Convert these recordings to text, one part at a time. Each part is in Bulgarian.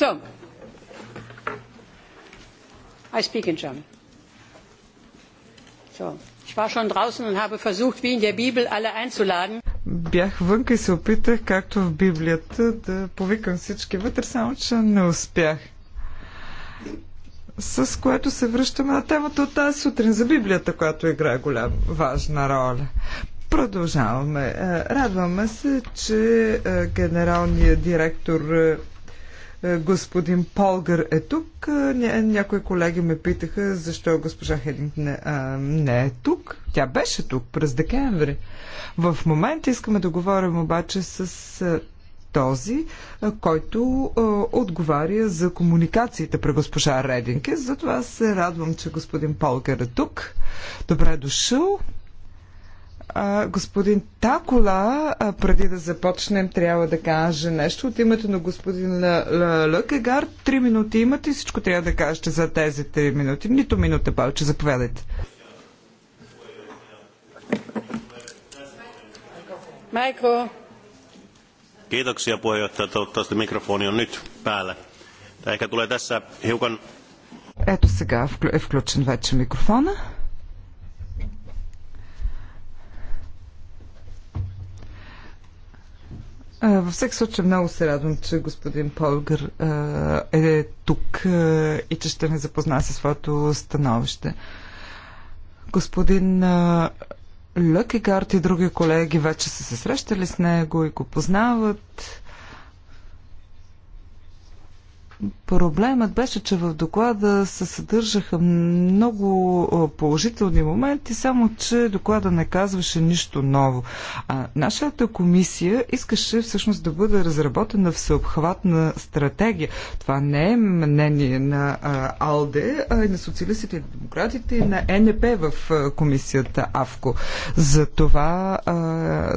So, I speak in German. So, ich war schon draußen und habe versucht, wie in der Bibel alle einzuladen. Бях вънка и се опитах, както в Библията, да повикам всички вътре, само че не успях. С което се връщаме на темата от тази сутрин за Библията, която играе голяма важна роля. Продължаваме. Е, радваме се, че е, генералният директор е, е, господин Полгър е тук. Е, някои колеги ме питаха защо госпожа Хединг не, а, не е тук. Тя беше тук през декември. В момента искаме да говорим обаче с а, е, този, а, който а, отговаря за комуникациите при госпожа Рединке. Затова се радвам, че господин Полгър е тук. Добре дошъл. А, господин Такола, а, преди да започнем, трябва да каже нещо от името на господин Лъкегар. Три минути имате и всичко трябва да кажете за тези три минути. Нито минута повече. Заповядайте. Майко. Kiitoksia puheenjohtaja. Toivottavasti mikrofoni on nyt päällä. Ehkä tulee tässä hiukan... Ето сега е включен вече микрофона. Във всеки случай много се радвам, че господин Полгър е тук и че ще ме запозна със своето становище. Господин Лъкигард и други колеги вече са се срещали с него и го познават. Проблемът беше, че в доклада се съдържаха много положителни моменти, само че доклада не казваше нищо ново. А нашата комисия искаше всъщност да бъде разработена всеобхватна стратегия. Това не е мнение на АЛДЕ, а и на социалистите и демократите и на НП в комисията АВКО. За това а,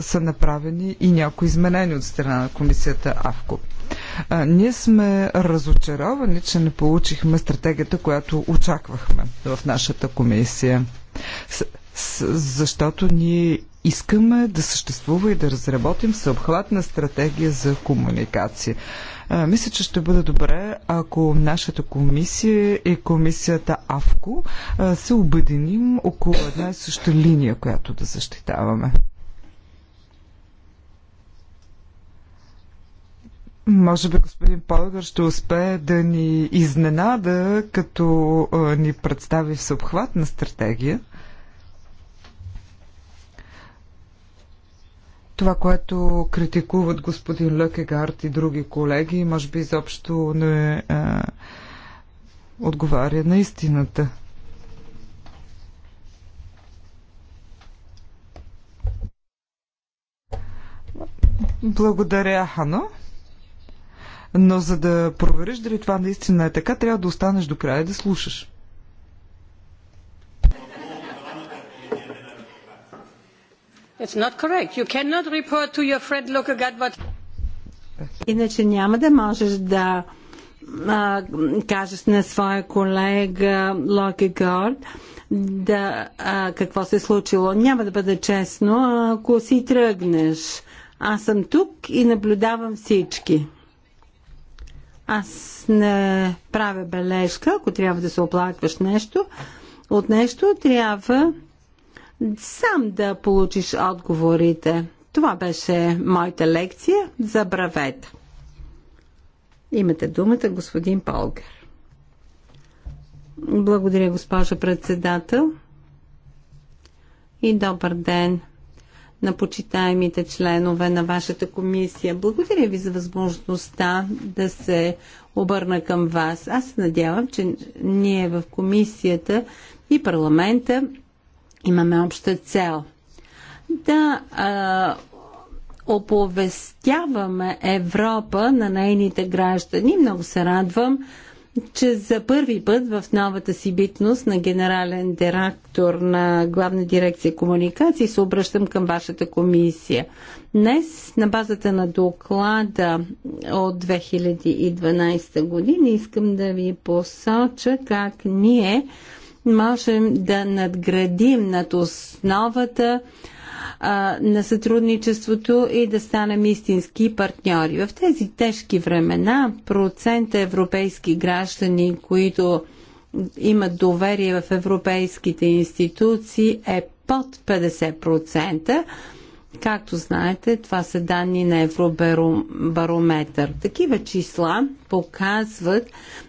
са направени и някои изменения от страна на комисията АВКО. А, ние сме разочаровани, че не получихме стратегията, която очаквахме в нашата комисия. С, с, защото ние искаме да съществува и да разработим съобхватна стратегия за комуникация. А, мисля, че ще бъде добре, ако нашата комисия и комисията АВКО а, се обединим около една и съща линия, която да защитаваме. Може би господин Полгар ще успее да ни изненада, като ни представи на стратегия. Това, което критикуват господин Лъкегард и други колеги, може би изобщо не а, отговаря на истината. Благодаря, Хано. Но за да провериш дали това наистина е така, трябва да останеш до края и да слушаш. It's not correct. You cannot report to your friend Иначе няма да можеш да а, кажеш на своя колега Горд да, а, какво се е случило. Няма да бъде честно, ако си тръгнеш. Аз съм тук и наблюдавам всички. Аз не правя бележка, ако трябва да се оплакваш нещо, от нещо трябва сам да получиш отговорите. Това беше моята лекция за бравета. Имате думата, господин Полгер. Благодаря, госпожа председател. И добър ден на почитаемите членове на вашата комисия. Благодаря ви за възможността да се обърна към вас. Аз се надявам, че ние в комисията и парламента имаме обща цел. Да а, оповестяваме Европа на нейните граждани. Много се радвам, че за първи път в новата си битност на генерален директор на Главна дирекция комуникации се обръщам към вашата комисия. Днес, на базата на доклада от 2012 година, искам да ви посоча как ние можем да надградим над основата на сътрудничеството и да станем истински партньори. В тези тежки времена процента европейски граждани, които имат доверие в европейските институции е под 50%. Както знаете, това са данни на Евробарометър. Такива числа показват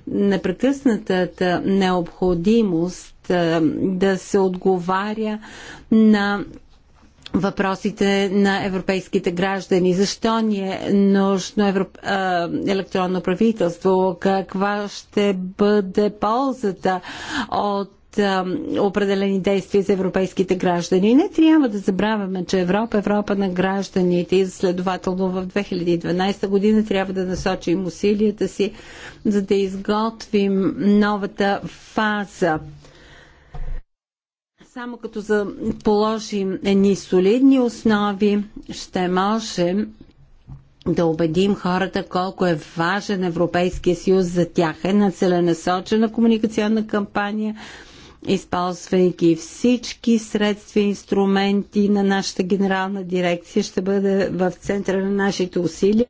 непрекъснатата необходимост да се отговаря на въпросите на европейските граждани. Защо ни е нужно евро... електронно правителство? Каква ще бъде ползата от определени действия за европейските граждани. Не трябва да забравяме, че Европа е Европа на гражданите и следователно в 2012 година трябва да насочим усилията си, за да изготвим новата фаза само като за положим едни солидни основи, ще можем да убедим хората колко е важен Европейския съюз за тях. Една целенасочена комуникационна кампания, използвайки всички средства и инструменти на нашата генерална дирекция, ще бъде в центъра на нашите усилия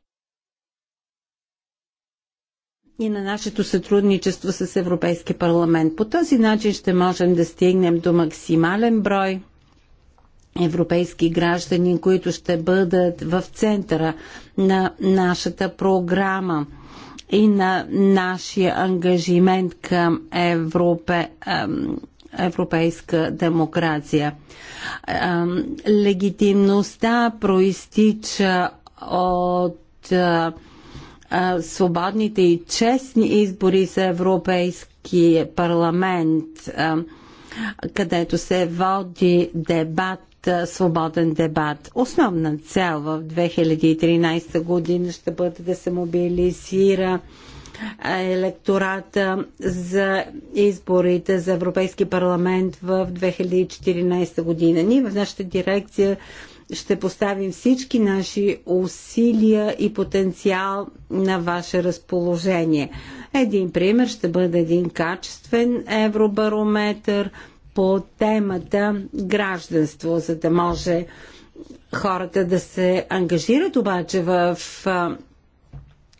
и на нашето сътрудничество с Европейския парламент. По този начин ще можем да стигнем до максимален брой европейски граждани, които ще бъдат в центъра на нашата програма и на нашия ангажимент към Европе, европейска демокрация. Легитимността проистича от свободните и честни избори за Европейски парламент, където се води дебат свободен дебат. Основна цел в 2013 година ще бъде да се мобилизира електората за изборите за Европейски парламент в 2014 година. Ние в нашата дирекция ще поставим всички наши усилия и потенциал на ваше разположение. Един пример ще бъде един качествен евробарометр по темата гражданство, за да може хората да се ангажират обаче в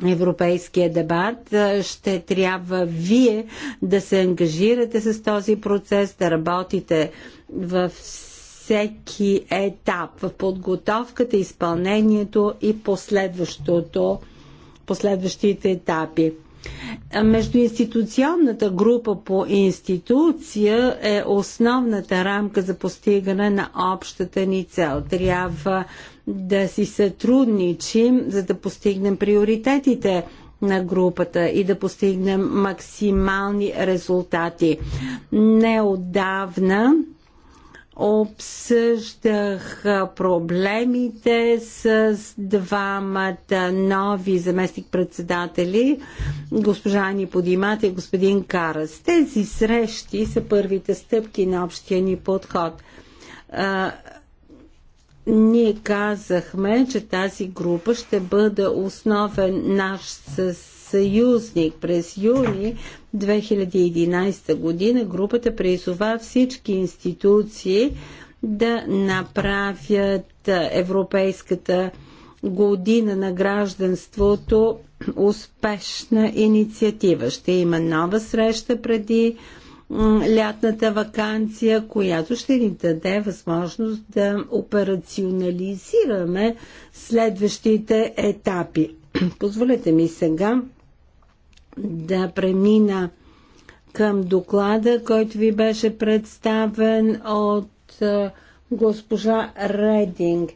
европейския дебат, ще трябва вие да се ангажирате с този процес, да работите в всеки етап в подготовката, изпълнението и последващото, последващите етапи. Междуинституционната група по институция е основната рамка за постигане на общата ни цел. Трябва да си сътрудничим, за да постигнем приоритетите на групата и да постигнем максимални резултати. Неодавна обсъждах проблемите с двамата нови заместник-председатели, госпожа Ани Подимат и господин Карас. Тези срещи са първите стъпки на общия ни подход. А, ние казахме, че тази група ще бъде основен наш с съюзник. През юни 2011 година групата призова всички институции да направят Европейската година на гражданството успешна инициатива. Ще има нова среща преди лятната вакансия, която ще ни даде възможност да операционализираме следващите етапи. Позволете ми сега да премина към доклада, който ви беше представен от госпожа Рединг.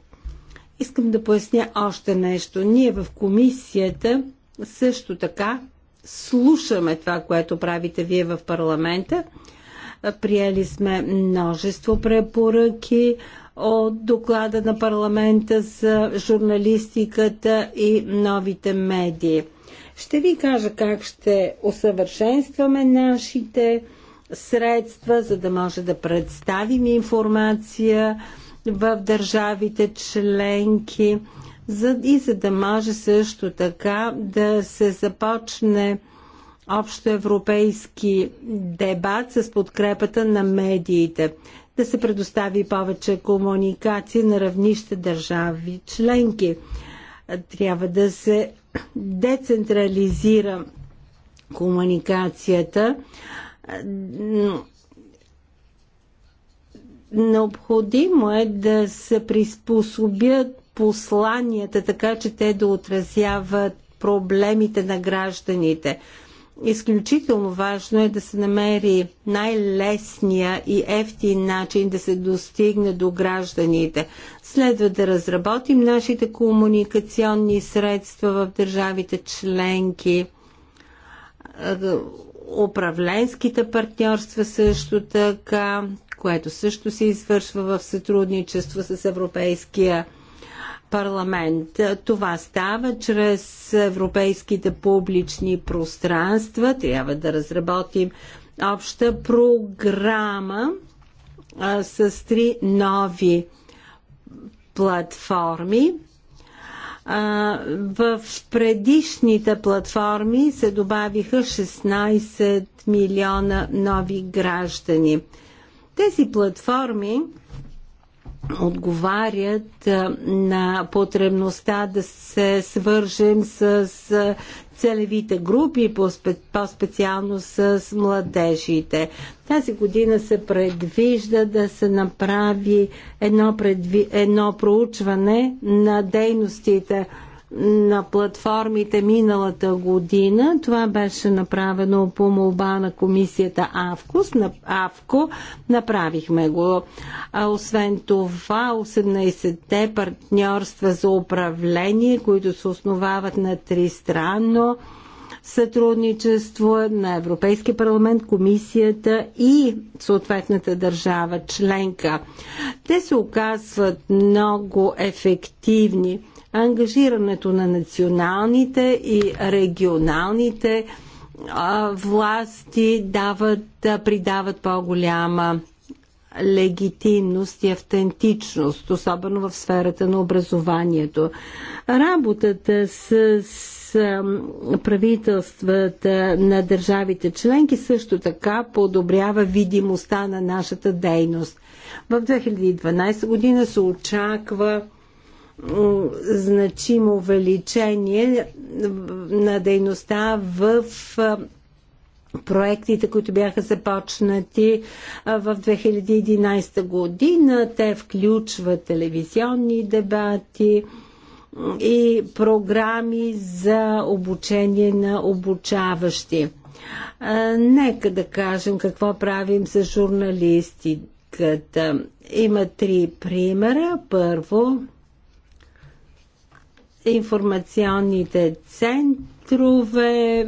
Искам да поясня още нещо. Ние в комисията също така слушаме това, което правите вие в парламента. Приели сме множество препоръки от доклада на парламента за журналистиката и новите медии. Ще ви кажа как ще усъвършенстваме нашите средства, за да може да представим информация в държавите членки за, и за да може също така да се започне общоевропейски дебат с подкрепата на медиите, да се предостави повече комуникация на равнище държави членки. Трябва да се децентрализира комуникацията. Необходимо е да се приспособят посланията, така че те да отразяват проблемите на гражданите. Изключително важно е да се намери най-лесния и ефтин начин да се достигне до гражданите. Следва да разработим нашите комуникационни средства в държавите членки, управленските партньорства също така, което също се извършва в сътрудничество с Европейския парламент. Това става чрез европейските публични пространства. Трябва да разработим обща програма а, с три нови платформи. В предишните платформи се добавиха 16 милиона нови граждани. Тези платформи отговарят на потребността да се свържем с целевите групи, по-специално с младежите. Тази година се предвижда да се направи едно, предви... едно проучване на дейностите на платформите миналата година. Това беше направено по молба на комисията АВКОС. На АВКО направихме го. А освен това, 18-те партньорства за управление, които се основават на тристранно сътрудничество на Европейския парламент, комисията и съответната държава членка. Те се оказват много ефективни ангажирането на националните и регионалните власти дават, придават по-голяма легитимност и автентичност, особено в сферата на образованието. Работата с, с правителствата на държавите членки също така подобрява видимостта на нашата дейност. В 2012 година се очаква значимо увеличение на дейността в проектите, които бяха започнати в 2011 година. Те включват телевизионни дебати и програми за обучение на обучаващи. Нека да кажем какво правим с журналистиката. Има три примера. Първо, информационните центрове,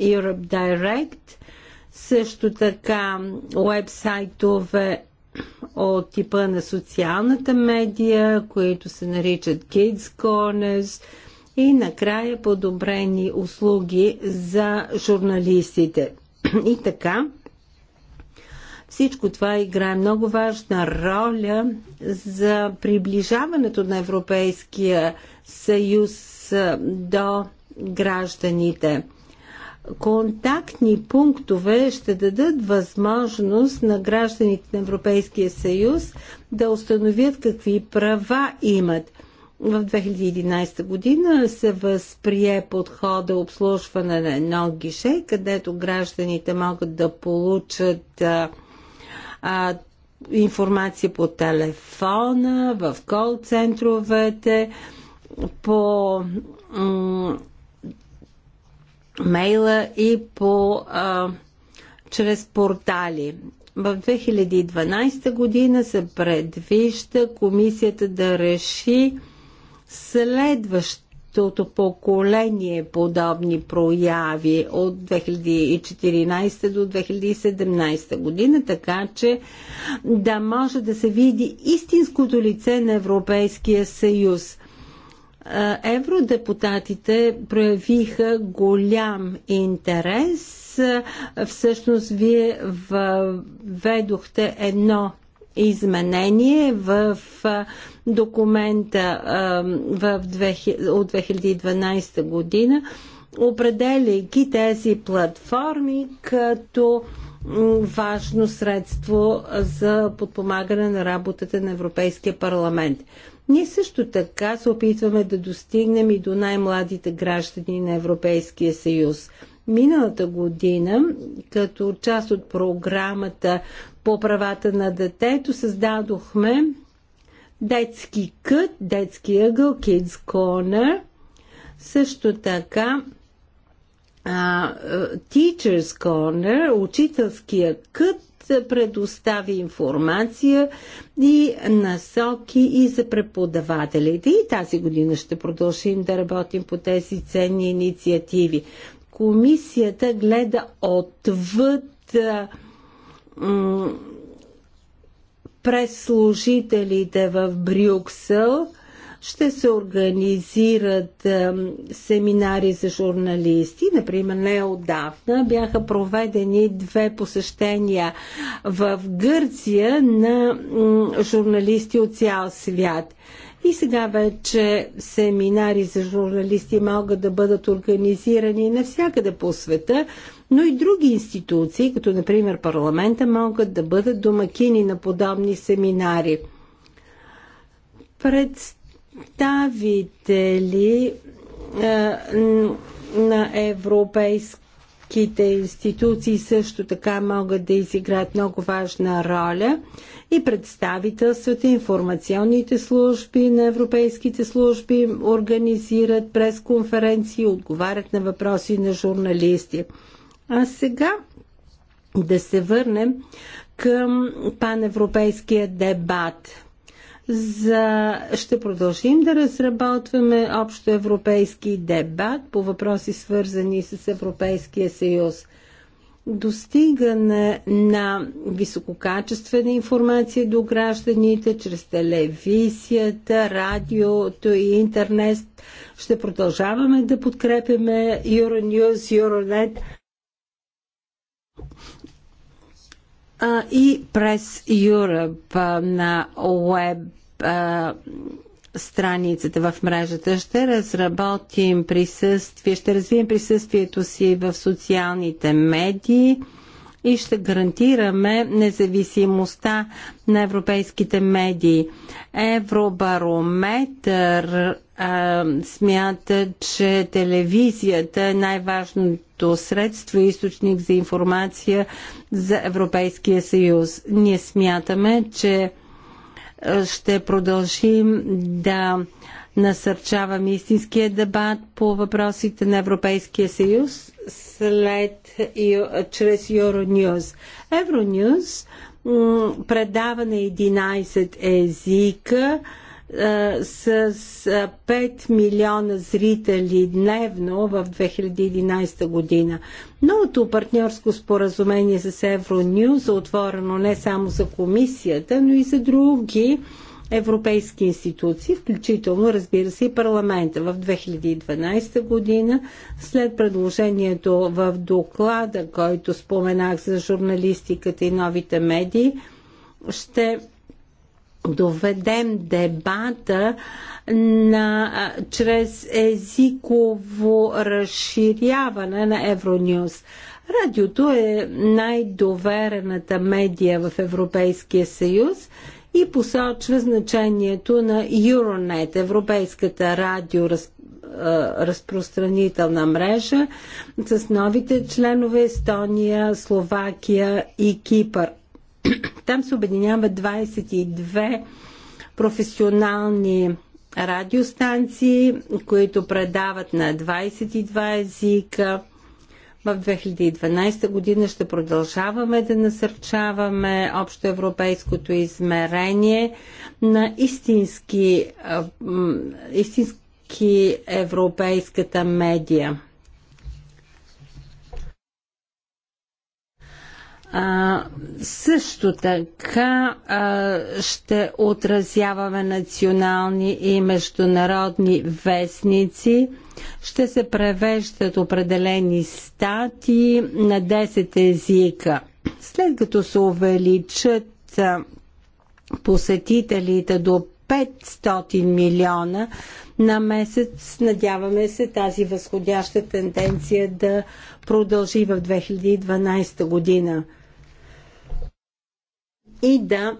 Europe Direct, също така уебсайтове от типа на социалната медия, които се наричат Kids Corners и накрая подобрени услуги за журналистите. И така, всичко това играе много важна роля за приближаването на Европейския съюз до гражданите. Контактни пунктове ще дадат възможност на гражданите на Европейския съюз да установят какви права имат. В 2011 година се възприе подхода обслужване на едно гише, където гражданите могат да получат а, информация по телефона, в кол-центровете, по мейла и по а, чрез портали. В 2012 година се предвижда комисията да реши следващ тото поколение подобни прояви от 2014 до 2017 година, така че да може да се види истинското лице на Европейския съюз. Евродепутатите проявиха голям интерес. Всъщност, вие введохте едно изменение в документа в, от 2012 година, определяйки тези платформи като важно средство за подпомагане на работата на Европейския парламент. Ние също така се опитваме да достигнем и до най-младите граждани на Европейския съюз. Миналата година, като част от програмата по правата на детето, създадохме детски кът, детски ъгъл, Kids Corner. Също така uh, Teachers Corner, учителския кът, предостави информация и насоки и за преподавателите. И тази година ще продължим да работим по тези ценни инициативи комисията гледа отвъд през служителите в Брюксел ще се организират семинари за журналисти. Например, не отдавна бяха проведени две посещения в Гърция на журналисти от цял свят. И сега вече семинари за журналисти могат да бъдат организирани навсякъде по света, но и други институции, като например парламента, могат да бъдат домакини на подобни семинари. Представители на европейски Европейските институции също така могат да изиграят много важна роля и представителствата, информационните служби на европейските служби организират пресконференции, отговарят на въпроси на журналисти. А сега да се върнем към паневропейския дебат за... Ще продължим да разработваме общо европейски дебат по въпроси свързани с Европейския съюз. Достигане на висококачествена информация до гражданите чрез телевизията, радиото и интернет. Ще продължаваме да подкрепяме Euronews, Euronet и през Europe на Web страницата в мрежата. Ще разработим присъствие, ще развием присъствието си в социалните медии и ще гарантираме независимостта на европейските медии. Евробарометър а, смята, че телевизията е най-важното средство и източник за информация за Европейския съюз. Ние смятаме, че ще продължим да насърчаваме истинския дебат по въпросите на Европейския съюз след, чрез Euronews. Euronews предава на 11 езика е, с 5 е, милиона зрители дневно в 2011 година. Новото партньорско споразумение с Евронюз е отворено не само за комисията, но и за други европейски институции, включително, разбира се, и парламента. В 2012 година, след предложението в доклада, който споменах за журналистиката и новите медии, ще доведем дебата на, чрез езиково разширяване на Евронюс. Радиото е най-доверената медия в Европейския съюз и посочва значението на Euronet, европейската радио разпространителна мрежа с новите членове Естония, Словакия и Кипър. Там се объединяват 22 професионални радиостанции, които предават на 22 езика. В 2012 година ще продължаваме да насърчаваме общоевропейското измерение на истински, истински европейската медия. А, също така а, ще отразяваме национални и международни вестници. Ще се превеждат определени статии на 10 езика. След като се увеличат а, посетителите до 500 милиона на месец. Надяваме се тази възходяща тенденция да продължи в 2012 година и да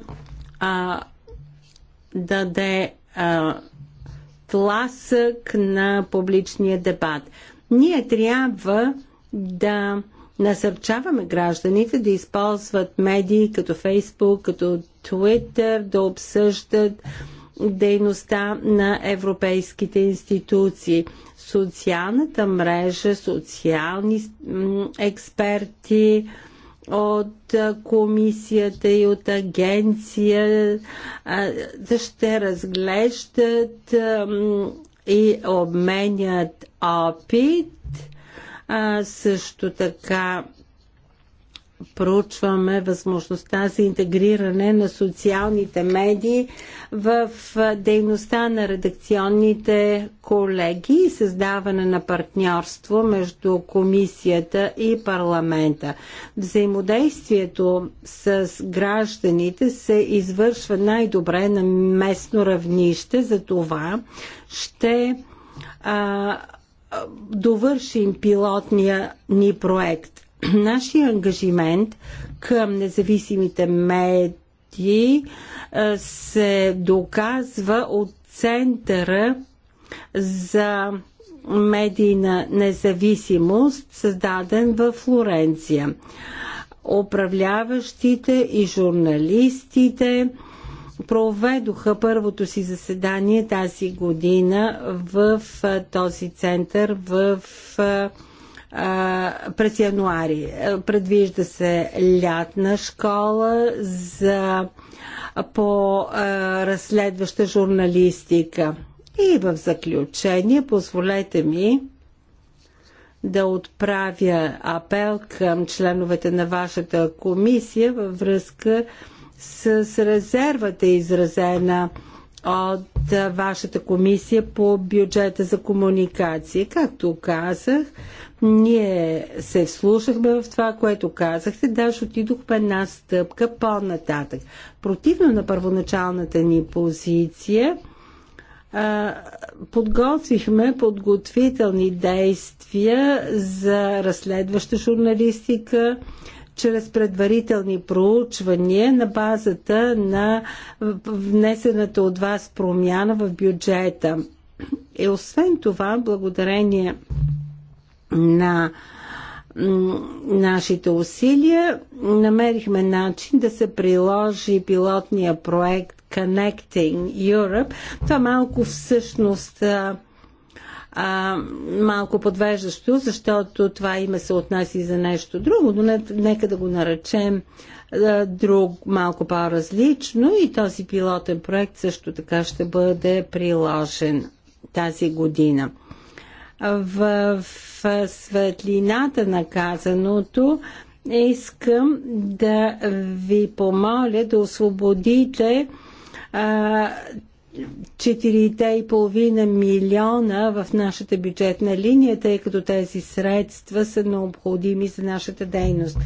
а, даде а, тласък на публичния дебат. Ние трябва да насърчаваме гражданите да използват медии като Фейсбук, като Twitter, да обсъждат дейността на европейските институции. Социалната мрежа, социални експерти, от комисията и от агенция ще разглеждат и обменят опит. А, също така проучваме възможността за интегриране на социалните медии в дейността на редакционните колеги и създаване на партньорство между комисията и парламента. Взаимодействието с гражданите се извършва най-добре на местно равнище, за това ще а, довършим пилотния ни проект. Нашия ангажимент към независимите медии се доказва от Центъра за медийна независимост, създаден в Флоренция. Управляващите и журналистите проведоха първото си заседание тази година в този център в през януари. Предвижда се лятна школа за по разследваща журналистика. И в заключение, позволете ми да отправя апел към членовете на вашата комисия във връзка с резервата, изразена от вашата комисия по бюджета за комуникация. Както казах, ние се вслушахме в това, което казахте, даже отидохме една стъпка по-нататък. Противно на първоначалната ни позиция, подготвихме подготвителни действия за разследваща журналистика, чрез предварителни проучвания на базата на внесената от вас промяна в бюджета. И е, освен това, благодарение на нашите усилия намерихме начин да се приложи пилотния проект Connecting Europe. Това малко всъщност а, малко подвеждащо, защото това име се отнася и за нещо друго, но нека да го наречем а, друг, малко по-различно и този пилотен проект също така ще бъде приложен тази година в, в светлината на казаното, искам да ви помоля да освободите а, 4,5 милиона в нашата бюджетна линия, тъй като тези средства са необходими за нашата дейност.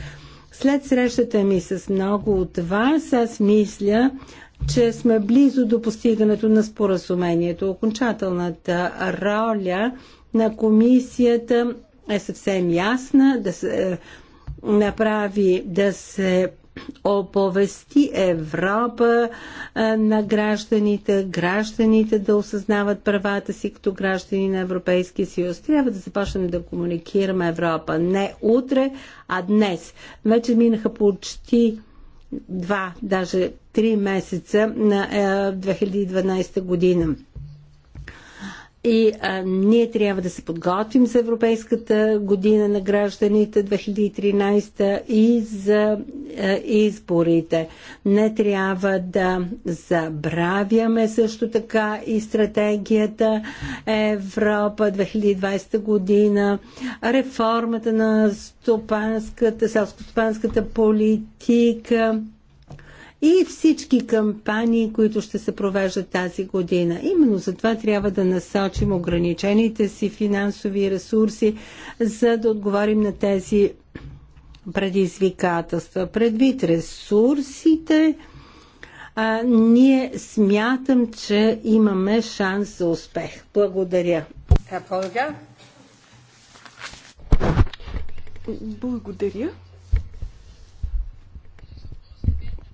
След срещата ми с много от вас, аз мисля, че сме близо до постигането на споразумението. Окончателната роля на комисията е съвсем ясна да се е, направи, да се оповести Европа е, на гражданите, гражданите да осъзнават правата си като граждани на Европейския съюз. Трябва да започнем да комуникираме Европа не утре, а днес. Вече минаха почти два, даже три месеца на 2012 е, година. И а, ние трябва да се подготвим за Европейската година на гражданите 2013 и за а, изборите. Не трябва да забравяме също така и стратегията Европа 2020 година, реформата на стопанската, селско-стопанската политика и всички кампании, които ще се провеждат тази година. Именно за това трябва да насочим ограничените си финансови ресурси, за да отговорим на тези предизвикателства. Предвид ресурсите, а, ние смятам, че имаме шанс за успех. Благодаря. Благодаря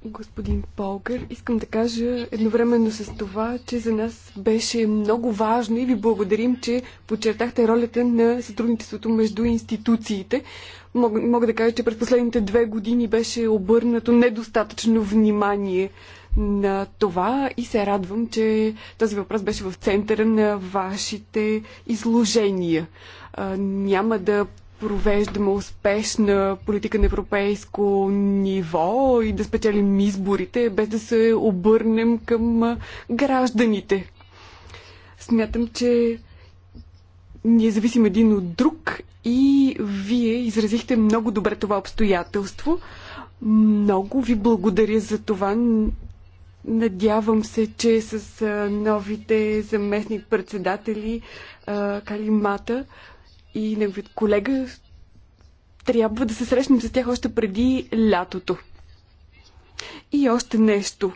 господин Полгър. Искам да кажа едновременно с това, че за нас беше много важно и ви благодарим, че подчертахте ролята на сътрудничеството между институциите. Мога, мога да кажа, че през последните две години беше обърнато недостатъчно внимание на това и се радвам, че този въпрос беше в центъра на вашите изложения. А, няма да провеждаме успешна политика на европейско ниво и да спечелим изборите, без да се обърнем към гражданите. Смятам, че ние зависим един от друг и вие изразихте много добре това обстоятелство. Много ви благодаря за това. Надявам се, че с новите заместник-председатели Калимата и неговият колега трябва да се срещнем с тях още преди лятото. И още нещо.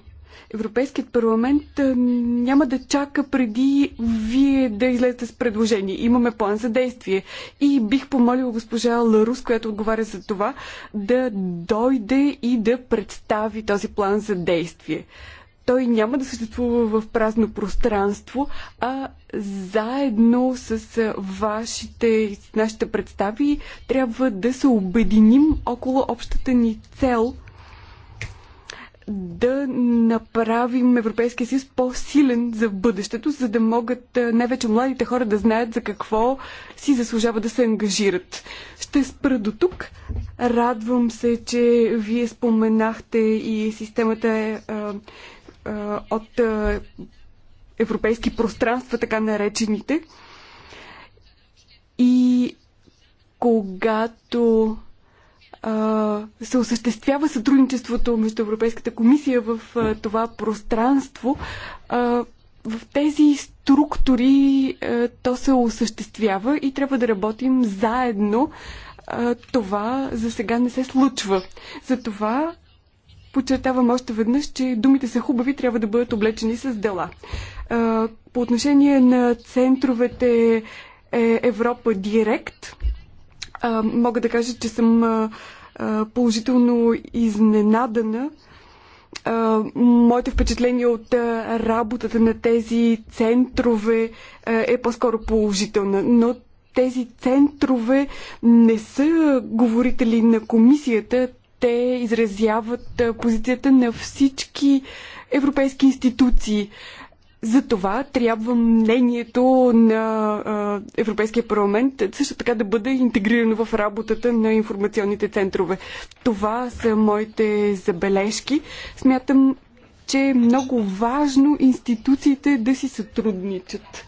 Европейският парламент няма да чака преди вие да излезете с предложение. Имаме план за действие. И бих помолил госпожа Ларус, която отговаря за това, да дойде и да представи този план за действие той няма да съществува в празно пространство, а заедно с вашите, с нашите представи трябва да се обединим около общата ни цел да направим Европейския съюз по-силен за бъдещето, за да могат най-вече младите хора да знаят за какво си заслужава да се ангажират. Ще спра до тук. Радвам се, че вие споменахте и системата е от европейски пространства, така наречените. И когато се осъществява сътрудничеството между Европейската комисия в това пространство, в тези структури то се осъществява и трябва да работим заедно. Това за сега не се случва. Затова Подчертавам още веднъж, че думите са хубави, трябва да бъдат облечени с дела. По отношение на центровете е, Европа Директ, мога да кажа, че съм положително изненадана. Моите впечатление от работата на тези центрове е по-скоро положителна, но тези центрове не са говорители на комисията, те изразяват позицията на всички европейски институции. За това трябва мнението на Европейския парламент също така да бъде интегрирано в работата на информационните центрове. Това са моите забележки. Смятам, че е много важно институциите да си сътрудничат.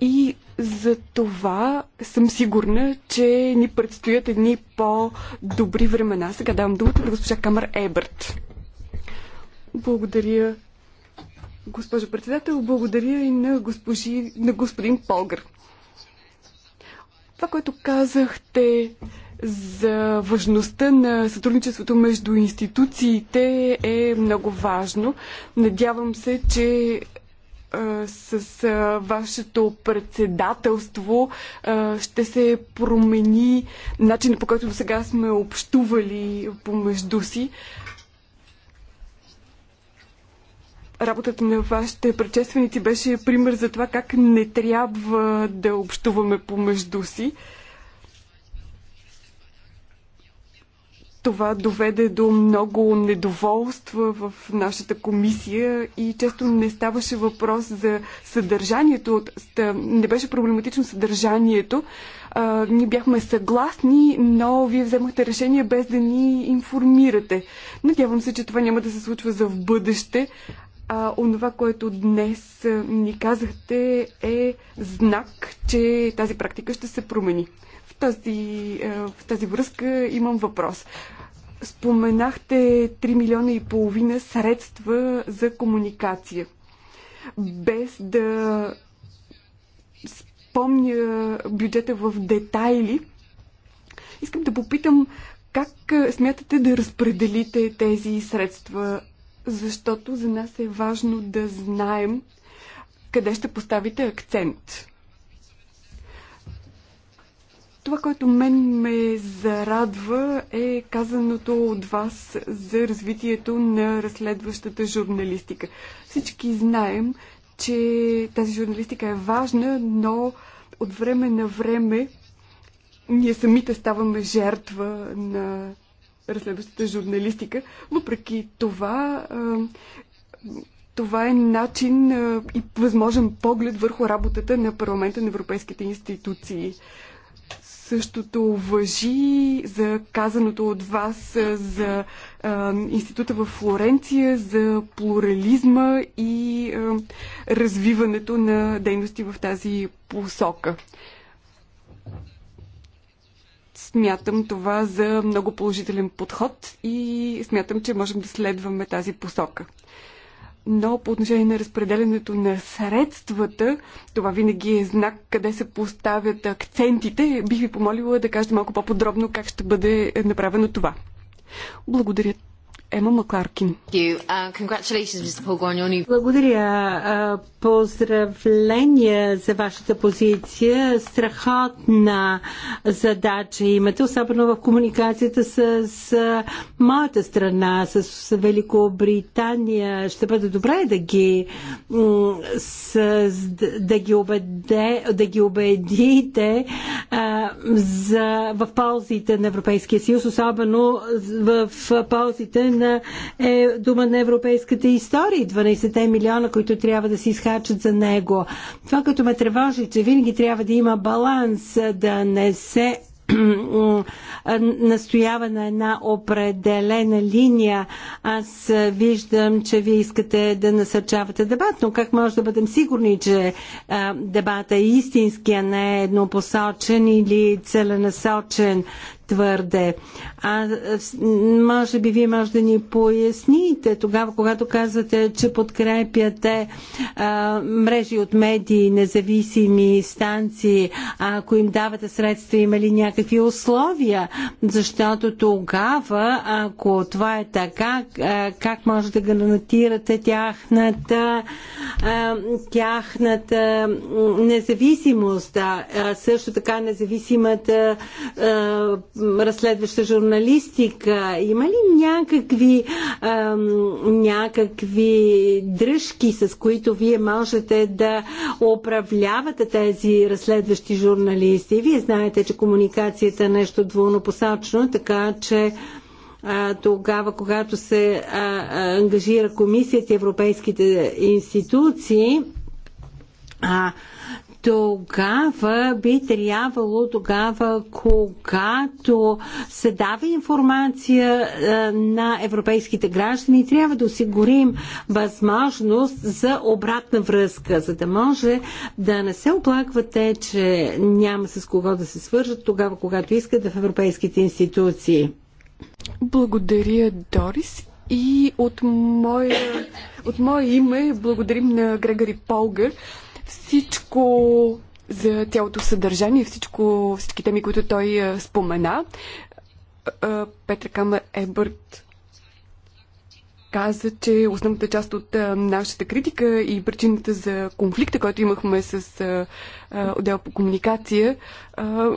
И за това съм сигурна, че ни предстоят едни по-добри времена. Сега давам думата на госпожа Камър Еберт. Благодаря, госпожо председател. Благодаря и на, госпожи, на господин Полгър. Това, което казахте за важността на сътрудничеството между институциите е много важно. Надявам се, че с а, вашето председателство а, ще се промени начин по който до сега сме общували помежду си. Работата на вашите предшественици беше пример за това как не трябва да общуваме помежду си. А, Това доведе до много недоволства в нашата комисия и често не ставаше въпрос за съдържанието. Не беше проблематично съдържанието. А, ние бяхме съгласни, но вие вземахте решение без да ни информирате. Надявам се, че това няма да се случва за в бъдеще. А, онова, което днес ни казахте е знак, че тази практика ще се промени. В тази, в тази връзка имам въпрос. Споменахте 3 милиона и половина средства за комуникация. Без да спомня бюджета в детайли, искам да попитам как смятате да разпределите тези средства, защото за нас е важно да знаем къде ще поставите акцент. Това, което мен ме зарадва е казаното от вас за развитието на разследващата журналистика. Всички знаем, че тази журналистика е важна, но от време на време ние самите ставаме жертва на разследващата журналистика. Въпреки това, това е начин и възможен поглед върху работата на парламента на европейските институции. Същото въжи за казаното от вас за а, института в Флоренция, за плурализма и а, развиването на дейности в тази посока. Смятам това за много положителен подход и смятам, че можем да следваме тази посока но по отношение на разпределенето на средствата, това винаги е знак къде се поставят акцентите. Бих ви помолила да кажете малко по-подробно как ще бъде направено това. Благодаря Ема Макларкин. Uh, Благодаря. Поздравления за вашата позиция. Страхотна задача имате, особено в комуникацията с, с моята страна, с Великобритания. Ще бъде добре да ги, с, да ги, убеде, да ги убедите а, за, в ползите на Европейския съюз, особено в ползите на, е, дума на европейската история и 12-те милиона, които трябва да се изхачат за него. Това като ме тревожи, че винаги трябва да има баланс, да не се настоява на една определена линия. Аз виждам, че вие искате да насърчавате дебат, но как може да бъдем сигурни, че а, дебата е истински, а не е еднопосочен или целенасочен? твърде. А може би вие може да ни поясните тогава, когато казвате, че подкрепяте а, мрежи от медии, независими станции, ако им давате средства, има ли някакви условия? Защото тогава, ако това е така, а, как може да гарантирате тяхната, а, тяхната независимост, а, също така независимата а, разследваща журналистика, има ли някакви, ам, някакви дръжки, с които вие можете да управлявате тези разследващи журналисти? Вие знаете, че комуникацията е нещо двунопосочно, така че тогава, когато се а, ангажира комисията и европейските институции, а, тогава би трябвало, тогава когато се дава информация е, на европейските граждани, трябва да осигурим възможност за обратна връзка, за да може да не се оплаквате, че няма с кого да се свържат тогава, когато искат в европейските институции. Благодаря, Дорис. И от мое, от мое име благодарим на Грегори Полгър всичко за цялото съдържание, всичко, всички теми, които той спомена. Петър Камер Ебърт каза, че основната част от нашата критика и причината за конфликта, който имахме с отдел по комуникация,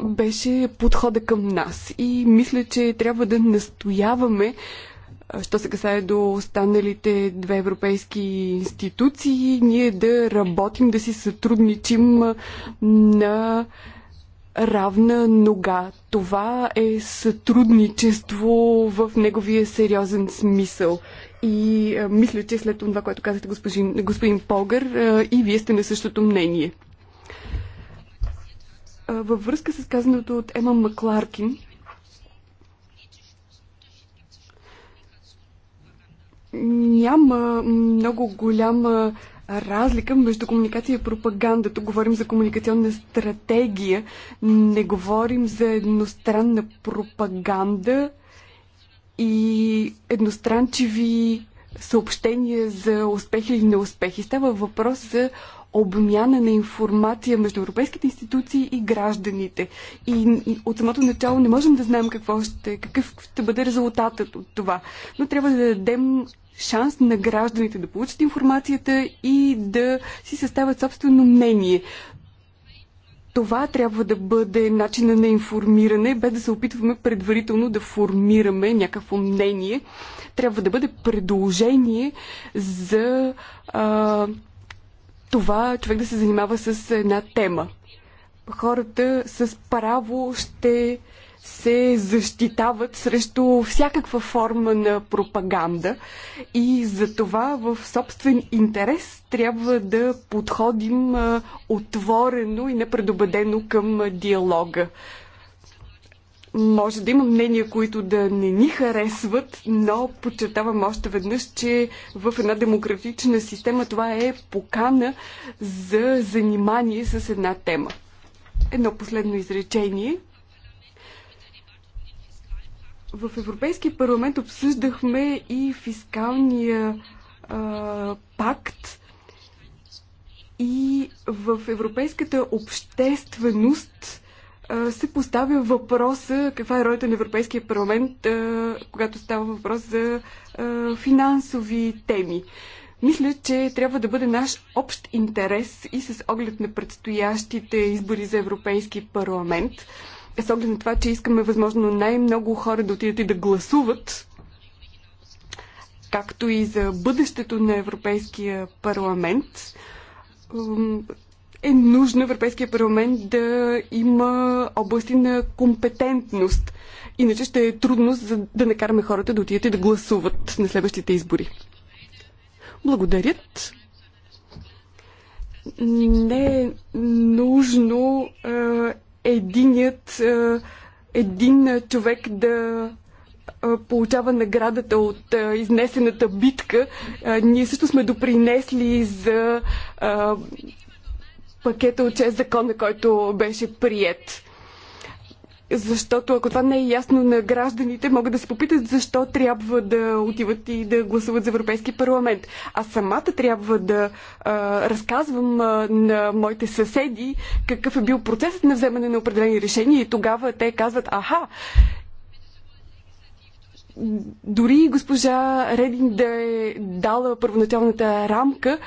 беше подхода към нас. И мисля, че трябва да настояваме що се касае до останалите две европейски институции, ние да работим, да си сътрудничим на равна нога. Това е сътрудничество в неговия сериозен смисъл. И а, мисля, че след това, което казахте господин, господин Полгар, а, и вие сте на същото мнение. А, във връзка с казаното от Ема Макларкин, няма много голяма разлика между комуникация и пропаганда. Тук говорим за комуникационна стратегия, не говорим за едностранна пропаганда и едностранчиви съобщения за успехи или неуспехи. Става въпрос за обмяна на информация между европейските институции и гражданите. И от самото начало не можем да знаем какво ще, какъв ще бъде резултатът от това. Но трябва да дадем шанс на гражданите да получат информацията и да си съставят собствено мнение. Това трябва да бъде начина на информиране, без да се опитваме предварително да формираме някакво мнение. Трябва да бъде предложение за а, това човек да се занимава с една тема. Хората с право ще се защитават срещу всякаква форма на пропаганда и за това в собствен интерес трябва да подходим отворено и непредобедено към диалога. Може да има мнения, които да не ни харесват, но подчертавам още веднъж, че в една демократична система това е покана за занимание с една тема. Едно последно изречение. В Европейския парламент обсъждахме и фискалния а, пакт и в европейската общественост се поставя въпроса каква е ролята на Европейския парламент, когато става въпрос за финансови теми. Мисля, че трябва да бъде наш общ интерес и с оглед на предстоящите избори за Европейски парламент, с оглед на това, че искаме възможно най-много хора да отидат и да гласуват, както и за бъдещето на Европейския парламент е нужно Европейския парламент да има области на компетентност. Иначе ще е трудно за да накараме хората да отидат и да гласуват на следващите избори. Благодарят. Не е нужно е, единият, е, един човек да получава наградата от изнесената битка. Ние също сме допринесли за пакета от 6 закона, който беше прият. Защото ако това не е ясно на гражданите, могат да се попитат защо трябва да отиват и да гласуват за Европейски парламент. А самата трябва да а, разказвам а, на моите съседи какъв е бил процесът на вземане на определени решения и тогава те казват, аха, дори госпожа Редин да е дала първоначалната рамка,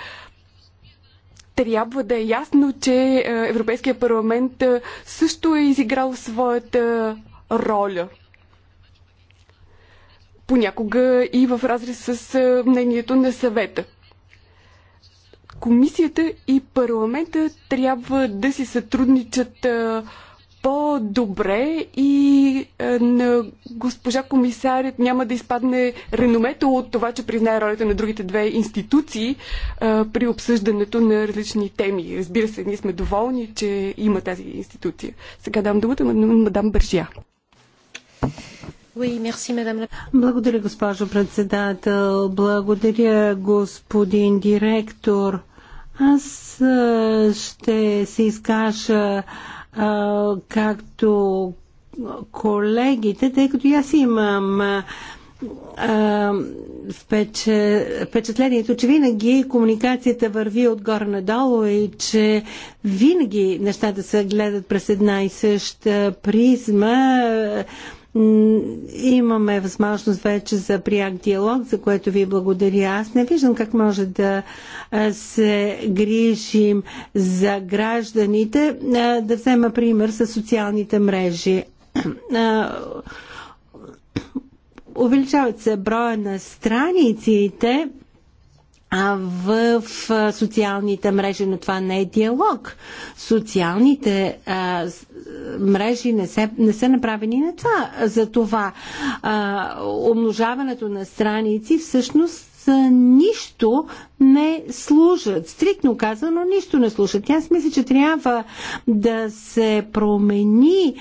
трябва да е ясно, че е, Европейския парламент е, също е изиграл своята роля. Понякога и в разрез с е, мнението на съвета. Комисията и парламента трябва да си сътрудничат по-добре и е, на госпожа комисарят няма да изпадне реномето от това, че признае ролята на другите две институции е, при обсъждането на различни теми. Разбира се, ние сме доволни, че има тази институция. Сега дам думата на мадам Бържия. Благодаря, госпожо председател. Благодаря, господин директор. Аз е, ще се изкажа а, както колегите, тъй като аз имам а, впечатлението, че винаги комуникацията върви отгоре надолу и че винаги нещата се гледат през една и съща призма имаме възможност вече за пряк диалог, за което ви благодаря. Аз не виждам как може да се грижим за гражданите. Да взема пример с социалните мрежи. Увеличават се броя на страниците в социалните мрежи, но това не е диалог. Социалните мрежи не, се, не са направени на това. За това а, умножаването на страници всъщност за нищо не служат. Стрикно казано, нищо не служат. Аз мисля, че трябва да се промени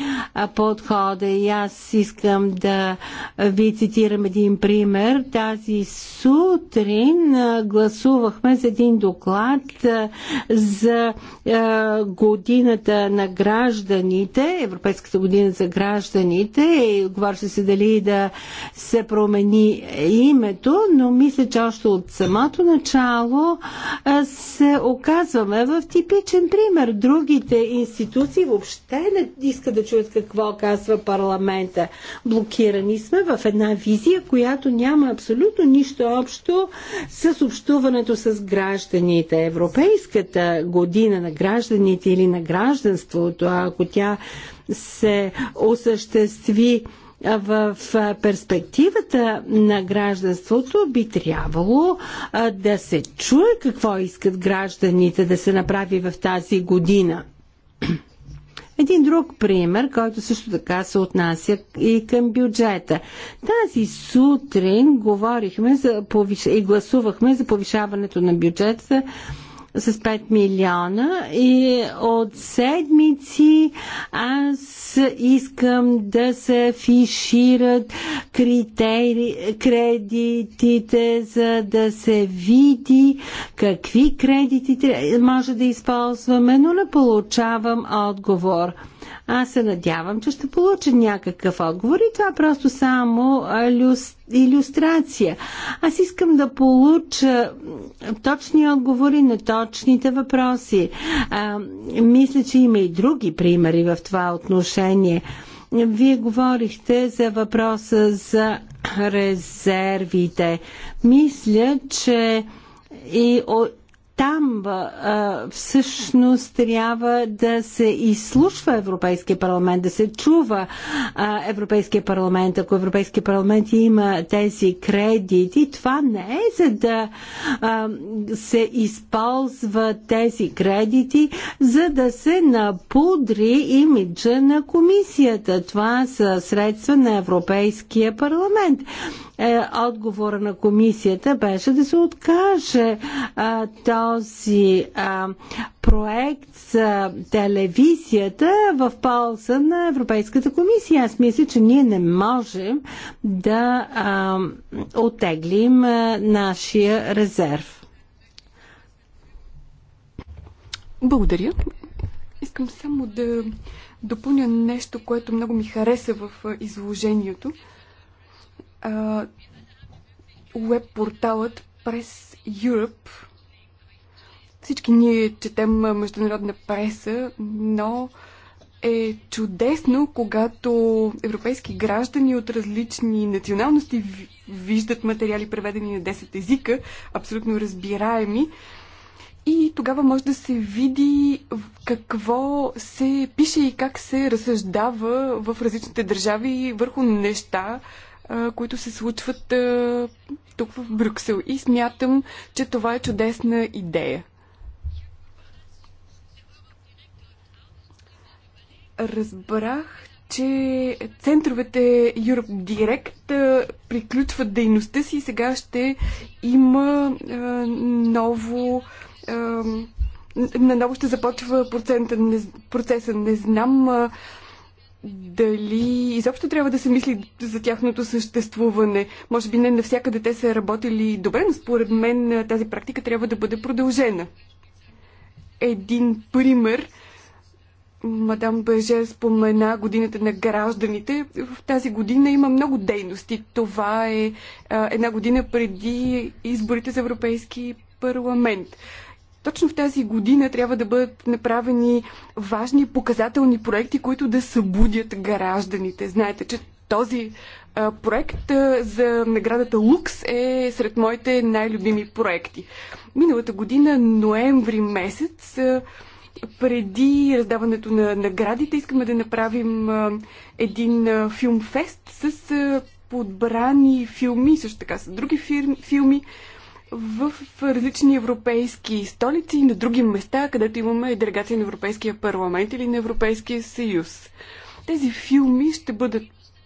подхода и аз искам да ви цитирам един пример. Тази сутрин гласувахме за един доклад за годината на гражданите, Европейската година за гражданите и говореше се дали да се промени името, но мисля, че още от самото начало се оказваме в типичен пример. Другите институции въобще не искат да чуят какво казва парламента. Блокирани сме в една визия, която няма абсолютно нищо общо с общуването с гражданите. Европейската година на гражданите или на гражданството, ако тя се осъществи в перспективата на гражданството би трябвало да се чуе какво искат гражданите да се направи в тази година. Един друг пример, който също така се отнася и към бюджета. Тази сутрин говорихме за повиш... и гласувахме за повишаването на бюджета с 5 милиона и от седмици аз искам да се афишират критерии, кредитите, за да се види какви кредитите може да използваме, но не получавам отговор. Аз се надявам, че ще получа някакъв отговор и това е просто само иллюстрация. Аз искам да получа точни отговори на точните въпроси. А, мисля, че има и други примери в това отношение. Вие говорихте за въпроса за резервите. Мисля, че и там а, всъщност трябва да се изслушва Европейския парламент, да се чува а, Европейския парламент. Ако Европейския парламент има тези кредити, това не е за да а, се използва тези кредити, за да се напудри имиджа на комисията. Това са средства на Европейския парламент е, отговора на комисията беше да се откаже а, е, този а, е, проект за телевизията в полза на Европейската комисия. Аз мисля, че ние не можем да а, е, отеглим а, нашия резерв. Благодаря. Искам само да допълня нещо, което много ми хареса в изложението веб-порталът Press Europe. Всички ние четем международна преса, но е чудесно, когато европейски граждани от различни националности виждат материали, преведени на 10 езика, абсолютно разбираеми. И тогава може да се види какво се пише и как се разсъждава в различните държави върху неща, които се случват тук в Брюксел. И смятам, че това е чудесна идея. Разбрах, че центровете Europe Direct приключват дейността си и сега ще има ново наново ще започва процента, процеса. Не знам дали изобщо трябва да се мисли за тяхното съществуване. Може би не навсякъде те са работили добре, но според мен тази практика трябва да бъде продължена. Един пример. Мадам Беже спомена годината на гражданите. В тази година има много дейности. Това е една година преди изборите за Европейски парламент. Точно в тази година трябва да бъдат направени важни показателни проекти, които да събудят гражданите. Знаете, че този а, проект а, за наградата Лукс е сред моите най-любими проекти. Миналата година, ноември месец, а, преди раздаването на наградите, искаме да направим а, един а, филмфест с а, подбрани филми, също така с други фирми, филми в различни европейски столици и на други места, където имаме делегация на Европейския парламент или на Европейския съюз. Тези филми ще бъдат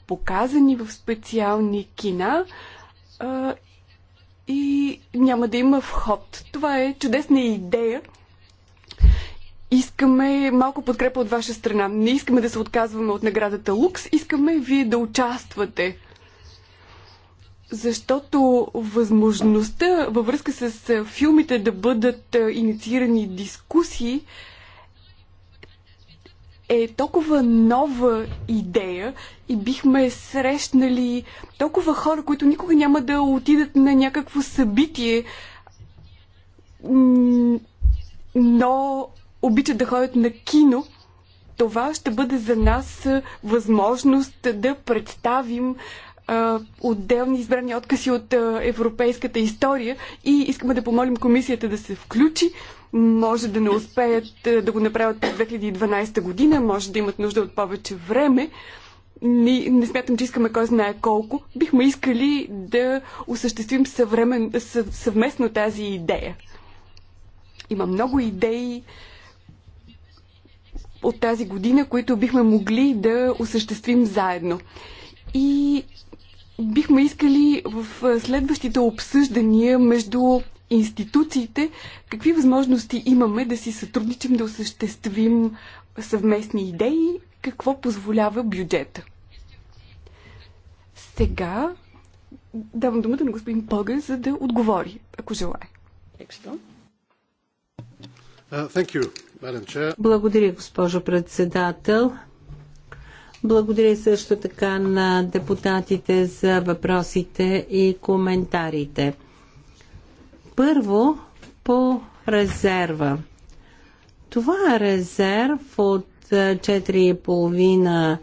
показани в специални кина а, и няма да има вход. Това е чудесна идея. Искаме малко подкрепа от ваша страна. Не искаме да се отказваме от наградата Лукс, искаме вие да участвате защото възможността във връзка с филмите да бъдат инициирани дискусии е толкова нова идея и бихме срещнали толкова хора, които никога няма да отидат на някакво събитие, но обичат да ходят на кино. Това ще бъде за нас възможност да представим отделни избрани откази от европейската история и искаме да помолим комисията да се включи. Може да не успеят да го направят през 2012 година, може да имат нужда от повече време. Не, не смятам, че искаме кой знае колко. Бихме искали да осъществим съвремен, съвместно тази идея. Има много идеи от тази година, които бихме могли да осъществим заедно. И бихме искали в следващите обсъждания между институциите какви възможности имаме да си сътрудничим, да осъществим съвместни идеи, какво позволява бюджета. Сега давам думата на господин Пога, за да отговори, ако желая. Uh, Благодаря, госпожо председател. Благодаря също така на депутатите за въпросите и коментарите. Първо по резерва. Това е резерв от 4,5 е,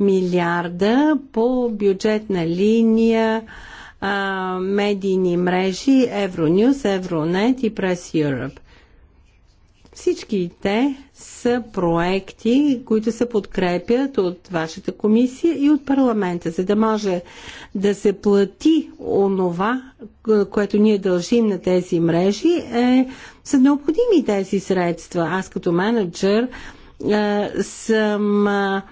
милиарда по бюджетна линия а, медийни мрежи Евронюс, Евронет и Прес Europe. Всички те са проекти, които се подкрепят от вашата комисия и от парламента, за да може да се плати онова, което ние дължим на тези мрежи, е, са необходими тези средства. Аз като менеджер е, съм е,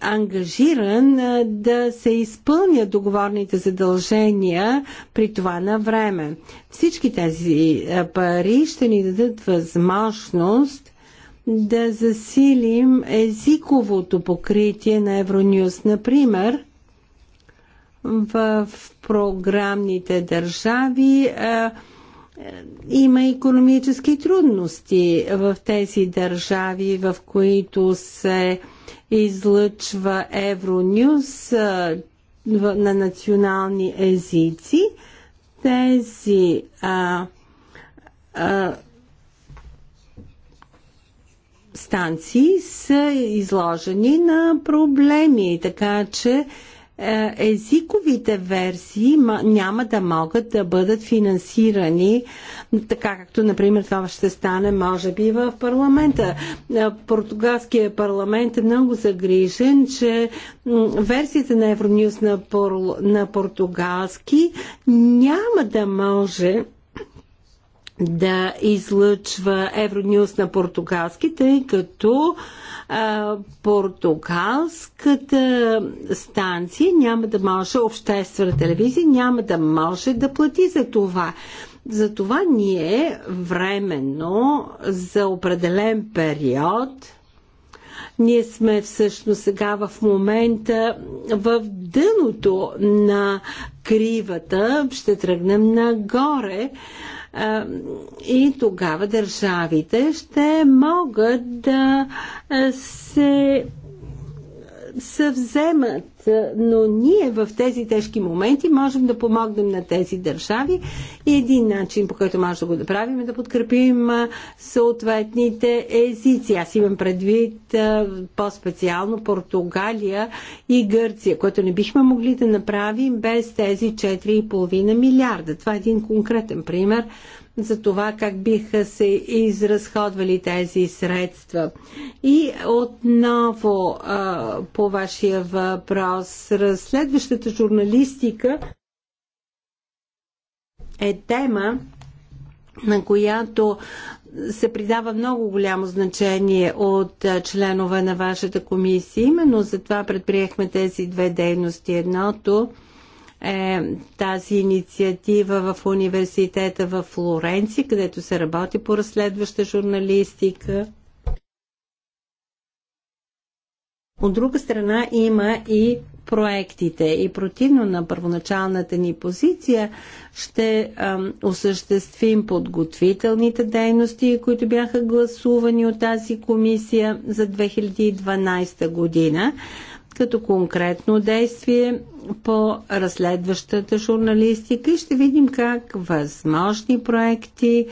ангажиран да се изпълнят договорните задължения при това на време. Всички тези пари ще ни дадат възможност да засилим езиковото покритие на Евронюс. Например, в програмните държави а, има економически трудности в тези държави, в които се излъчва Евронюс на национални езици. Тези а, а, станции са изложени на проблеми, така че е, езиковите версии няма да могат да бъдат финансирани, така както, например, това ще стане, може би, в парламента. Е, португалският парламент е много загрижен, че версията на Евронюс на, пор... на португалски няма да може да излъчва Евронюс на португалски, тъй като а, португалската станция няма да може, обществена телевизия няма да може да плати за това. Затова ние временно за определен период ние сме всъщност сега в момента в дъното на кривата, ще тръгнем нагоре и тогава държавите ще могат да се се вземат. Но ние в тези тежки моменти можем да помогнем на тези държави и един начин, по който може да го направим е да подкрепим съответните езици. Аз имам предвид по-специално Португалия и Гърция, което не бихме могли да направим без тези 4,5 милиарда. Това е един конкретен пример за това как биха се изразходвали тези средства. И отново по вашия въпрос, разследващата журналистика е тема, на която се придава много голямо значение от членове на вашата комисия. Именно затова предприехме тези две дейности. Едното е тази инициатива в университета в Флоренци, където се работи по разследваща журналистика. От друга страна има и проектите и противно на първоначалната ни позиция ще е, осъществим подготвителните дейности, които бяха гласувани от тази комисия за 2012 година като конкретно действие по разследващата журналистика и ще видим как възможни проекти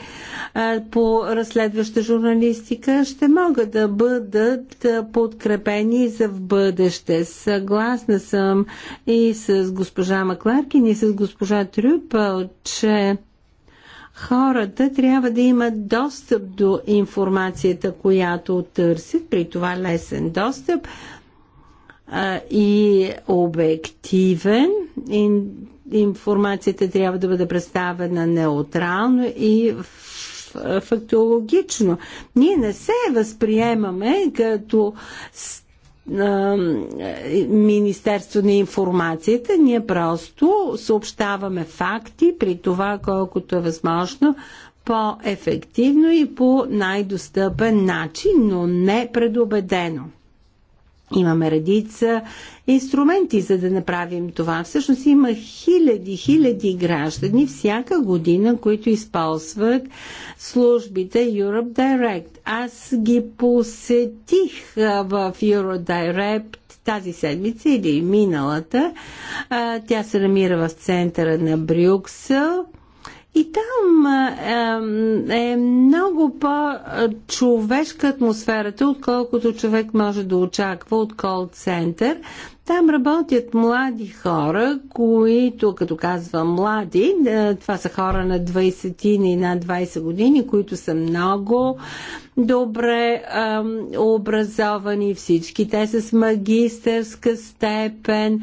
по разследваща журналистика ще могат да бъдат подкрепени за в бъдеще. Съгласна съм и с госпожа Макларкин и с госпожа Трюпел, че хората трябва да имат достъп до информацията, която търсят, при това лесен достъп, и обективен. Информацията трябва да бъде представена неутрално и фактологично. Ние не се възприемаме като Министерство на информацията. Ние просто съобщаваме факти при това, колкото е възможно, по-ефективно и по най-достъпен начин, но не предубедено. Имаме редица инструменти, за да направим това. Всъщност има хиляди, хиляди граждани всяка година, които използват службите Europe Direct. Аз ги посетих в Eurodirect тази седмица или миналата. Тя се намира в центъра на Брюксел – и там е, е много по-човешка атмосферата, отколкото човек може да очаква от кол център. Там работят млади хора, които, като казвам млади, е, това са хора на 20 и над 20 години, които са много добре ам, образовани. Всички те са с магистърска степен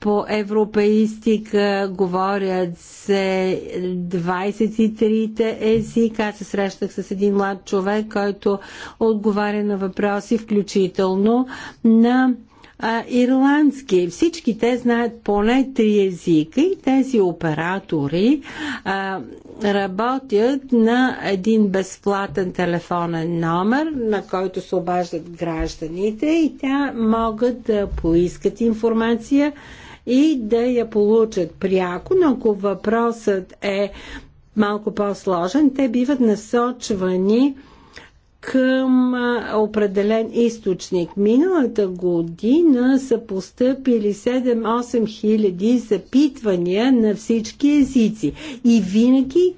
по европеистика, говорят се 23-те езика. Аз се срещах с един млад човек, който отговаря на въпроси, включително на а, ирландски. Всички те знаят поне три езика и тези оператори а, работят на един безплатен телефонен номер, на който се обаждат гражданите и тя могат да поискат информация и да я получат пряко, но ако въпросът е малко по-сложен, те биват насочвани към определен източник. Миналата година са поступили 7-8 хиляди запитвания на всички езици и винаги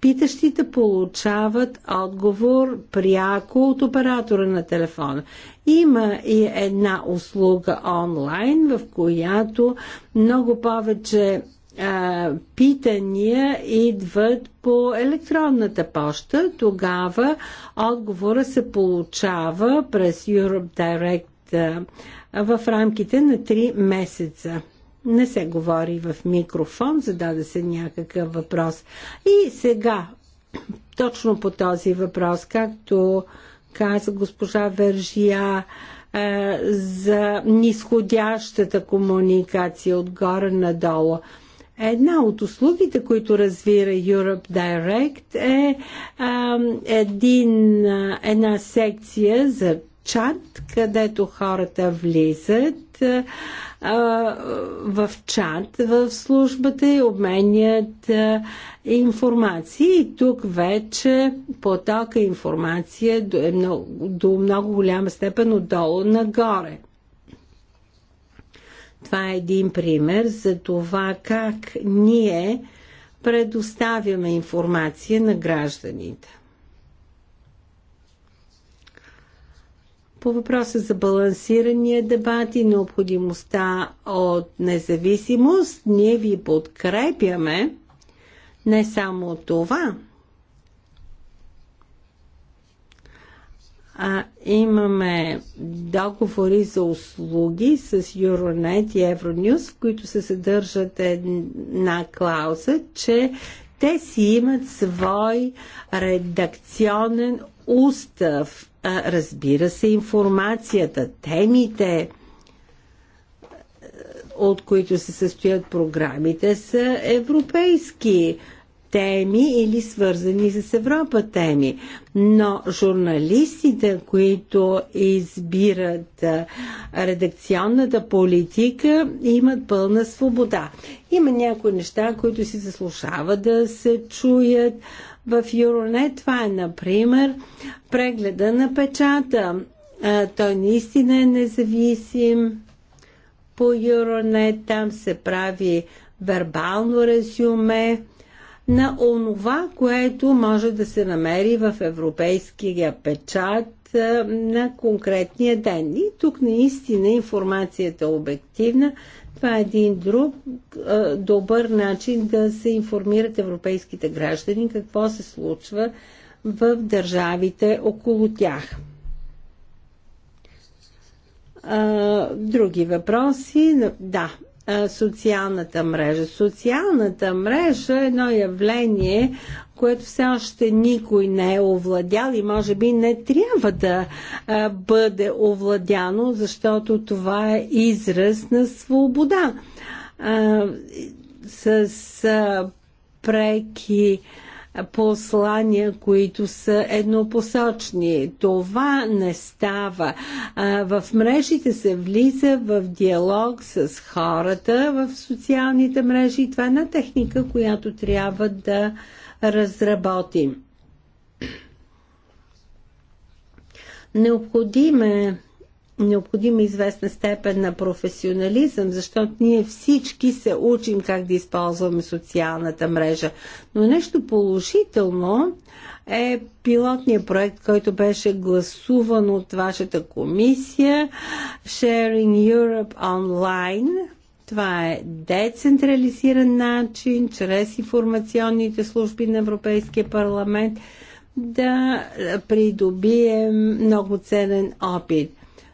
питащите получават отговор пряко от оператора на телефона. Има и една услуга онлайн, в която много повече а, питания идват по електронната поща, тогава отговора се получава през Europe Direct а, в рамките на 3 месеца. Не се говори в микрофон, зададе се някакъв въпрос. И сега, точно по този въпрос, както каза госпожа Вержия, за нисходящата комуникация отгоре надолу. Една от услугите, които развира Europe Direct е а, един, една секция за чат, където хората влизат а, в чат в службата и обменят а, информация. И тук вече потока информация е много, до много голяма степен отдолу нагоре. Това е един пример за това как ние предоставяме информация на гражданите. По въпроса за балансирания дебат и необходимостта от независимост, ние ви подкрепяме не само това, а, имаме договори за услуги с Euronet и Euronews, в които се съдържат една клауза, че те си имат свой редакционен устав. А, разбира се, информацията, темите, от които се състоят програмите, са европейски. А, теми или свързани с Европа теми. Но журналистите, които избират редакционната политика, имат пълна свобода. Има някои неща, които си заслушава да се чуят. В Euronet това е, например, прегледа на печата. Той наистина е независим. По Euronet там се прави вербално резюме на онова, което може да се намери в европейския печат на конкретния ден. И тук наистина информацията е обективна. Това е един друг добър начин да се информират европейските граждани какво се случва в държавите около тях. Други въпроси? Да, социалната мрежа. Социалната мрежа е едно явление, което все още никой не е овладял и може би не трябва да бъде овладяно, защото това е израз на свобода. с преки послания, които са еднопосочни. Това не става. В мрежите се влиза в диалог с хората в социалните мрежи. Това е една техника, която трябва да разработим. Необходим е необходима известна степен на професионализъм, защото ние всички се учим как да използваме социалната мрежа. Но нещо положително е пилотният проект, който беше гласуван от вашата комисия Sharing Europe Online. Това е децентрализиран начин, чрез информационните служби на Европейския парламент да придобием много ценен опит.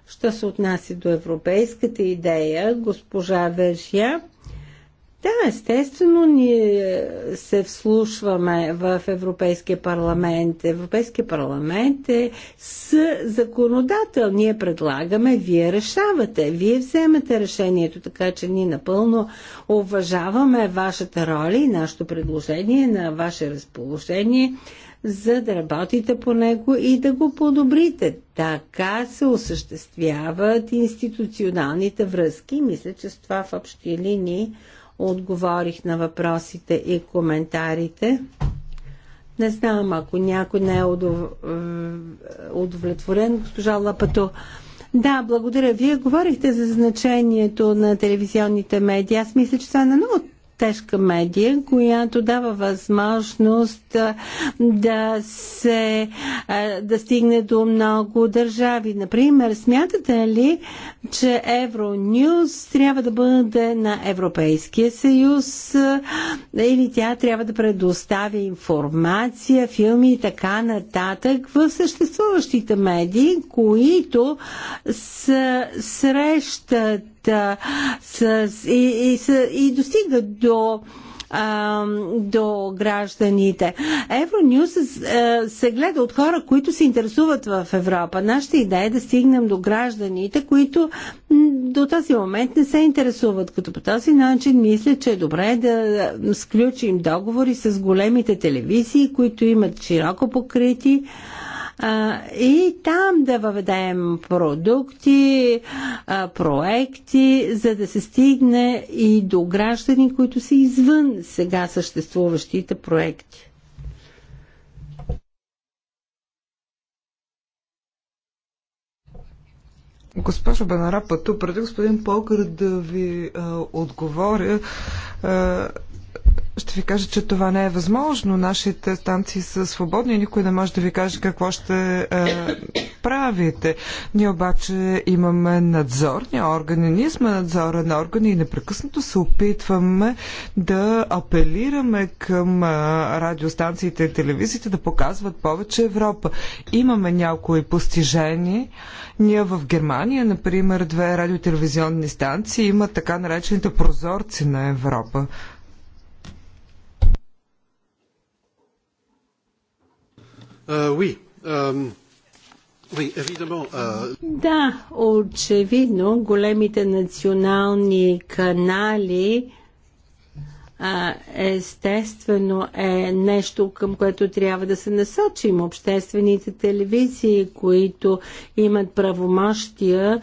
Що се отнася до европейската идея, госпожа Вержия, да, естествено, ние се вслушваме в Европейския парламент. Европейския парламент е с законодател. Ние предлагаме, вие решавате, вие вземате решението, така че ние напълно уважаваме вашата роля и нашето предложение на ваше разположение за да работите по него и да го подобрите. Така се осъществяват институционалните връзки. Мисля, че с това в общи линии отговорих на въпросите и коментарите. Не знам, ако някой не е удов... Е, удовлетворен, госпожа Лапато. Да, благодаря. Вие говорихте за значението на телевизионните медии. Аз мисля, че това е на много тежка медия, която дава възможност да се да стигне до много държави. Например, смятате ли, че Евронюз трябва да бъде на Европейския съюз или тя трябва да предоставя информация, филми и така нататък в съществуващите медии, които се срещат с, и, и, и достига до до гражданите. Евронюс се гледа от хора, които се интересуват в Европа. Нашата идея е да стигнем до гражданите, които до този момент не се интересуват. Като по този начин мисля, че е добре да сключим договори с големите телевизии, които имат широко покрити и там да въведем продукти, проекти, за да се стигне и до граждани, които са извън сега съществуващите проекти. Госпожо Бенара Пату, преди господин Полкър да ви а, отговоря, а, ще ви кажа, че това не е възможно. Нашите станции са свободни и никой не може да ви каже какво ще е, правите. Ние обаче имаме надзорни органи. Ние сме надзорен орган и непрекъснато се опитваме да апелираме към е, радиостанциите и телевизиите да показват повече Европа. Имаме някои постижения. Ние в Германия, например, две радиотелевизионни станции имат така наречените прозорци на Европа. Euh, oui, euh, euh, Да, очевидно големите национални канали естествено е нещо, към което трябва да се насочим. Обществените телевизии, които имат правомощия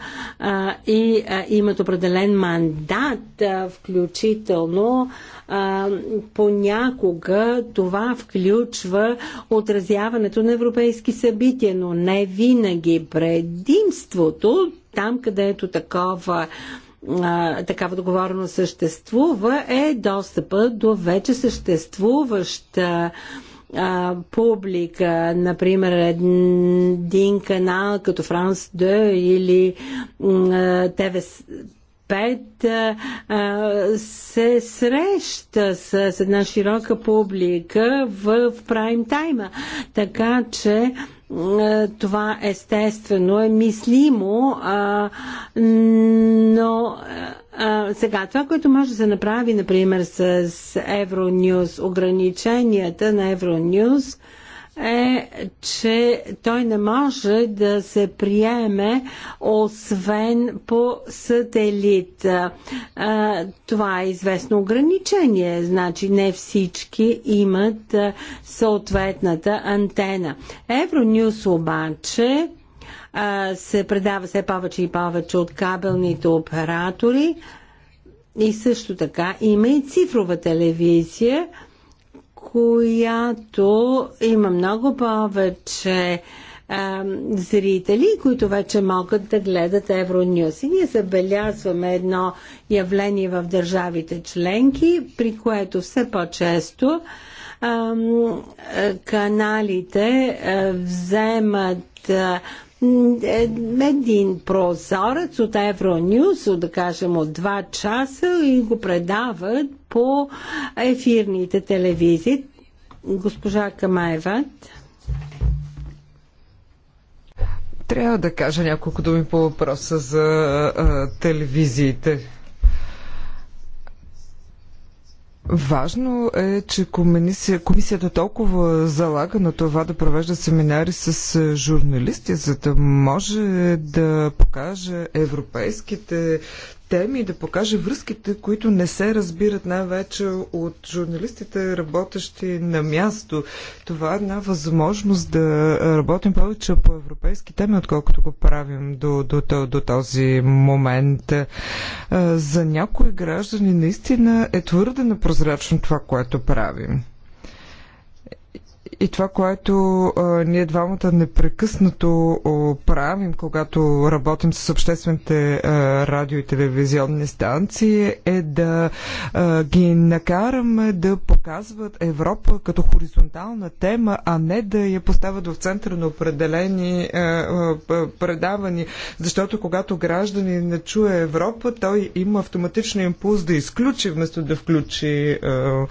и имат определен мандат, включително понякога това включва отразяването на европейски събития, но не винаги предимството там, където такова а, такава договорност съществува, е достъпа до вече съществуваща а, публика, например един канал като Франс 2 или ТВС 5 се среща с една широка публика в, в прайм тайма. Така че е, това естествено е мислимо, а, но а, сега това, което може да се направи, например, с Евронюс, ограниченията на Евронюс, а, е, че той не може да се приеме освен по сателит. Това е известно ограничение, значи не всички имат съответната антена. Евронюс обаче се предава все повече и повече от кабелните оператори и също така има и цифрова телевизия, която има много повече зрители, които вече могат да гледат Евронюс. И ние забелязваме едно явление в държавите членки, при което все по-често е, каналите е, вземат е, един прозорец от Евронюс, да кажем от 2 часа и го предават по ефирните телевизии. Госпожа Камаева. Трябва да кажа няколко думи по въпроса за а, телевизиите. Важно е, че комисия, комисията толкова залага на това да провежда семинари с е, журналисти, за да може да покаже европейските теми и да покаже връзките, които не се разбират най-вече от журналистите, работещи на място. Това е една възможност да работим повече по европейски теми, отколкото го правим до, до, до, до този момент. За някои граждани наистина е твърде непрозрачно това, което правим. И това, което а, ние двамата непрекъснато а, правим, когато работим с обществените а, радио и телевизионни станции, е да а, ги накараме да показват Европа като хоризонтална тема, а не да я поставят в центъра на определени а, а, предавани. Защото когато граждани не чуе Европа, той има автоматичен импулс да изключи, вместо да включи а,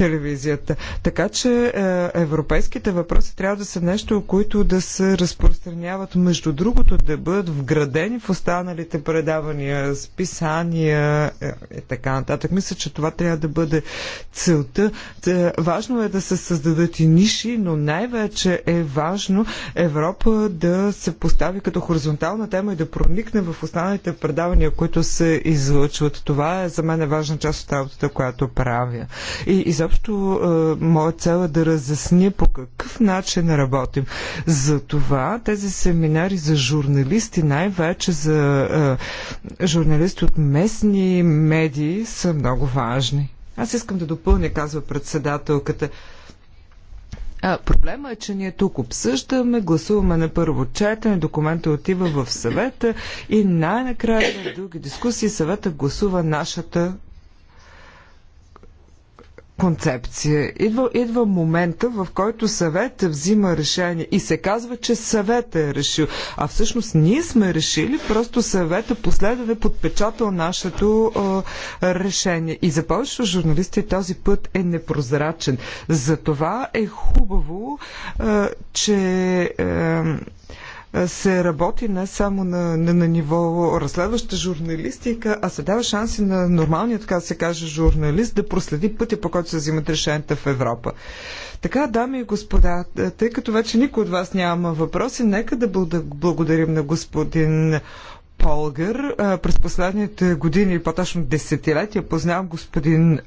телевизията. Така че е, европейските въпроси трябва да са нещо, които да се разпространяват между другото, да бъдат вградени в останалите предавания, списания е, и така нататък. Мисля, че това трябва да бъде целта. Е, важно е да се създадат и ниши, но най-вече е важно Европа да се постави като хоризонтална тема и да проникне в останалите предавания, които се излъчват. Това е за мен е важна част от работата, която правя. И изобщо Изобщо е, моя цел е да разясня по какъв начин работим. За това тези семинари за журналисти, най-вече за е, журналисти от местни медии, са много важни. Аз искам да допълня, казва председателката. А, проблема е, че ние тук обсъждаме, гласуваме на първо четене, документа отива в съвета и най-накрая на други дискусии съвета гласува нашата концепция. Идва, идва момента, в който съветът взима решение и се казва, че съветът е решил. А всъщност ние сме решили, просто съвета последен е подпечатал нашето а, решение. И за повечето журналисти този път е непрозрачен. Затова е хубаво, а, че. А, се работи не само на, на, на ниво разследваща журналистика, а се дава шанси на нормалния, така се каже, журналист да проследи пътя, по който се взимат решенията в Европа. Така, дами и господа, тъй като вече никой от вас няма въпроси, нека да благодарим на господин Полгър. През последните години, по-точно десетилетия, познавам господин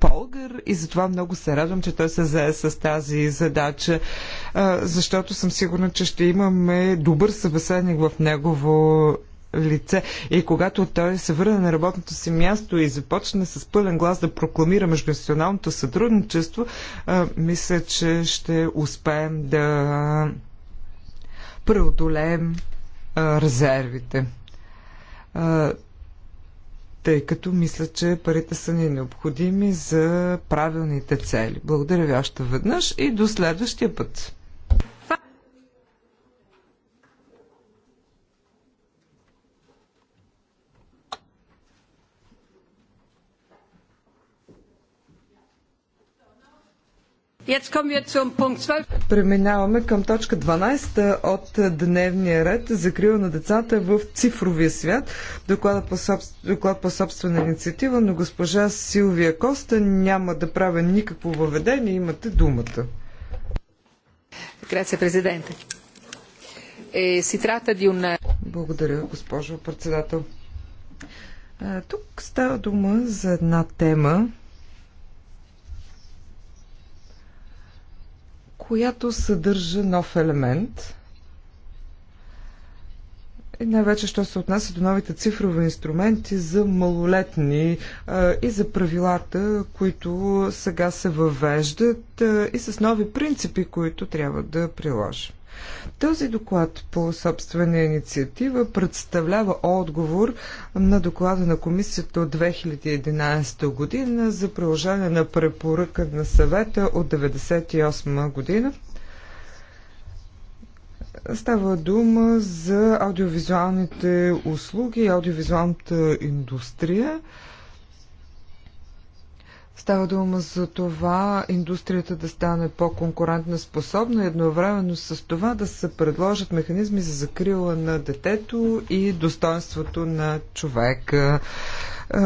Полгър и затова много се радвам, че той се зае с тази задача защото съм сигурна, че ще имаме добър събеседник в негово лице. И когато той се върне на работното си място и започне с пълен глас да прокламира междунационалното сътрудничество, мисля, че ще успеем да преодолеем резервите. Тъй като мисля, че парите са ни необходими за правилните цели. Благодаря ви още веднъж и до следващия път. Преминаваме към точка 12 от дневния ред Закрива на децата в цифровия свят. Доклад по, собствен, доклад по собствена инициатива на госпожа Силвия Коста. Няма да правя никакво въведение. Имате думата. Грация, президенте. Е, Благодаря, госпожо председател. Е, тук става дума за една тема, която съдържа нов елемент. И най-вече, що се отнася до новите цифрови инструменти за малолетни а, и за правилата, които сега се въвеждат а, и с нови принципи, които трябва да приложим. Този доклад по собствена инициатива представлява отговор на доклада на комисията от 2011 година за приложение на препоръка на съвета от 1998 година. Става дума за аудиовизуалните услуги и аудиовизуалната индустрия. Става дума за това индустрията да стане по-конкурентна способна, едновременно с това да се предложат механизми за закрила на детето и достоинството на човека. Е,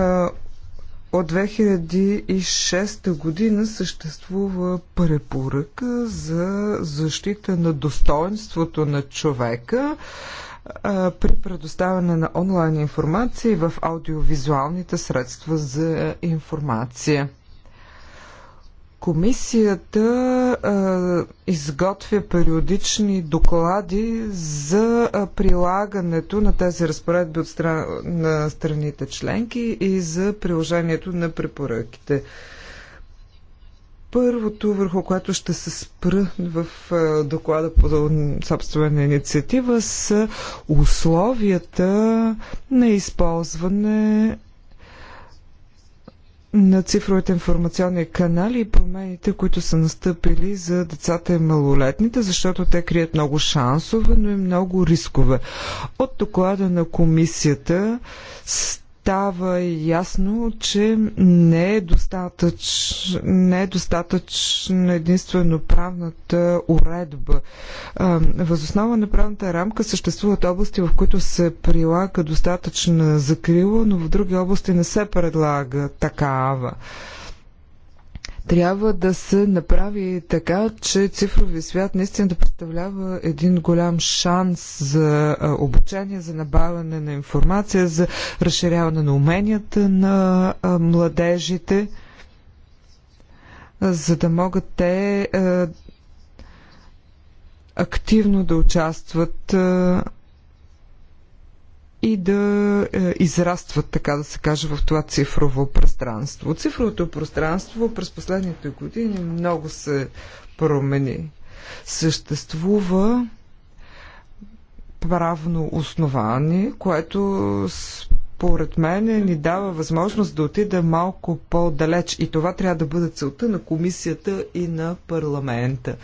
от 2006 година съществува препоръка за защита на достоинството на човека е, при предоставяне на онлайн информация и в аудиовизуалните средства за информация. Комисията а, изготвя периодични доклади за прилагането на тези разпоредби от стра... на страните членки и за приложението на препоръките. Първото, върху което ще се спра в доклада по собствена инициатива, са условията на използване на цифровите информационни канали и промените, които са настъпили за децата и малолетните, защото те крият много шансове, но и много рискове. От доклада на комисията става ясно, че не е, достатъч, не е достатъчна единствено правната уредба. Възоснова на правната рамка съществуват области, в които се прилага достатъчна закрила, но в други области не се предлага такава. Трябва да се направи така, че цифрови свят наистина да представлява един голям шанс за обучение, за набавяне на информация, за разширяване на уменията на младежите, за да могат те активно да участват и да е, израстват, така да се каже, в това цифрово пространство. Цифровото пространство през последните години много се промени. Съществува правно основание, което според мен ни дава възможност да отида малко по-далеч. И това трябва да бъде целта на комисията и на парламента.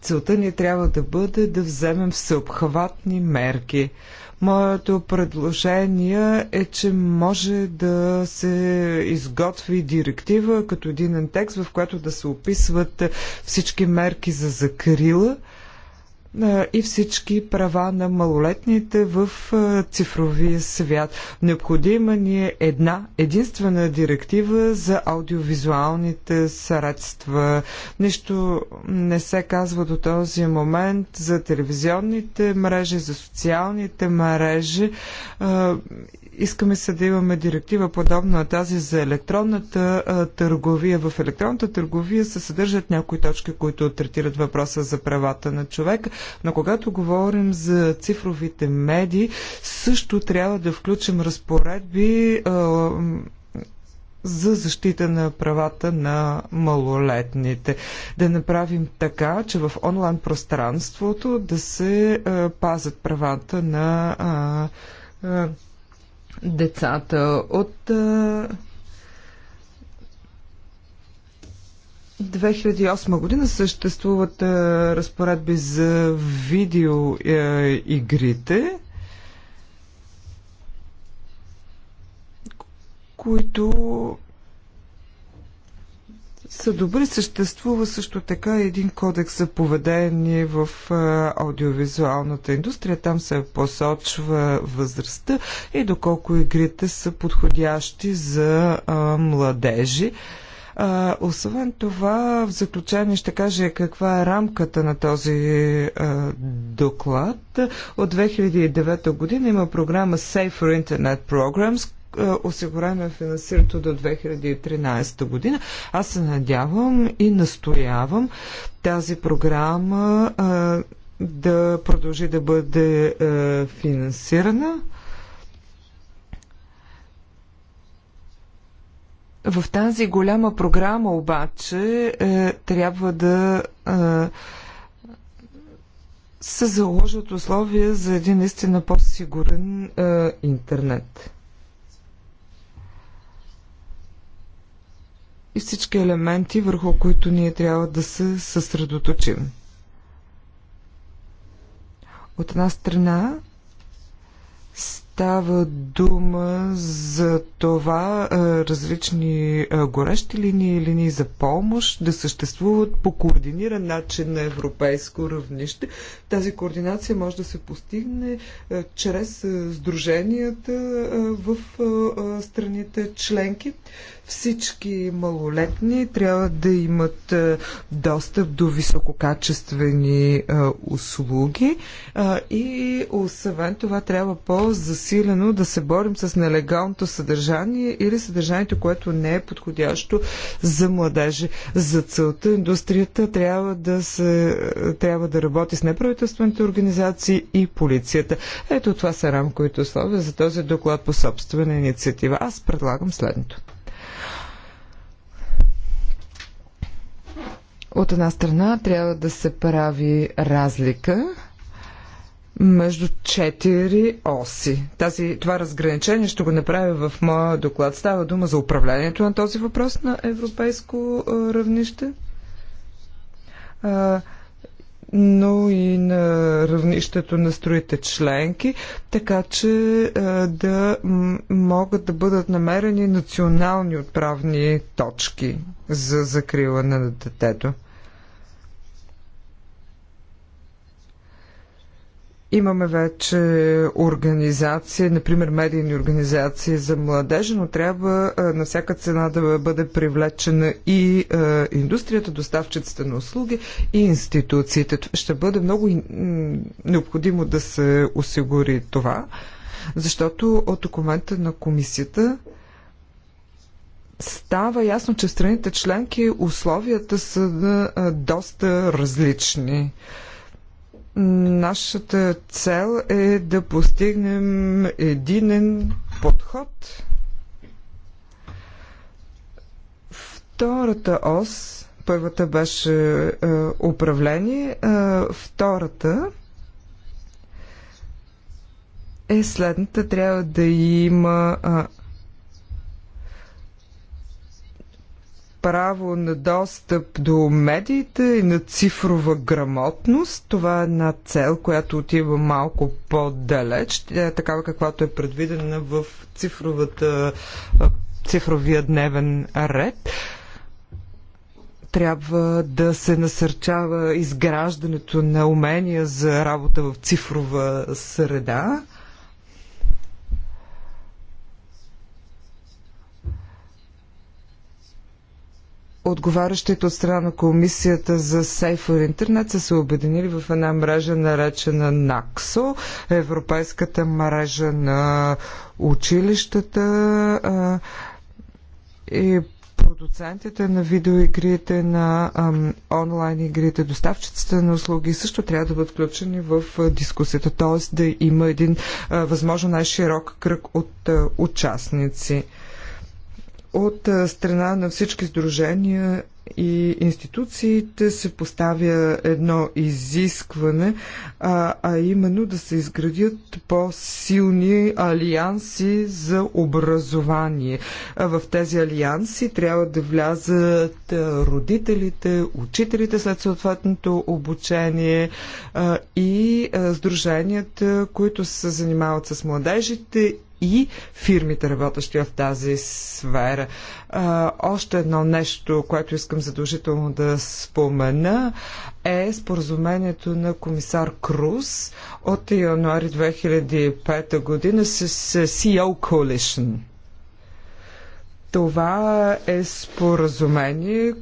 Целта ни трябва да бъде да вземем всеобхватни мерки. Моето предложение е, че може да се изготви директива като един текст, в която да се описват всички мерки за закрила и всички права на малолетните в цифровия свят. Необходима ни е една единствена директива за аудиовизуалните средства. Нищо не се казва до този момент за телевизионните мрежи, за социалните мрежи Искаме се да имаме директива подобна на тази за електронната а, търговия. В електронната търговия се съдържат някои точки, които третират въпроса за правата на човека, но когато говорим за цифровите медии, също трябва да включим разпоредби а, за защита на правата на малолетните. Да направим така, че в онлайн пространството да се а, пазят правата на а, а, децата от 2008 година съществуват а, разпоредби за видео игрите, които са добри. Съществува също така един кодекс за поведение в аудиовизуалната индустрия. Там се посочва възрастта и доколко игрите са подходящи за а, младежи. А, освен това, в заключение ще кажа каква е рамката на този а, доклад. От 2009 година има програма Safer Internet Programs, е, осигурено е финансирането до 2013 година. Аз се надявам и настоявам тази програма е, да продължи да бъде е, финансирана. В тази голяма програма обаче е, трябва да е, се заложат условия за един наистина по-сигурен е, интернет. и всички елементи, върху които ние трябва да се съсредоточим. От една страна става дума за това различни горещи линии, линии за помощ да съществуват по координиран начин на европейско равнище. Тази координация може да се постигне чрез сдруженията в страните членки. Всички малолетни трябва да имат е, достъп до висококачествени е, услуги е, и освен това трябва по-засилено да се борим с нелегалното съдържание или съдържанието, което не е подходящо за младежи. За целта индустрията трябва да, се, трябва да работи с неправителствените организации и полицията. Ето това са рамковите условия за този доклад по собствена инициатива. Аз предлагам следното. От една страна трябва да се прави разлика между четири оси. Тази, това разграничение ще го направя в моя доклад. Става дума за управлението на този въпрос на европейско равнище, но и на равнището на строите членки, така че да могат да бъдат намерени национални отправни точки за закрила на детето. Имаме вече организации, например медийни организации за младежи, но трябва на всяка цена да бъде привлечена и индустрията, доставчиците на услуги и институциите. Ще бъде много необходимо да се осигури това, защото от документа на комисията става ясно, че в страните членки условията са доста различни. Нашата цел е да постигнем единен подход. Втората ос, първата беше е, управление, е, втората е следната, трябва да има е, право на достъп до медиите и на цифрова грамотност. Това е една цел, която отива малко по-далеч, е такава каквато е предвидена в цифровата, цифровия дневен ред трябва да се насърчава изграждането на умения за работа в цифрова среда. отговарящите от страна на комисията за Safe for Internet са се обединили в една мрежа наречена NAXO, европейската мрежа на училищата и продуцентите на видеоигрите, на ам, онлайн игрите, доставчиците на услуги също трябва да бъдат включени в а, дискусията, т.е. да има един а, възможно най-широк кръг от а, участници от страна на всички сдружения и институциите се поставя едно изискване, а, а именно да се изградят по-силни алианси за образование. В тези алианси трябва да влязат родителите, учителите след съответното обучение и сдруженията, които се занимават с младежите и фирмите, работещи в тази сфера. А, още едно нещо, което искам задължително да спомена, е споразумението на комисар Круз от януари 2005 година с CEO Coalition. Това е споразумение,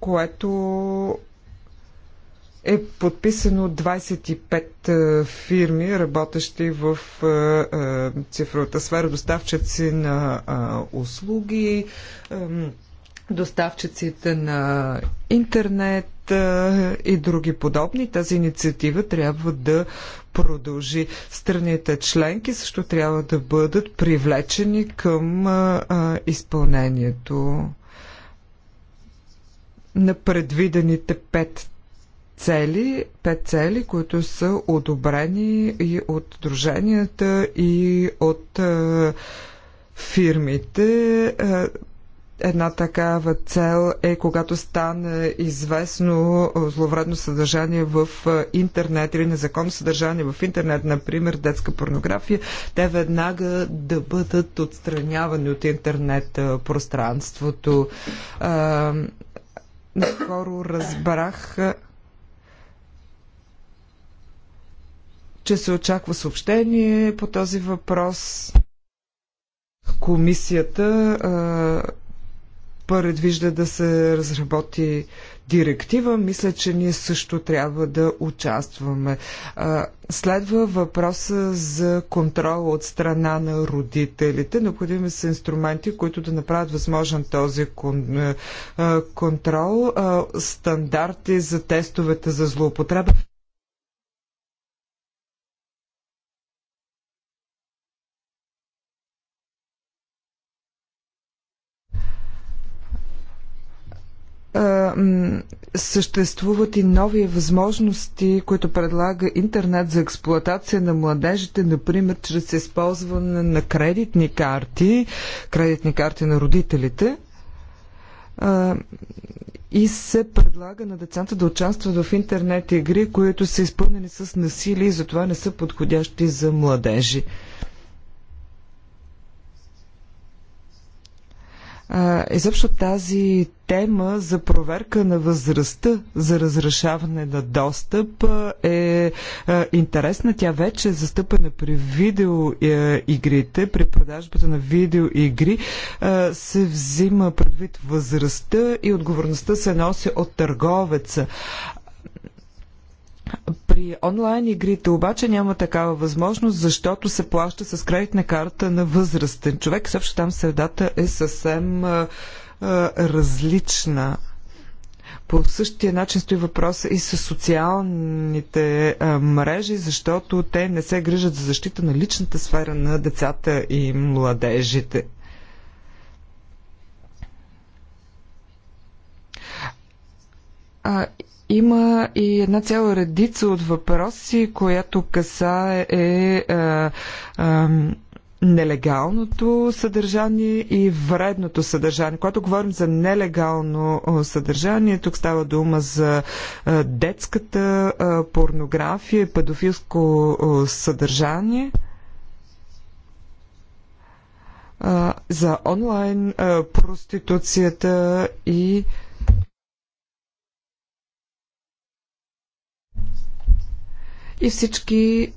което е подписано 25 е, фирми, работещи в е, е, цифровата сфера, доставчици на услуги, доставчиците на интернет и други подобни. Тази инициатива трябва да продължи. Страните членки също трябва да бъдат привлечени към изпълнението на предвидените пет цели, пет цели, които са одобрени и от друженията, и от е, фирмите. Е, една такава цел е, когато стане известно зловредно съдържание в е, интернет или незаконно съдържание в интернет, например детска порнография, те веднага да бъдат отстранявани от интернет е, пространството. Наскоро разбрах че се очаква съобщение по този въпрос. Комисията предвижда да се разработи директива, мисля, че ние също трябва да участваме. Следва въпроса за контрол от страна на родителите. Необходими са инструменти, които да направят възможен този контрол, стандарти за тестовете за злоупотреба. съществуват и нови възможности, които предлага интернет за експлоатация на младежите, например, чрез използване на кредитни карти, кредитни карти на родителите. И се предлага на децата да участват в интернет игри, които са изпълнени с насилие и затова не са подходящи за младежи. изобщо тази тема за проверка на възрастта за разрешаване на достъп е интересна. Тя вече е застъпена при видеоигрите, е, при продажбата на видеоигри се взима предвид възрастта и отговорността се носи от търговеца при онлайн игрите обаче няма такава възможност, защото се плаща с кредитна карта на възрастен човек. Също там средата е съвсем а, а, различна. По същия начин стои въпроса и с социалните а, мрежи, защото те не се грижат за защита на личната сфера на децата и младежите. А, има и една цяла редица от въпроси, която касае е, е, е, нелегалното съдържание и вредното съдържание. Когато говорим за нелегално съдържание, тук става дума за е, детската е, порнография и педофилско съдържание е, за онлайн проституцията и и всички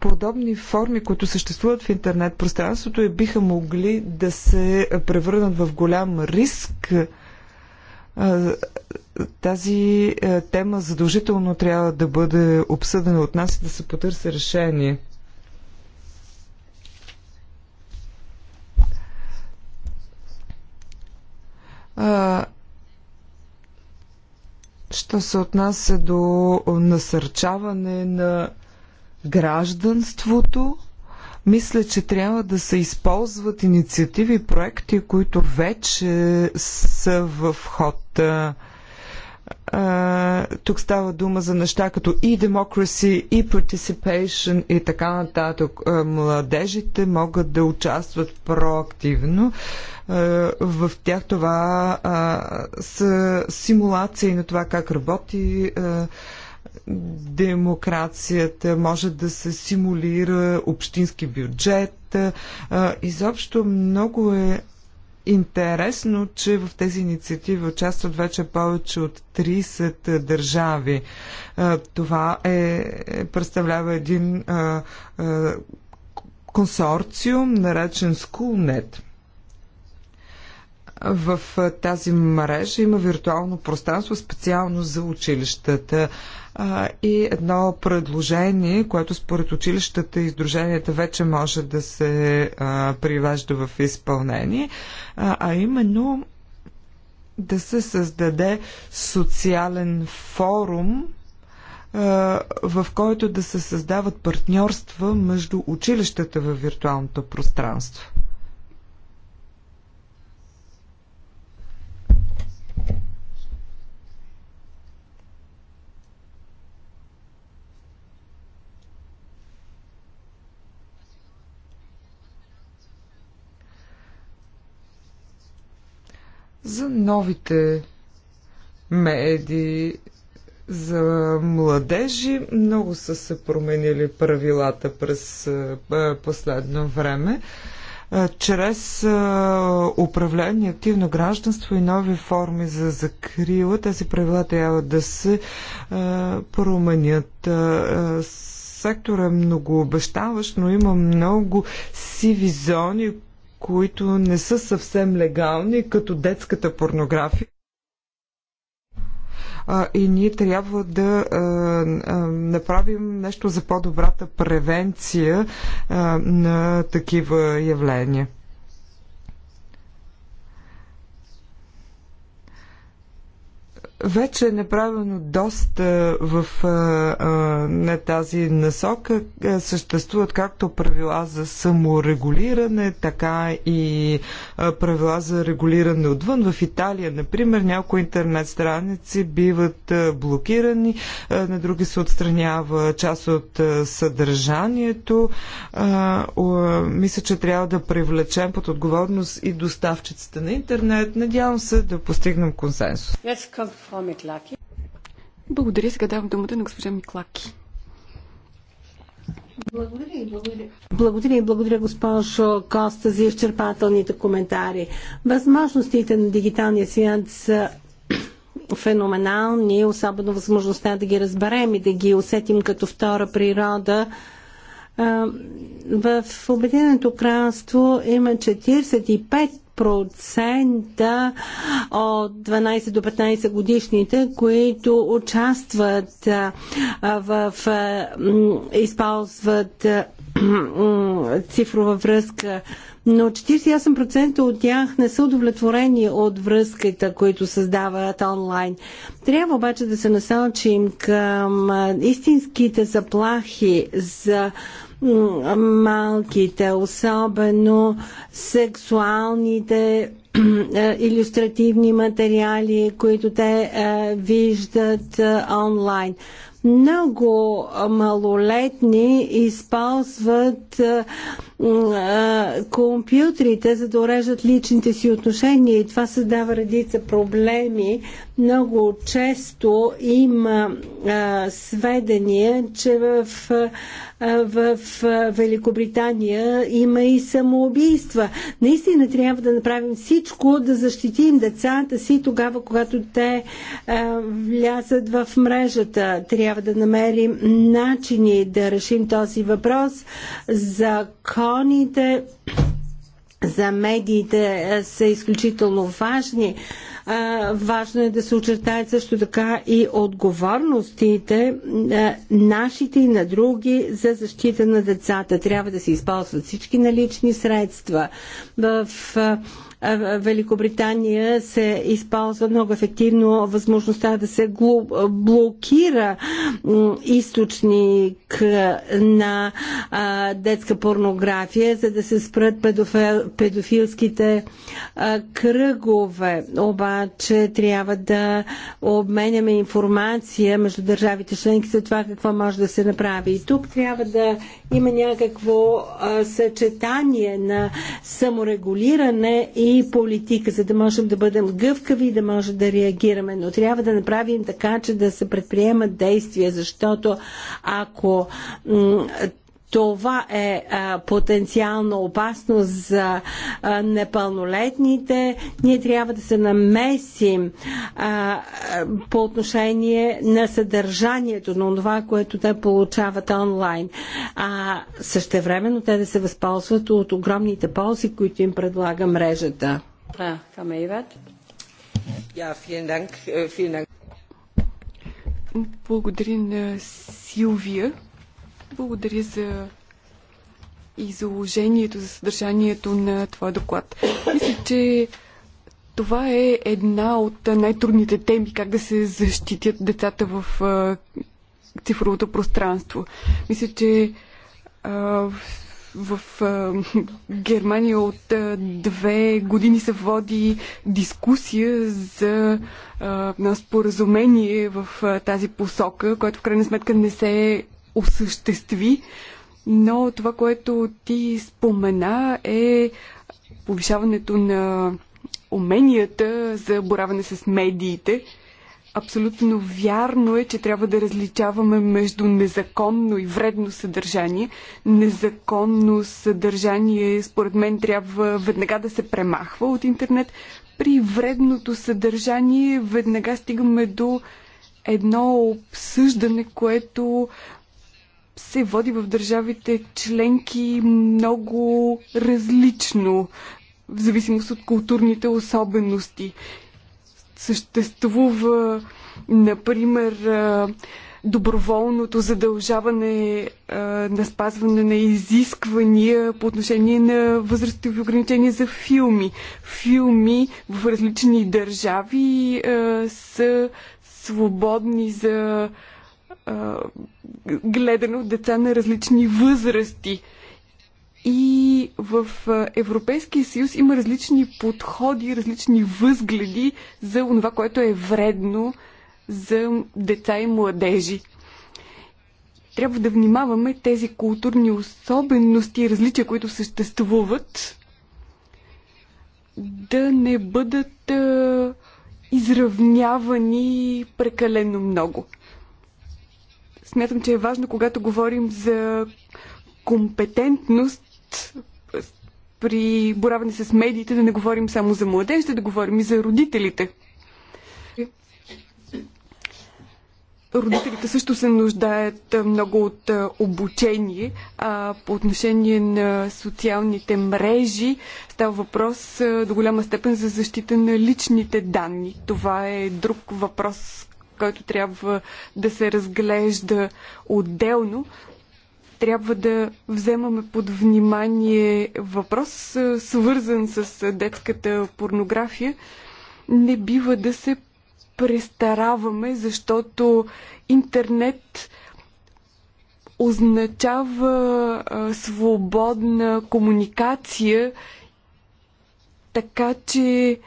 подобни форми, които съществуват в интернет пространството и биха могли да се превърнат в голям риск. Тази тема задължително трябва да бъде обсъдена от нас и да се потърси решение. А, Що се отнася до насърчаване на гражданството, мисля, че трябва да се използват инициативи, проекти, които вече са в ход тук става дума за неща като и democracy, и participation и така нататък. младежите могат да участват проактивно. в тях това са симулации на това как работи демокрацията, може да се симулира общински бюджет. изобщо много е Интересно, че в тези инициативи участват вече повече от 30 държави. Е, това е, представлява един а, е, а, е, консорциум, наречен SchoolNet. В тази мрежа има виртуално пространство специално за училищата а, и едно предложение, което според училищата и издруженията вече може да се а, привежда в изпълнение, а, а именно да се създаде социален форум, в който да се създават партньорства между училищата във виртуалното пространство. за новите медии за младежи. Много са се променили правилата през е, е, последно време. Е, чрез управление, активно гражданство и нови форми за закрила, тези правила трябва да се променят сектор е многообещаващ, но има много сиви зони, които не са съвсем легални, като детската порнография. А, и ние трябва да а, а, направим нещо за по-добрата превенция а, на такива явления. Вече е направено доста в а, а, на тази насока. Е, съществуват както правила за саморегулиране, така и а, правила за регулиране отвън. В Италия, например, някои интернет страници биват а, блокирани, а, на други се отстранява част от а, съдържанието. А, а, мисля, че трябва да привлечем под отговорност и доставчиците на интернет. Надявам се да постигнем консенсус. Благодаря. Сега давам думата на госпожа Миклаки. Благодаря и благодаря. Благодаря и благодаря, госпожо Коста, за изчерпателните коментари. Възможностите на дигиталния свят са феноменални, особено възможността да ги разберем и да ги усетим като втора природа. В Обединеното кралство има 45 процента от 12 до 15 годишните, които участват в използват цифрова връзка, но 48% от тях не са удовлетворени от връзката, които създават онлайн. Трябва обаче да се насочим към истинските заплахи за малките, особено сексуалните е, иллюстративни материали, които те е, виждат е, онлайн. Много малолетни използват компютрите, за да уреждат личните си отношения и това създава редица проблеми. Много често има а, сведения, че в, а, в а, Великобритания има и самоубийства. Наистина трябва да направим всичко да защитим децата си тогава, когато те а, влязат в мрежата. Трябва да намерим начини да решим този въпрос. Закон законите за медиите е, са изключително важни. Е, важно е да се очертаят също така и отговорностите е, нашите и на други за защита на децата. Трябва да се използват всички налични средства. В Великобритания се използва много ефективно възможността да се блокира източник на детска порнография, за да се спрат педофил, педофилските кръгове. Обаче трябва да обменяме информация между държавите членки за това какво може да се направи. И тук трябва да има някакво съчетание на саморегулиране и и политика, за да можем да бъдем гъвкави и да може да реагираме. Но трябва да направим така, че да се предприемат действия, защото ако това е а, потенциална опасност за а, непълнолетните. Ние трябва да се намесим а, по отношение на съдържанието, на това, което те получават онлайн. А същевременно те да се възползват от огромните ползи, които им предлага мрежата. Äh, Благодаря на Силвия. Благодаря за изложението, за съдържанието на твоя доклад. Мисля, че това е една от най-трудните теми, как да се защитят децата в цифровото пространство. Мисля, че в Германия от две години се води дискусия за на споразумение в тази посока, което в крайна сметка не се осъществи, но това, което ти спомена е повишаването на уменията за бораване с медиите. Абсолютно вярно е, че трябва да различаваме между незаконно и вредно съдържание. Незаконно съдържание, според мен, трябва веднага да се премахва от интернет. При вредното съдържание веднага стигаме до едно обсъждане, което се води в държавите членки много различно, в зависимост от културните особености. Съществува, например, доброволното задължаване на спазване на изисквания по отношение на възрастови ограничения за филми. Филми в различни държави са свободни за гледане от деца на различни възрасти. И в Европейския съюз има различни подходи, различни възгледи за това, което е вредно за деца и младежи. Трябва да внимаваме тези културни особености и различия, които съществуват, да не бъдат а, изравнявани прекалено много. Смятам, че е важно, когато говорим за компетентност при бораване с медиите, да не говорим само за младежите, да говорим и за родителите. Родителите също се нуждаят много от обучение. А по отношение на социалните мрежи става въпрос до голяма степен за защита на личните данни. Това е друг въпрос, който трябва да се разглежда отделно. Трябва да вземаме под внимание въпрос, свързан с детската порнография. Не бива да се престараваме, защото интернет означава свободна комуникация, така че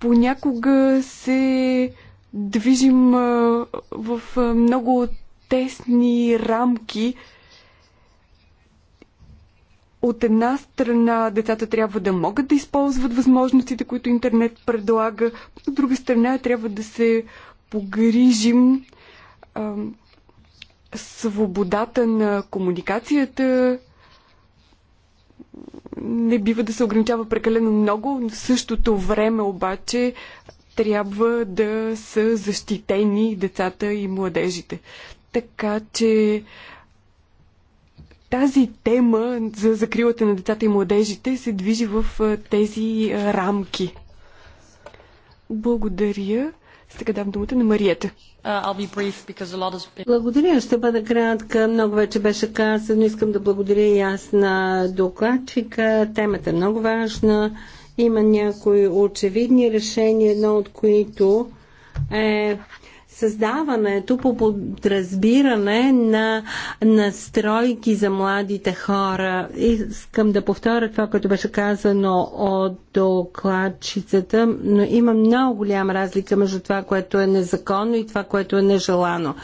понякога се движим в много тесни рамки. От една страна децата трябва да могат да използват възможностите, които интернет предлага, от друга страна трябва да се погрижим свободата на комуникацията не бива да се ограничава прекалено много. В същото време обаче трябва да са защитени децата и младежите. Така че тази тема за закрилата на децата и младежите се движи в тези рамки. Благодаря. Сега дам думата на Марията. Uh, благодаря, ще бъда кратка. Много вече беше казано. Искам да благодаря и аз на докладчика. Темата е много важна. Има някои очевидни решения, едно от които е създаването по подразбиране на настройки за младите хора. Искам да повторя това, което беше казано от докладчицата, но има много голяма разлика между това, което е незаконно и това, което е нежелано.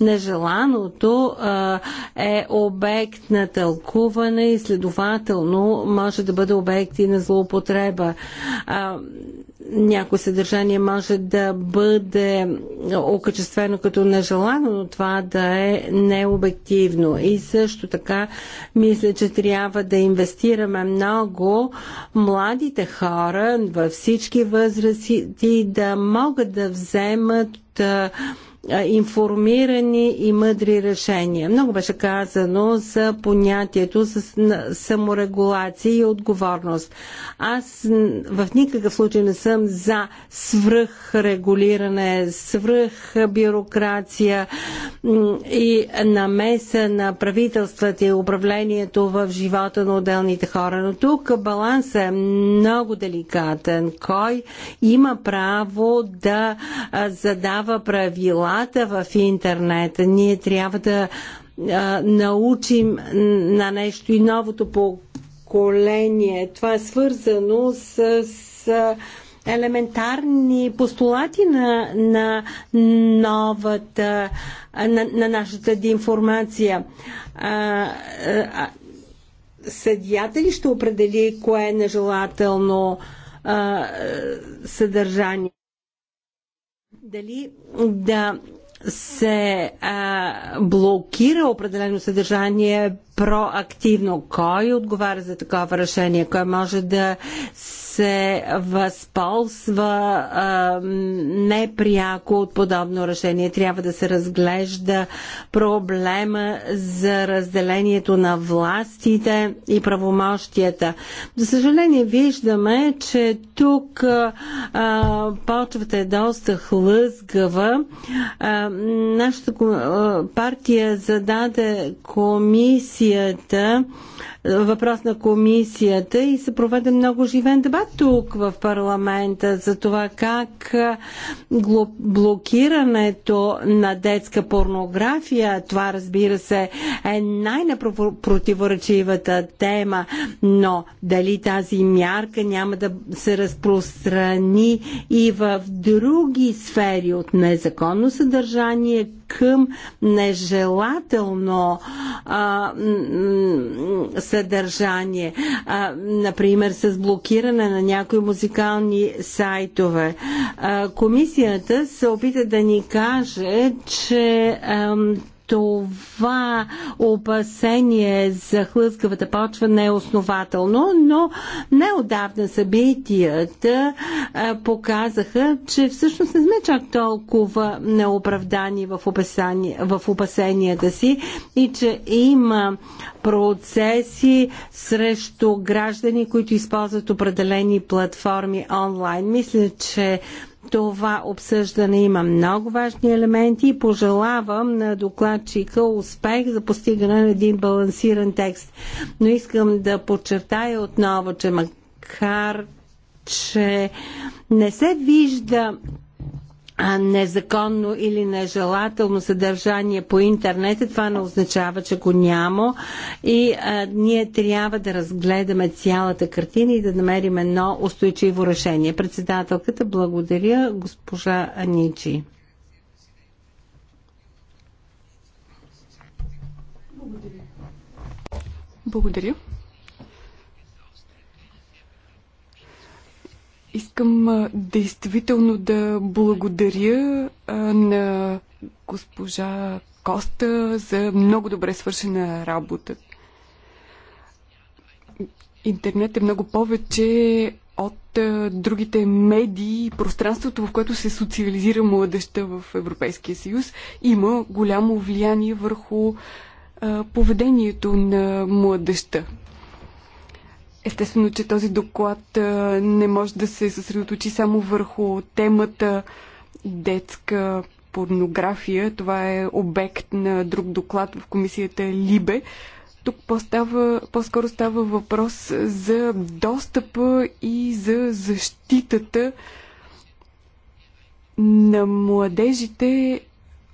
Нежеланото а, е обект на тълкуване и следователно може да бъде обект и на злоупотреба. А, някое съдържание може да бъде окачествено като нежелано, но това да е необективно. И също така мисля, че трябва да инвестираме много младите хора във всички възрасти да могат да вземат информирани и мъдри решения. Много беше казано за понятието за саморегулация и отговорност. Аз в никакъв случай не съм за свръхрегулиране, свръхбюрокрация и намеса на правителствата и управлението в живота на отделните хора. Но тук балансът е много деликатен. Кой има право да задава правила борбата в интернет. Ние трябва да а, научим на нещо и новото поколение. Това е свързано с, с елементарни постулати на, на новата, на, на нашата информация. А, а, съдията ли ще определи кое е нежелателно а, съдържание? дали да се а, блокира определено съдържание проактивно. Кой отговаря за такова решение? Кой може да се възползва а, непряко от подобно решение. Трябва да се разглежда проблема за разделението на властите и правомощията. За съжаление, виждаме, че тук а, почвата е доста хлъзгава. А, нашата партия зададе комисията въпрос на комисията и се проведе много живен дебат тук в парламента за това как блокирането на детска порнография, това разбира се е най-непротиворечивата тема, но дали тази мярка няма да се разпространи и в други сфери от незаконно съдържание, към нежелателно а, съдържание, а, например с блокиране на някои музикални сайтове. А, комисията се опита да ни каже, че а, това опасение за хлъзгавата почва не е основателно, но неодавна събитията показаха, че всъщност не сме чак толкова неоправдани в, в опасенията си и че има процеси срещу граждани, които използват определени платформи онлайн. Мисля, че това обсъждане има много важни елементи и пожелавам на докладчика успех за постигане на един балансиран текст. Но искам да подчертая отново, че макар че не се вижда незаконно или нежелателно съдържание по интернет, това не означава, че го няма и а, ние трябва да разгледаме цялата картина и да намерим едно устойчиво решение. Председателката, благодаря госпожа Аничи. Благодаря. Благодаря. Искам действително да благодаря на госпожа Коста за много добре свършена работа. Интернет е много повече от другите медии, пространството, в което се социализира младеща в Европейския съюз, има голямо влияние върху поведението на младеща. Естествено, че този доклад не може да се съсредоточи само върху темата детска порнография. Това е обект на друг доклад в комисията Либе. Тук по-става, по-скоро става въпрос за достъпа и за защитата на младежите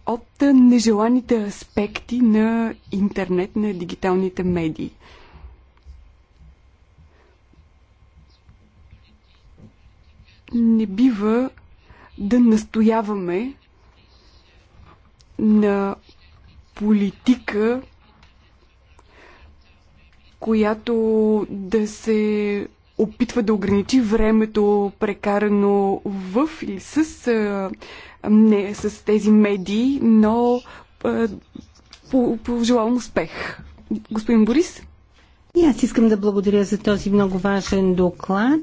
от нежеланите аспекти на интернет, на дигиталните медии. не бива да настояваме на политика, която да се опитва да ограничи времето прекарано в или с, не, с тези медии, но по, пожелавам успех. Господин Борис? И аз искам да благодаря за този много важен доклад.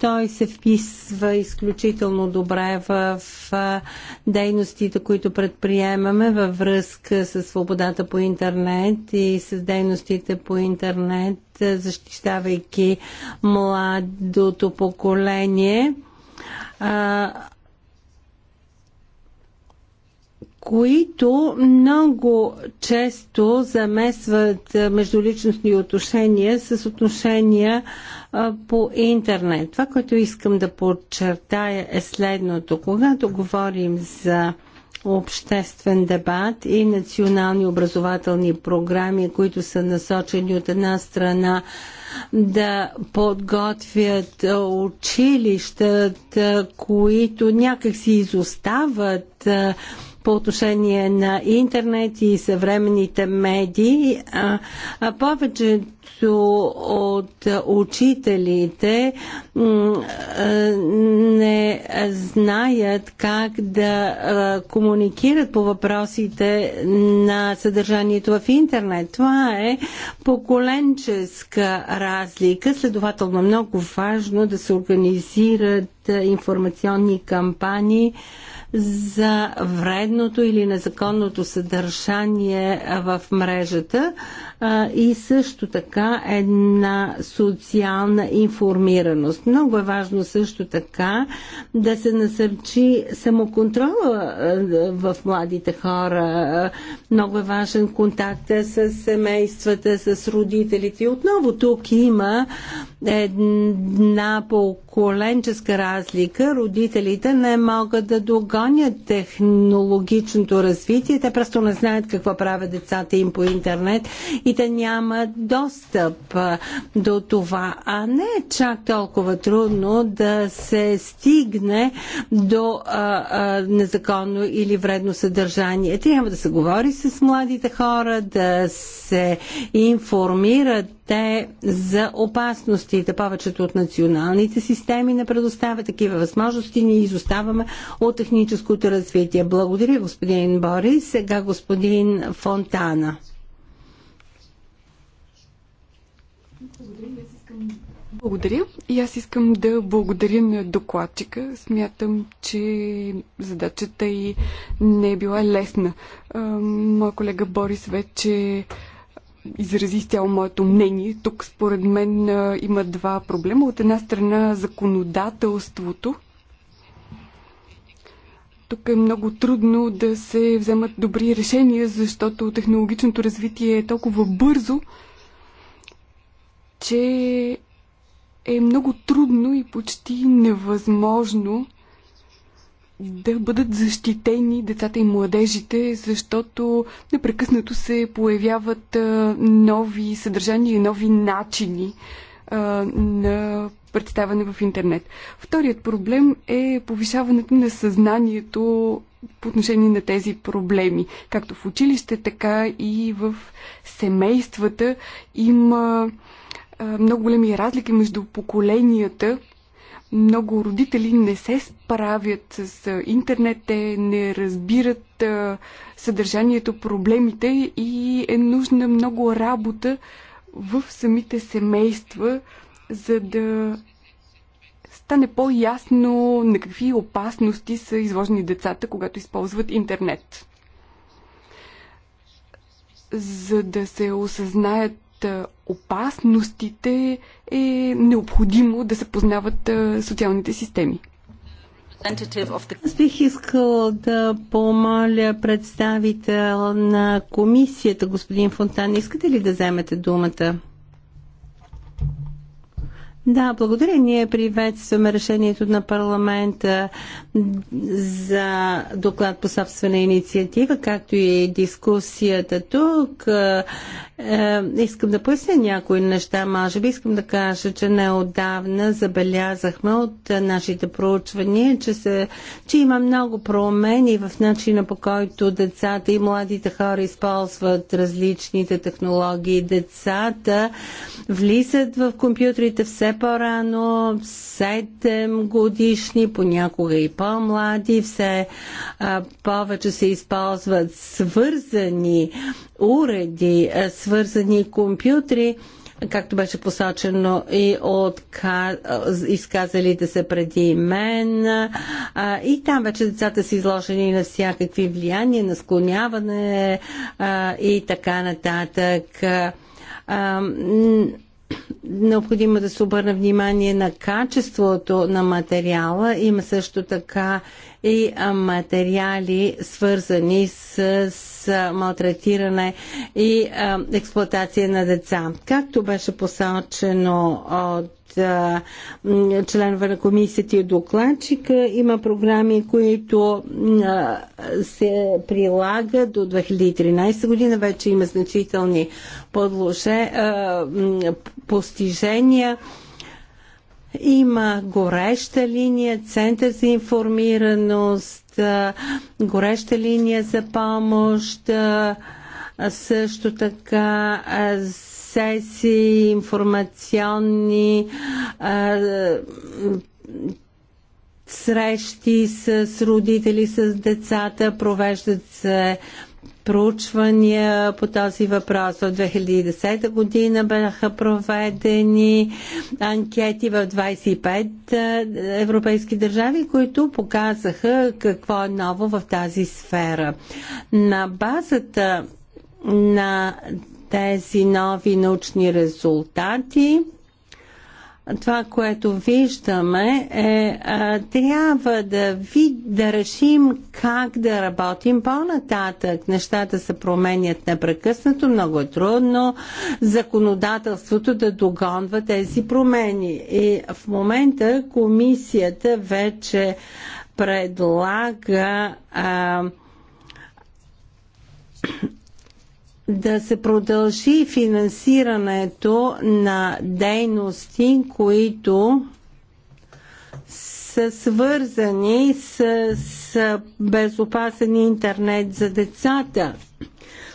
Той се вписва изключително добре в дейностите, които предприемаме във връзка с свободата по интернет и с дейностите по интернет, защищавайки младото поколение. които много често замесват междуличностни отношения с отношения по интернет. Това, което искам да подчертая е следното. Когато говорим за обществен дебат и национални образователни програми, които са насочени от една страна да подготвят училищата, които някакси изостават по отношение на интернет и съвременните медии. А, а повечето от учителите не знаят как да комуникират по въпросите на съдържанието в интернет. Това е поколенческа разлика, следователно много важно да се организират информационни кампании, за вредното или незаконното съдържание в мрежата и също така една социална информираност. Много е важно също така да се насърчи самоконтрола в младите хора. Много е важен контакт с семействата, с родителите. И отново тук има една поколенческа разлика. Родителите не могат да догонят гоня технологичното развитие. Те просто не знаят какво правят децата им по интернет и те нямат достъп до това. А не е чак толкова трудно да се стигне до а, а, незаконно или вредно съдържание. Трябва да се говори с младите хора, да се информират те за опасностите. Повечето от националните системи не предоставят такива възможности. Ние изоставаме от техническото развитие. Благодаря, господин Бори. Сега господин Фонтана. Благодаря. И аз искам да благодаря на докладчика. Смятам, че задачата и не е била лесна. Моя колега Борис вече изрази цяло моето мнение. Тук според мен има два проблема. От една страна законодателството. Тук е много трудно да се вземат добри решения, защото технологичното развитие е толкова бързо, че е много трудно и почти невъзможно да бъдат защитени децата и младежите, защото непрекъснато се появяват нови съдържания и нови начини на представяне в интернет. Вторият проблем е повишаването на съзнанието по отношение на тези проблеми. Както в училище, така и в семействата има много големи разлики между поколенията – много родители не се справят с интернет, те не разбират съдържанието, проблемите и е нужна много работа в самите семейства, за да стане по-ясно на какви опасности са изложени децата, когато използват интернет. За да се осъзнаят опасностите е необходимо да се познават социалните системи. Аз бих искала да помоля представител на комисията, господин Фонтан. Искате ли да вземете думата? Да, благодаря. Ние приветстваме решението на парламента за доклад по собствена инициатива, както и дискусията тук. Е, е, искам да поясня някои неща. Може би искам да кажа, че неодавна забелязахме от нашите проучвания, че, се, че има много промени в начина по който децата и младите хора използват различните технологии. Децата влизат в компютрите все по-рано, 7 годишни, понякога и по-млади, все а, повече се използват свързани уреди, а, свързани компютри както беше посочено и от изказалите се преди мен. И там вече децата са изложени на всякакви влияния, на склоняване и така нататък Необходимо е да се обърне внимание на качеството на материала. Има също така и материали свързани с за малтретиране и а, експлуатация на деца. Както беше посочено от а, членове на комисията и докладчика, има програми, които а, се прилагат до 2013 година. Вече има значителни подложе, а, постижения. Има гореща линия, център за информираност, гореща линия за помощ, също така сесии, информационни срещи с родители, с децата, провеждат се проучвания по този въпрос. От 2010 година бяха проведени анкети в 25 е, европейски държави, които показаха какво е ново в тази сфера. На базата на тези нови научни резултати това, което виждаме, е, а, трябва да, ви, да решим как да работим по-нататък. Нещата се променят непрекъснато, много е трудно законодателството да догонва тези промени. И в момента комисията вече предлага а, да се продължи финансирането на дейности, които са свързани с, с безопасен интернет за децата.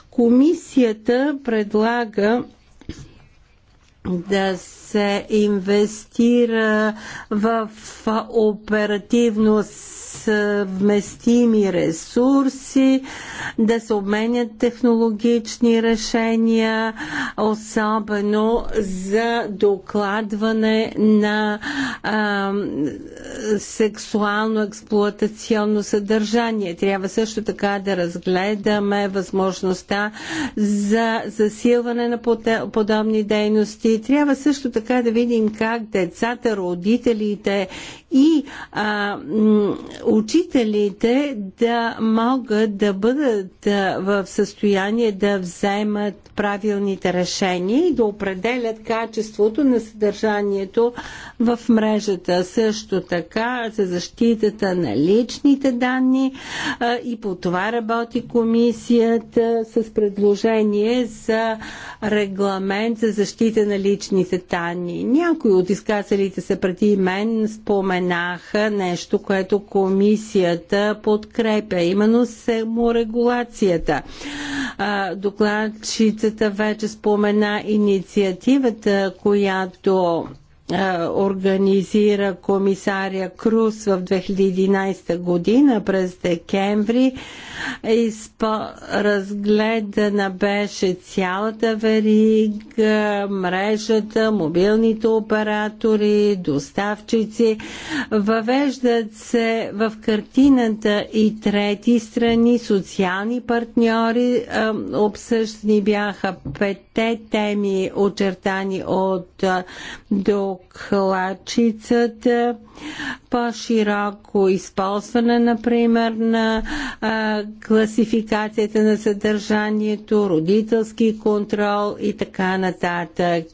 Комисията предлага да се инвестира в оперативност съвместими ресурси, да се обменят технологични решения, особено за докладване на а, сексуално експлуатационно съдържание. Трябва също така да разгледаме възможността за засилване на подобни дейности. Трябва също така да видим как децата, родителите и а, учителите да могат да бъдат в състояние да вземат правилните решения и да определят качеството на съдържанието в мрежата. Също така за защитата на личните данни и по това работи комисията с предложение за регламент за защита на личните данни. Някои от изказалите се преди мен споменаха нещо, което комисията комисията подкрепя, именно саморегулацията. Докладчицата вече спомена инициативата, която организира комисаря Круз в 2011 година през декември. Изпо... Разгледана беше цялата верига, мрежата, мобилните оператори, доставчици. Въвеждат се в картината и трети страни, социални партньори. Обсъждани бяха петте теми, очертани от до докладчицата, по-широко използване, например, на а, класификацията на съдържанието, родителски контрол и така нататък.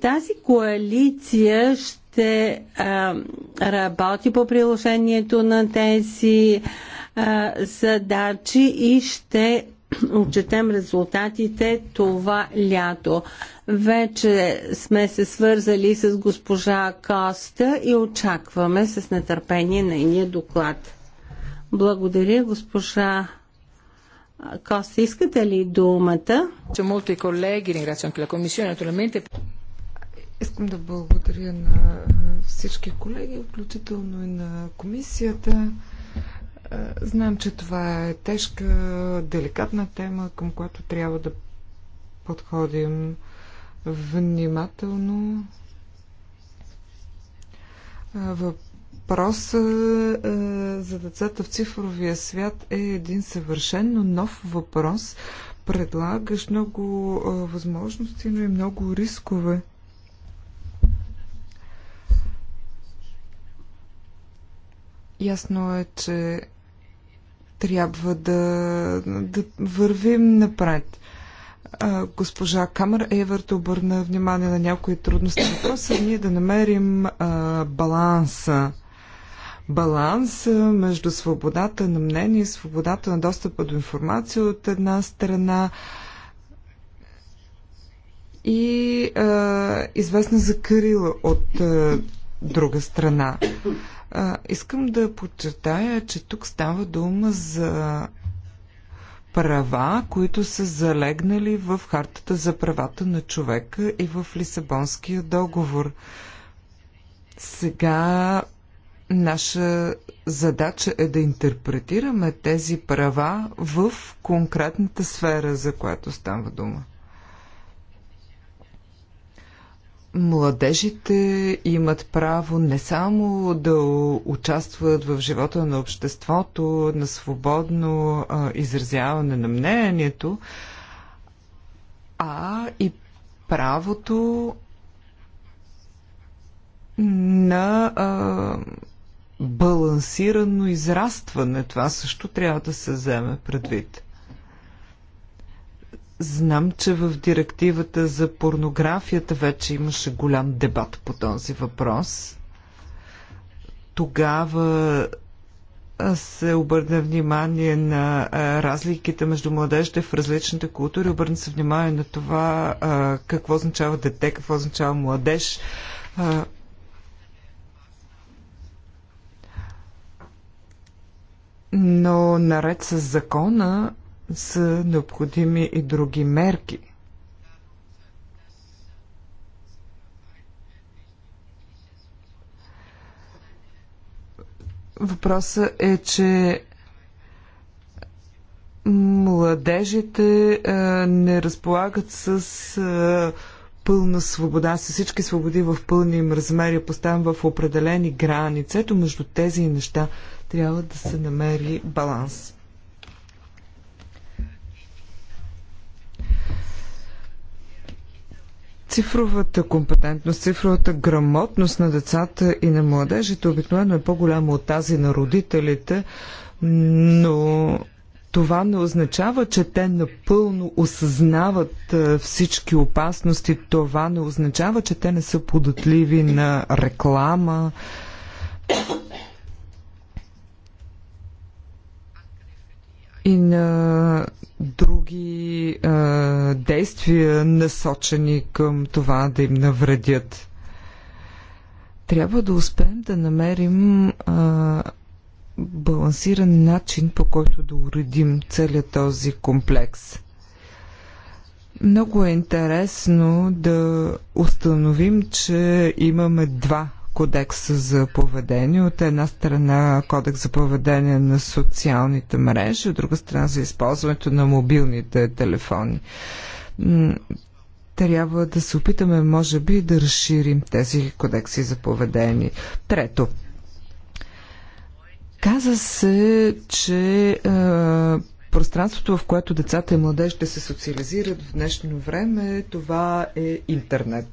Тази коалиция ще а, работи по приложението на тези а, задачи и ще отчетем резултатите това лято. Вече сме се свързали с госпожа Коста и очакваме с нетърпение нейния доклад. Благодаря, госпожа Коста. Искате ли думата? Искам да благодаря на всички колеги, включително и на комисията. Е, знам, че това е тежка, деликатна тема, към която трябва да подходим внимателно. Е, Въпросът е, за децата в цифровия свят е един съвършенно нов въпрос, предлагаш много възможности, но и много рискове. Ясно е, че трябва да, да вървим напред. Госпожа Камър Еверт обърна внимание на някои трудности. Въпросът ние да намерим а, баланса баланс между свободата на мнение и свободата на достъпа до информация от една страна и а, известна закрила от а, друга страна. А, искам да подчертая, че тук става дума за права, които са залегнали в Хартата за правата на човека и в Лисабонския договор. Сега наша задача е да интерпретираме тези права в конкретната сфера, за която става дума. Младежите имат право не само да участват в живота на обществото, на свободно а, изразяване на мнението, а и правото на а, балансирано израстване. Това също трябва да се вземе предвид. Знам, че в директивата за порнографията вече имаше голям дебат по този въпрос. Тогава се обърна внимание на разликите между младежите в различните култури, обърна се внимание на това какво означава дете, какво означава младеж. Но наред с закона са необходими и други мерки. Въпросът е, че младежите а, не разполагат с а, пълна свобода, с всички свободи в пълни им размери, поставям в определени граници. Ето между тези неща трябва да се намери баланс. Цифровата компетентност, цифровата грамотност на децата и на младежите обикновено е по-голяма от тази на родителите, но това не означава, че те напълно осъзнават е, всички опасности. Това не означава, че те не са податливи на реклама и на други а, действия, насочени към това да им навредят. Трябва да успеем да намерим а, балансиран начин, по който да уредим целият този комплекс. Много е интересно да установим, че имаме два кодекс за поведение. От една страна кодекс за поведение на социалните мрежи, от друга страна за използването на мобилните телефони. Трябва да се опитаме, може би, да разширим тези кодекси за поведение. Трето, Каза се, че е, пространството, в което децата и младежите се социализират в днешно време, това е интернет.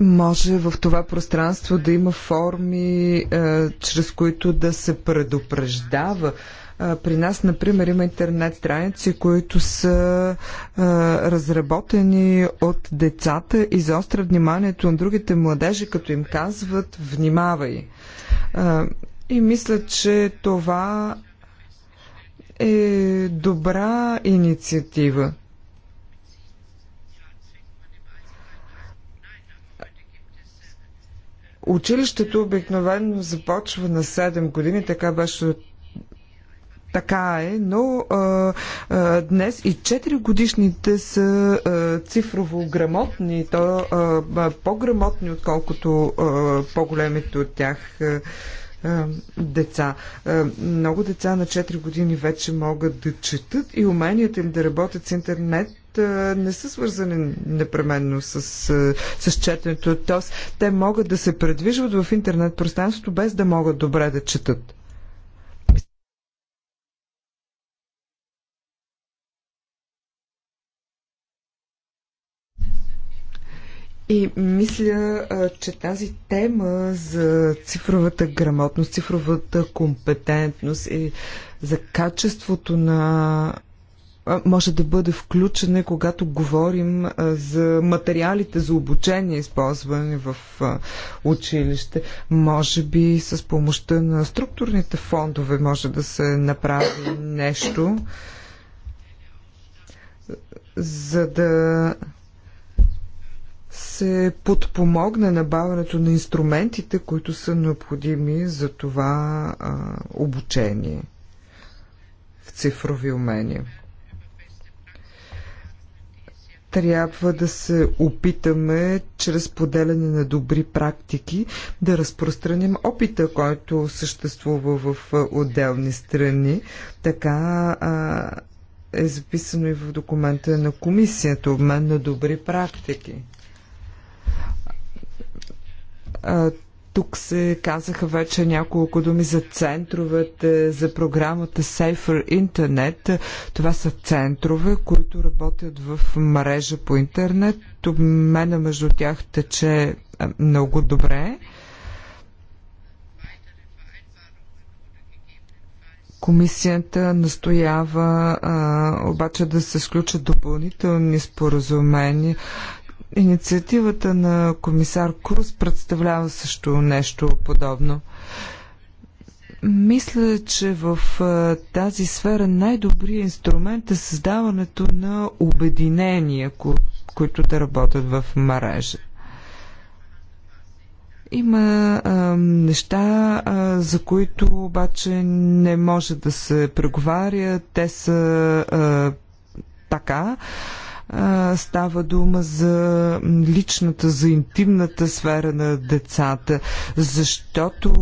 може в това пространство да има форми, е, чрез които да се предупреждава. Е, при нас, например, има интернет страници, които са а, е, разработени от децата и заостря вниманието на другите младежи, като им казват внимавай. А, и мисля, че това е добра инициатива. Училището обикновено започва на 7 години, така беше така е, но а, а, днес и 4 годишните са а, цифрово грамотни, то по-грамотни, отколкото по-големите от тях деца. Много деца на 4 години вече могат да четат и уменията им да работят с интернет не са свързани непременно с, с четенето. Тоест, те могат да се предвижват в интернет пространството без да могат добре да четат. И мисля, че тази тема за цифровата грамотност, цифровата компетентност и за качеството на може да бъде включена, когато говорим за материалите за обучение, използвани в училище. Може би с помощта на структурните фондове може да се направи нещо, за да се подпомогне набаването на инструментите, които са необходими за това а, обучение в цифрови умения трябва да се опитаме чрез поделяне на добри практики да разпространим опита, който съществува в отделни страни. Така а, е записано и в документа на комисията обмен на добри практики тук се казаха вече няколко думи за центровете, за програмата Safer Internet. Това са центрове, които работят в мрежа по интернет. Обмена между тях тече е, много добре. Комисията настоява а, обаче да се сключат допълнителни споразумения. Инициативата на комисар Круз представлява също нещо подобно. Мисля, че в тази сфера най-добрият инструмент е създаването на обединения, които да работят в мрежа. Има а, неща, а, за които обаче не може да се преговаря. Те са а, така. А, става дума за личната, за интимната сфера на децата, защото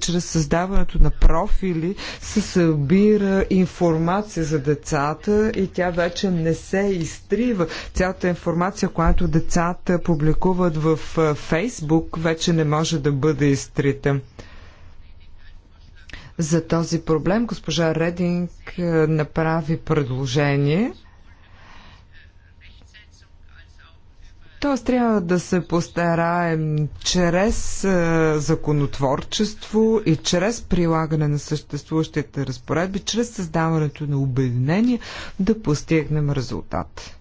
чрез създаването на профили се събира информация за децата и тя вече не се изтрива. Цялата информация, която децата публикуват в Фейсбук, вече не може да бъде изтрита. За този проблем госпожа Рединг направи предложение – Тоест трябва да се постараем чрез е, законотворчество и чрез прилагане на съществуващите разпоредби, чрез създаването на обединение да постигнем резултат.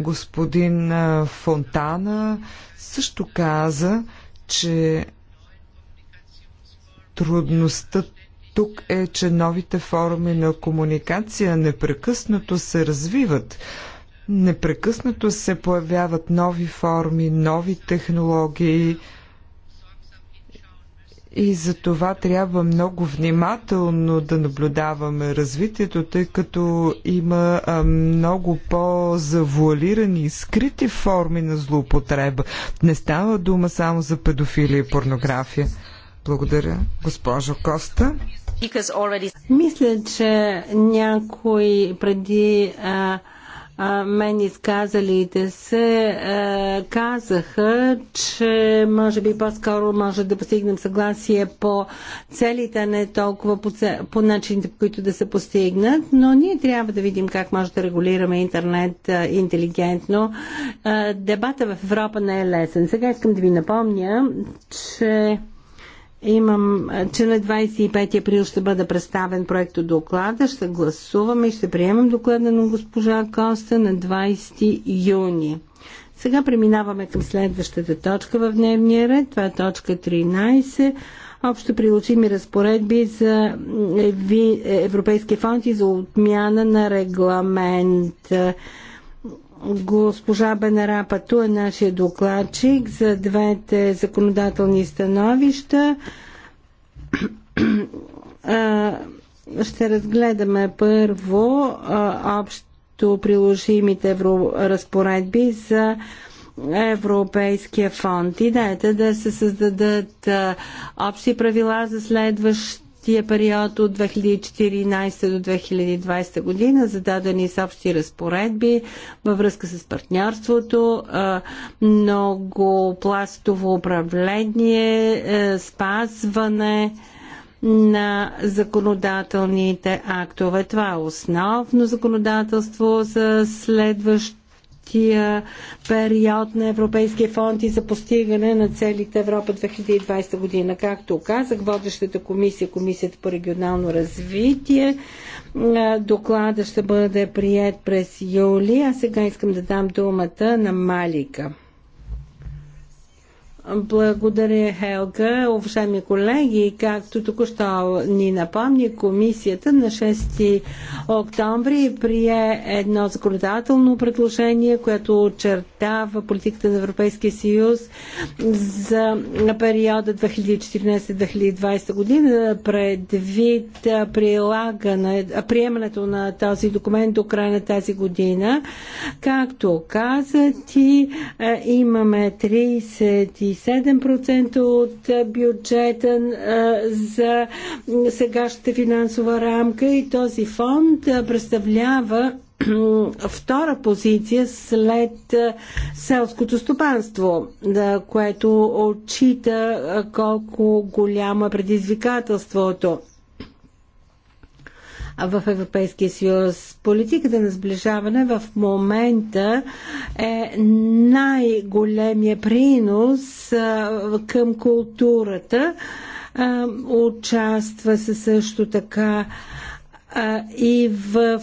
Господин е, Фонтана също каза, че трудността тук е, че новите форми на комуникация непрекъснато се развиват. Непрекъснато се появяват нови форми, нови технологии. И за това трябва много внимателно да наблюдаваме развитието, тъй като има много по-завуалирани и скрити форми на злоупотреба. Не става дума само за педофилия и порнография. Благодаря, госпожо Коста. Мисля, че някой преди а, мен изказалите се казаха, че може би по-скоро може да постигнем съгласие по целите, не толкова по, по начините, по които да се постигнат, но ние трябва да видим как може да регулираме интернет интелигентно. Дебата в Европа не е лесен. Сега искам да ви напомня, че Имам, че на 25 април ще бъде представен проект от доклада, ще гласуваме и ще приемем доклада на госпожа Коста на 20 юни. Сега преминаваме към следващата точка в дневния ред. Това е точка 13. Общо приложими разпоредби за е, е, Европейския фонд и за отмяна на регламент Госпожа Бенара Пату е нашия докладчик за двете законодателни становища. Ще разгледаме първо общо приложимите разпоредби за Европейския фонд. Идеята е да се създадат общи правила за следващ тия период от 2014 до 2020 година зададени с общи разпоредби във връзка с партньорството, много пластово управление, е, спазване на законодателните актове. Това е основно законодателство за следващ следващия период на Европейския фонд и за постигане на целите Европа 2020 година. Както казах, водещата комисия, Комисията по регионално развитие, доклада ще бъде прият през юли, а сега искам да дам думата на Малика. Благодаря, Хелга. Уважаеми колеги, както току-що ни напомни, комисията на 6 октомври прие едно законодателно предложение, което очертава политиката на Европейския съюз за периода 2014-2020 година предвид прилагане, приемането на този документ до края на тази година. Както каза ти, е, имаме 30 7% от бюджета за сегашната финансова рамка и този фонд представлява втора позиция след селското стопанство, което отчита колко голямо е предизвикателството в Европейския съюз. Политиката на сближаване в момента е най-големия принос към културата. Участва се също така и в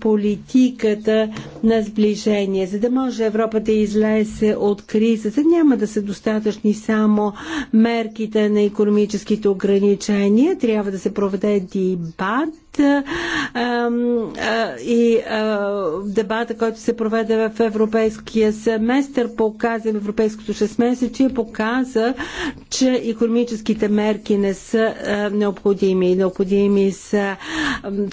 политиката на сближение. За да може Европа да излезе от кризата, няма да са достатъчни само мерките на економическите ограничения. Трябва да се проведе дебат и дебата, който се проведе в европейския семестър, показа в европейското 16, че показа, че економическите мерки не са необходими. Необходими са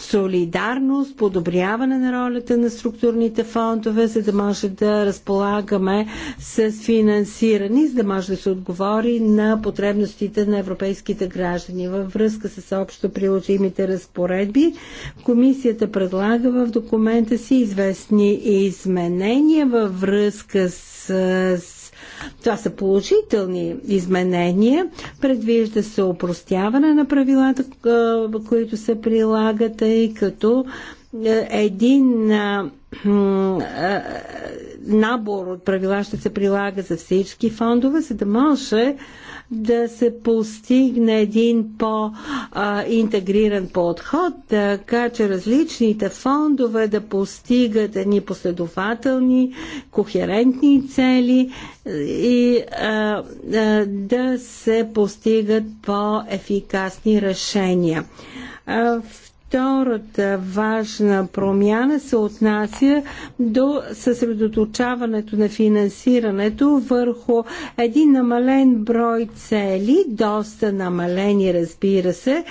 солидарност, подобряване на ролята на структурните фондове, за да може да разполагаме с финансиране, за да може да се отговори на потребностите на европейските граждани във връзка с общо приложимите разпоредби разпоредби, комисията предлага в документа си известни изменения във връзка с, това са положителни изменения. Предвижда се упростяване на правилата, които се прилагат, и като един набор от правила ще се прилага за всички фондове, за да може да се постигне един по-интегриран подход, така че различните фондове да постигат едни последователни, кохерентни цели и а, а, да се постигат по-ефикасни решения. А, в Втората важна промяна се отнася до съсредоточаването на финансирането върху един намален брой цели, доста намалени, разбира се.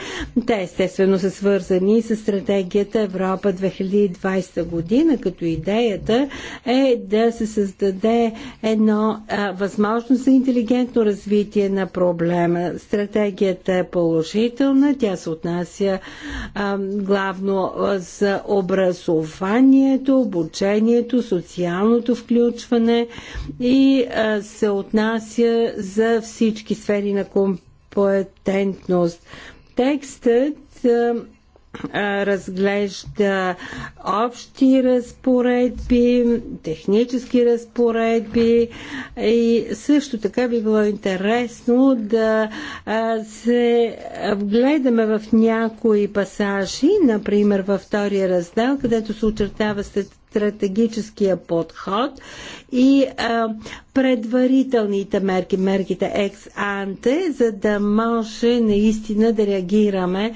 Те естествено са свързани с стратегията Европа 2020 година, като идеята е да се създаде едно а, възможност за интелигентно развитие на проблема. Стратегията е положителна, тя се отнася главно за образованието, обучението, социалното включване и се отнася за всички сфери на компетентност. Текстът разглежда общи разпоредби, технически разпоредби и също така би било интересно да се вгледаме в някои пасажи, например във втория раздел, където се очертава стратегическия подход и а, предварителните мерки, мерките екс-анте, за да може наистина да реагираме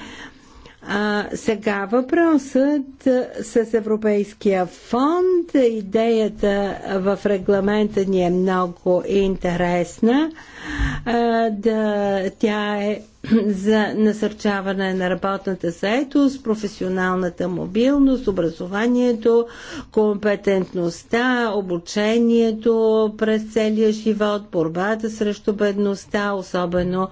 а, сега въпросът с Европейския фонд, идеята в регламента ни е много интересна. А, да, тя е за насърчаване на работната заетост, професионалната мобилност, образованието, компетентността, обучението през целия живот, борбата срещу бедността, особено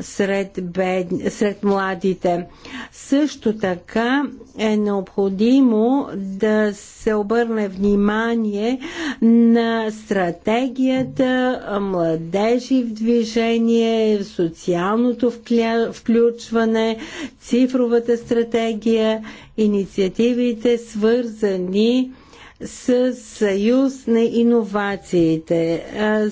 сред, бед... сред младите. Също така е необходимо да се обърне внимание на стратегията младежи в движение, социалното включване, цифровата стратегия, инициативите свързани със Съюз на иновациите.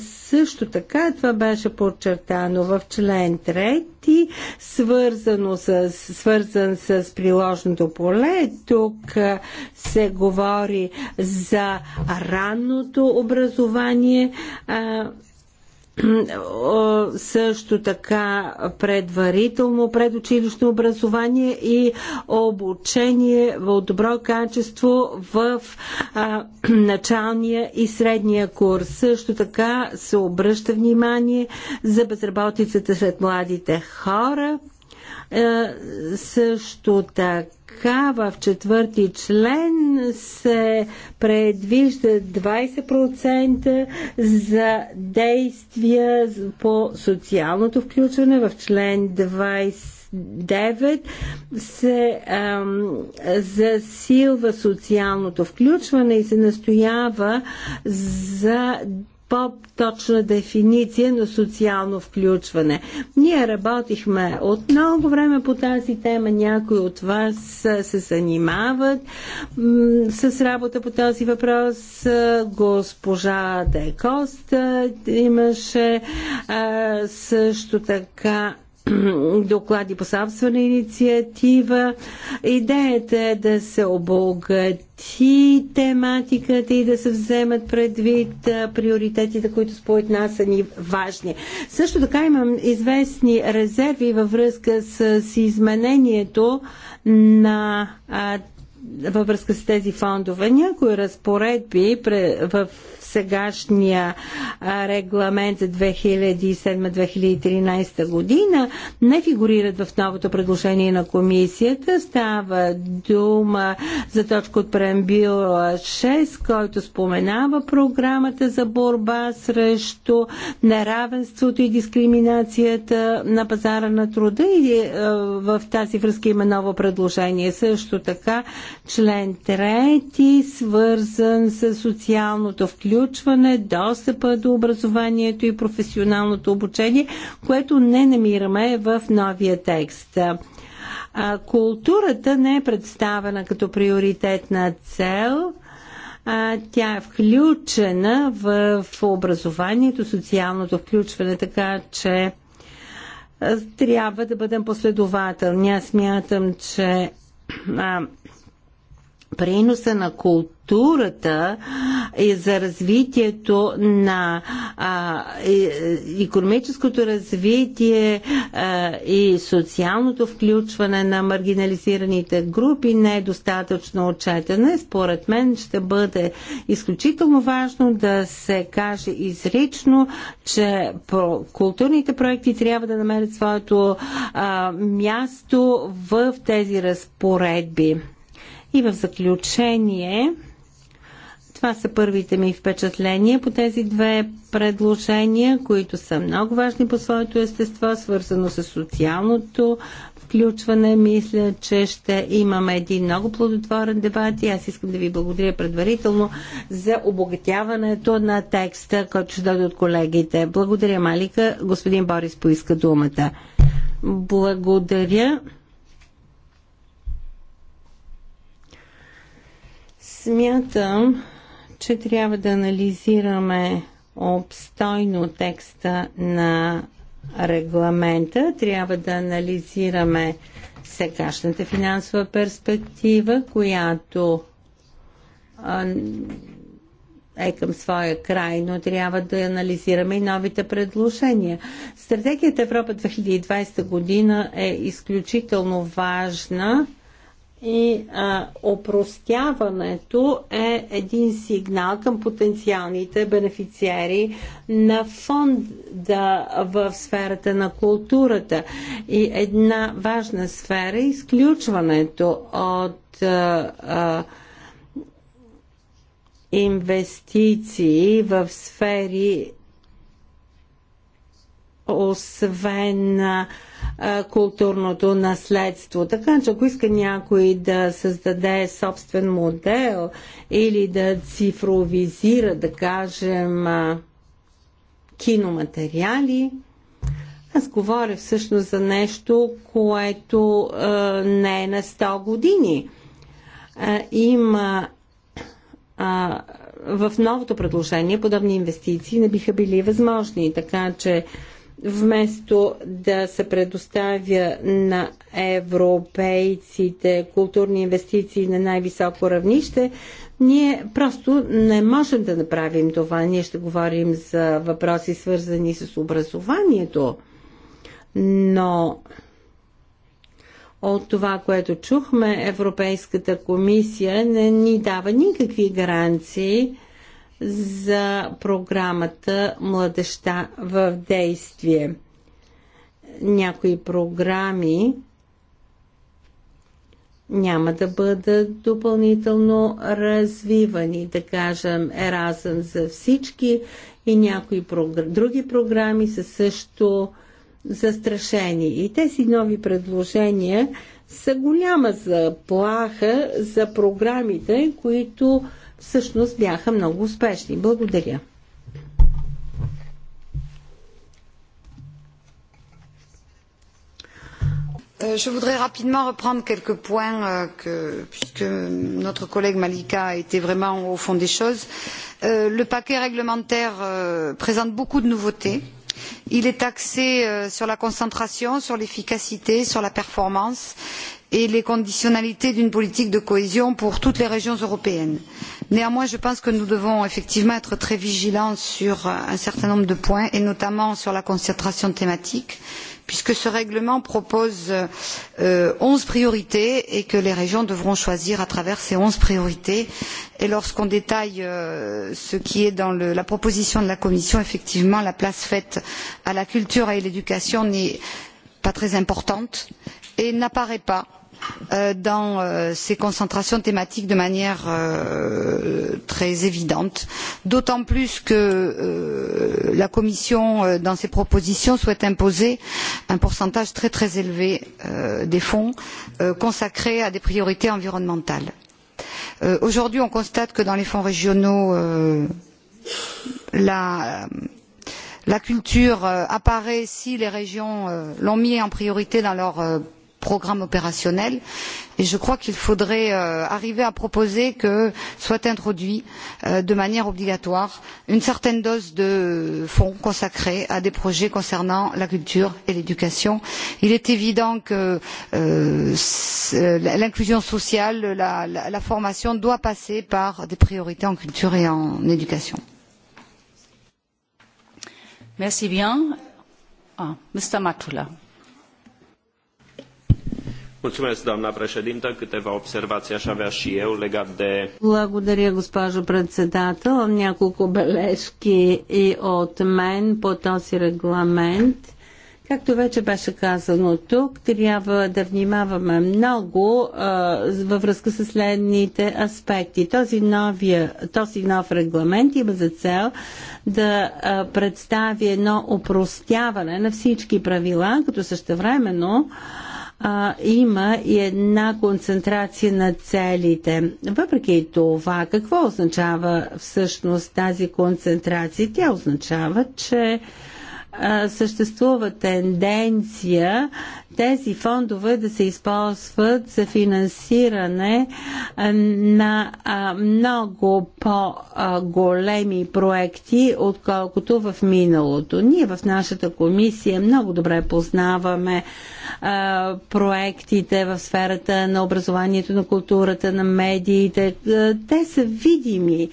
Също така това беше подчертано в член 3, свързано с, свързан с приложното поле. Тук се говори за ранното образование също така предварително предучилищно образование и обучение в добро качество в а, началния и средния курс. Също така се обръща внимание за безработицата сред младите хора, е, също така в четвърти член се предвижда 20% за действия по социалното включване в член 20 9 се ам, засилва социалното включване и се настоява за по-точна дефиниция на социално включване. Ние работихме от много време по тази тема. Някои от вас се занимават с работа по този въпрос. Госпожа Декоста имаше а, също така доклади по собствена инициатива. Идеята е да се обогати тематиката и да се вземат предвид приоритетите, които според нас са ни важни. Също така имам известни резерви във връзка с изменението на във връзка с тези фондове. Някои разпоредби в сегашния регламент за 2007-2013 година не фигурират в новото предложение на комисията. Става дума за точка от преамбила 6, който споменава програмата за борба срещу неравенството и дискриминацията на пазара на труда и е, в тази връзка има ново предложение. Също така член 3 свързан с социалното включване включване, достъпа до образованието и професионалното обучение, което не намираме в новия текст. Културата не е представена като приоритетна цел а, тя е включена в, в образованието, социалното включване, така че а, трябва да бъдем последователни. Аз мятам, че а, приноса на културата и е за развитието на а, и, е, економическото развитие а, и социалното включване на маргинализираните групи не е достатъчно отчетено. Според мен ще бъде изключително важно да се каже изрично, че културните проекти трябва да намерят своето а, място в тези разпоредби. И в заключение, това са първите ми впечатления по тези две предложения, които са много важни по своето естество, свързано с социалното включване. Мисля, че ще имаме един много плодотворен дебат и аз искам да ви благодаря предварително за обогатяването на текста, който ще даде от колегите. Благодаря, Малика. Господин Борис поиска думата. Благодаря. Смятам, че трябва да анализираме обстойно текста на регламента, трябва да анализираме сегашната финансова перспектива, която е към своя край, но трябва да анализираме и новите предложения. Стратегията Европа 2020 година е изключително важна и а, опростяването е един сигнал към потенциалните бенефициери на фонда в сферата на културата. И една важна сфера е изключването от а, а, инвестиции в сфери освен а, културното наследство. Така че ако иска някой да създаде собствен модел или да цифровизира, да кажем, а, киноматериали, аз говоря всъщност за нещо, което а, не е на 100 години. А, има а, в новото предложение подобни инвестиции не биха били възможни, така че а, вместо да се предоставя на европейците културни инвестиции на най-високо равнище, ние просто не можем да направим това. Ние ще говорим за въпроси свързани с образованието, но от това, което чухме, Европейската комисия не ни дава никакви гаранции за програмата Младеща в действие. Някои програми няма да бъдат допълнително развивани, да кажем Еразъм за всички и някои прогр... други програми са също застрашени. И тези нови предложения са голяма заплаха за програмите, които всъщност бяха много успешни. Благодаря. je voudrais rapidement reprendre quelques points puisque notre collègue Malika était vraiment au fond des choses. le paquet réglementaire présente beaucoup de nouveautés. Il est axé sur la concentration, sur l'efficacité, sur la performance et les conditionnalités d'une politique de cohésion pour toutes les régions européennes. néanmoins je pense que nous devons effectivement être très vigilants sur un certain nombre de points et notamment sur la concentration thématique puisque ce règlement propose onze priorités et que les régions devront choisir à travers ces onze priorités et lorsqu'on détaille ce qui est dans la proposition de la commission effectivement la place faite à la culture et à l'éducation n'est pas très importante et n'apparaît pas dans ces concentrations thématiques de manière très évidente, d'autant plus que la Commission, dans ses propositions, souhaite imposer un pourcentage très très élevé des fonds consacrés à des priorités environnementales. Aujourd'hui, on constate que dans les fonds régionaux, la la culture apparaît si les régions l'ont mis en priorité dans leurs programme opérationnel et je crois qu'il faudrait arriver à proposer que soit introduite de manière obligatoire une certaine dose de fonds consacrés à des projets concernant la culture et l'éducation. Il est évident que l'inclusion sociale, la, formation doit passer par des priorités en culture et en éducation. Merci bien. Mr. Matula. Mulțumesc, doamna președintă. Câteva observații aș avea și eu legat de... Благодаря, госпожо председател. Няколко бележки и от мен по този регламент. Както вече беше казано тук, трябва да внимаваме много а, във връзка с следните аспекти. Този, новия, този нов регламент има за цел да а, представи едно опростяване на всички правила, като същевременно времено а, има и една концентрация на целите. Въпреки това, какво означава всъщност тази концентрация? Тя означава, че а, съществува тенденция тези фондове да се използват за финансиране на много по-големи проекти, отколкото в миналото. Ние в нашата комисия много добре познаваме проектите в сферата на образованието, на културата, на медиите. Те са видими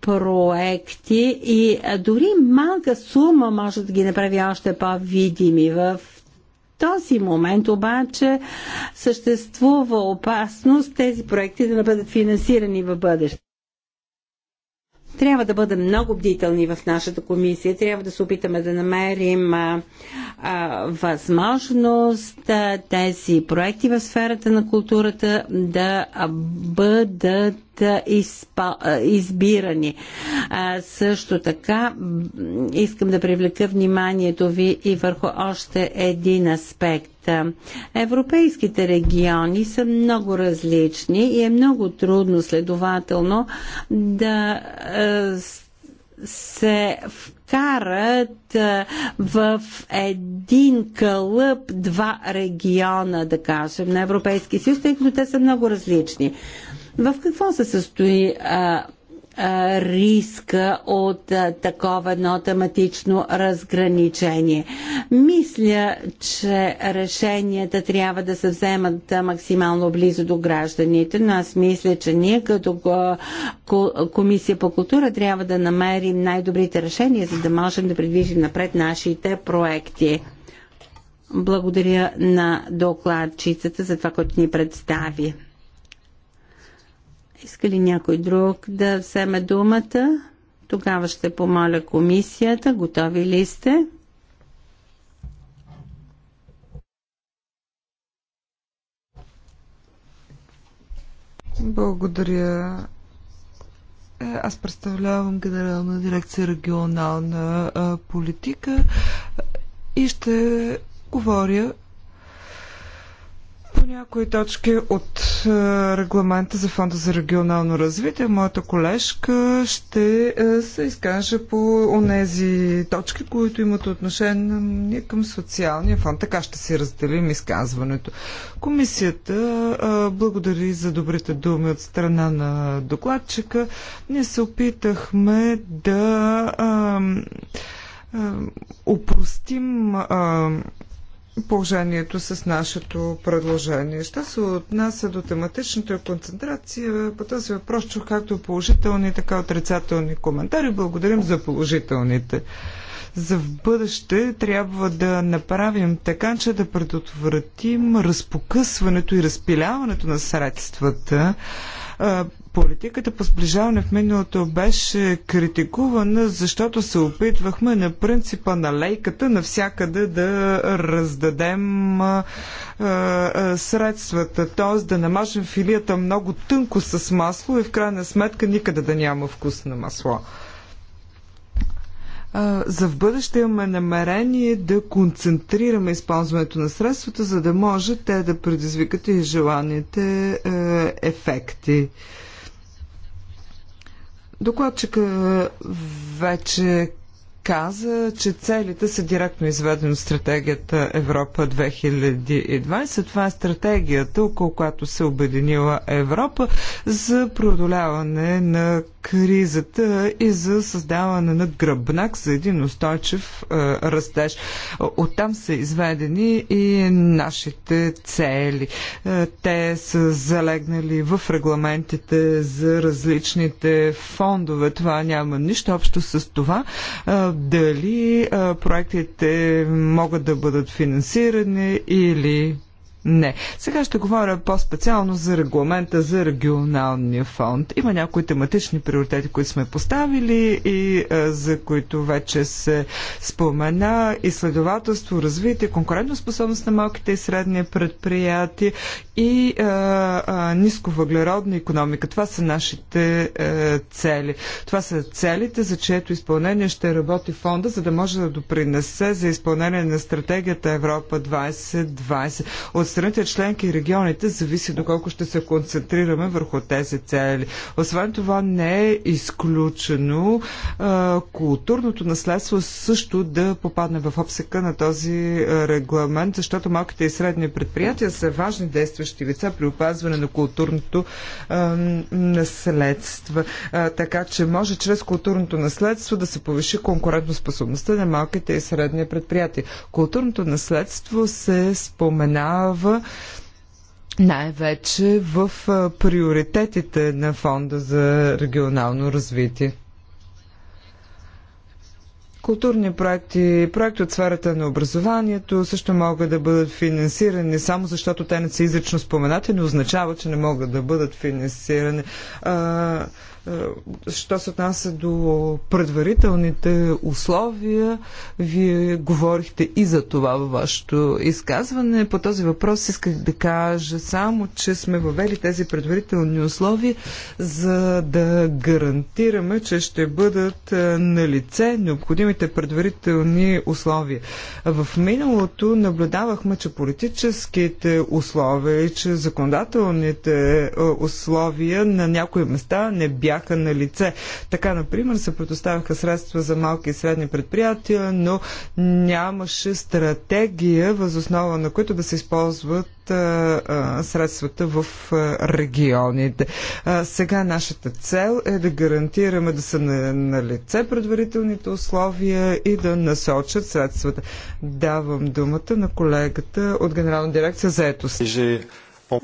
проекти и дори малка сума може да ги направи още по-видими в този момент обаче съществува опасност тези проекти да не бъдат финансирани в бъдеще. Трябва да бъдем много бдителни в нашата комисия. Трябва да се опитаме да намерим а, а, възможност а, тези проекти в сферата на културата да бъдат бъдат изпа, избирани. А, също така искам да привлека вниманието ви и върху още един аспект. Европейските региони са много различни и е много трудно следователно да се вкарат в един кълъп два региона, да кажем, на Европейския съюз, тъй като те са много различни. В какво се състои а, а, риска от а, такова едно тематично разграничение? Мисля, че решенията трябва да се вземат максимално близо до гражданите, но аз мисля, че ние като Комисия по култура трябва да намерим най-добрите решения, за да можем да придвижим напред нашите проекти. Благодаря на докладчицата за това, което ни представи. Иска ли някой друг да вземе думата? Тогава ще помоля комисията. Готови ли сте? Благодаря. Е, аз представлявам Генерална дирекция регионална политика и ще говоря по някои точки от е, регламента за Фонда за регионално развитие, моята колежка ще е, се изкаже по онези точки, които имат отношение към социалния фонд. Така ще си разделим изказването. Комисията е, благодари за добрите думи от страна на докладчика. Ние се опитахме да опростим положението с нашето предложение. Що се отнася до тематичната концентрация, по този въпрос чух както положителни, така и отрицателни коментари. Благодарим за положителните. За в бъдеще трябва да направим така, че да предотвратим разпокъсването и разпиляването на средствата Политиката по сближаване в миналото беше критикувана, защото се опитвахме на принципа на лейката навсякъде да раздадем а, а, средствата, т.е. да намажем филията много тънко с масло и в крайна сметка никъде да няма вкус на масло. За в бъдеще имаме намерение да концентрираме използването на средствата, за да може те да предизвикат и желаните е, ефекти. Докладчика вече каза, че целите са директно изведени от стратегията Европа 2020. Това е стратегията, около която се е обединила Европа за преодоляване на кризата и за създаване на гръбнак за един устойчив е, растеж. Оттам са изведени и нашите цели. Е, те са залегнали в регламентите за различните фондове. Това няма нищо общо с това е, дали проектите могат да бъдат финансирани или не. Сега ще говоря по-специално за регламента за регионалния фонд. Има някои тематични приоритети, които сме поставили и а, е, за които вече се спомена. Изследователство, развитие, конкурентоспособност на малките и средни предприятия и а, е, а, е, нисковъглеродна економика. Това са нашите а, цели. Това са целите, за чието изпълнение ще работи фонда, за да може да допринесе за изпълнение на стратегията Европа 2020. От страните членки и регионите зависи доколко ще се концентрираме върху тези цели. Освен това не е изключено а, културното наследство също да попадне в обсека на този регламент, защото малките и средни предприятия са важни действащи лица при опазване на културното а, наследство. А, така че може чрез културното наследство да се повиши конкурентоспособността на малките и средни предприятия. Културното наследство се споменава трябва най-вече в приоритетите на Фонда за регионално развитие. Културни проекти, проекти от сферата на образованието също могат да бъдат финансирани, само защото те не са изрично споменати, не означава, че не могат да бъдат финансирани. А, е, що се отнася до предварителните условия, вие говорихте и за това във вашето изказване. По този въпрос исках да кажа само, че сме въвели тези предварителни условия, за да гарантираме, че ще бъдат е, на лице необходимите предварителни условия. В миналото наблюдавахме, че политическите условия и че законодателните е, условия на някои места не бяха бяха на лице. Така, например, се предоставяха средства за малки и средни предприятия, но нямаше стратегия, възоснова на които да се използват средствата в регионите. Сега нашата цел е да гарантираме да са на, на лице предварителните условия и да насочат средствата. Давам думата на колегата от Генерална дирекция за етост.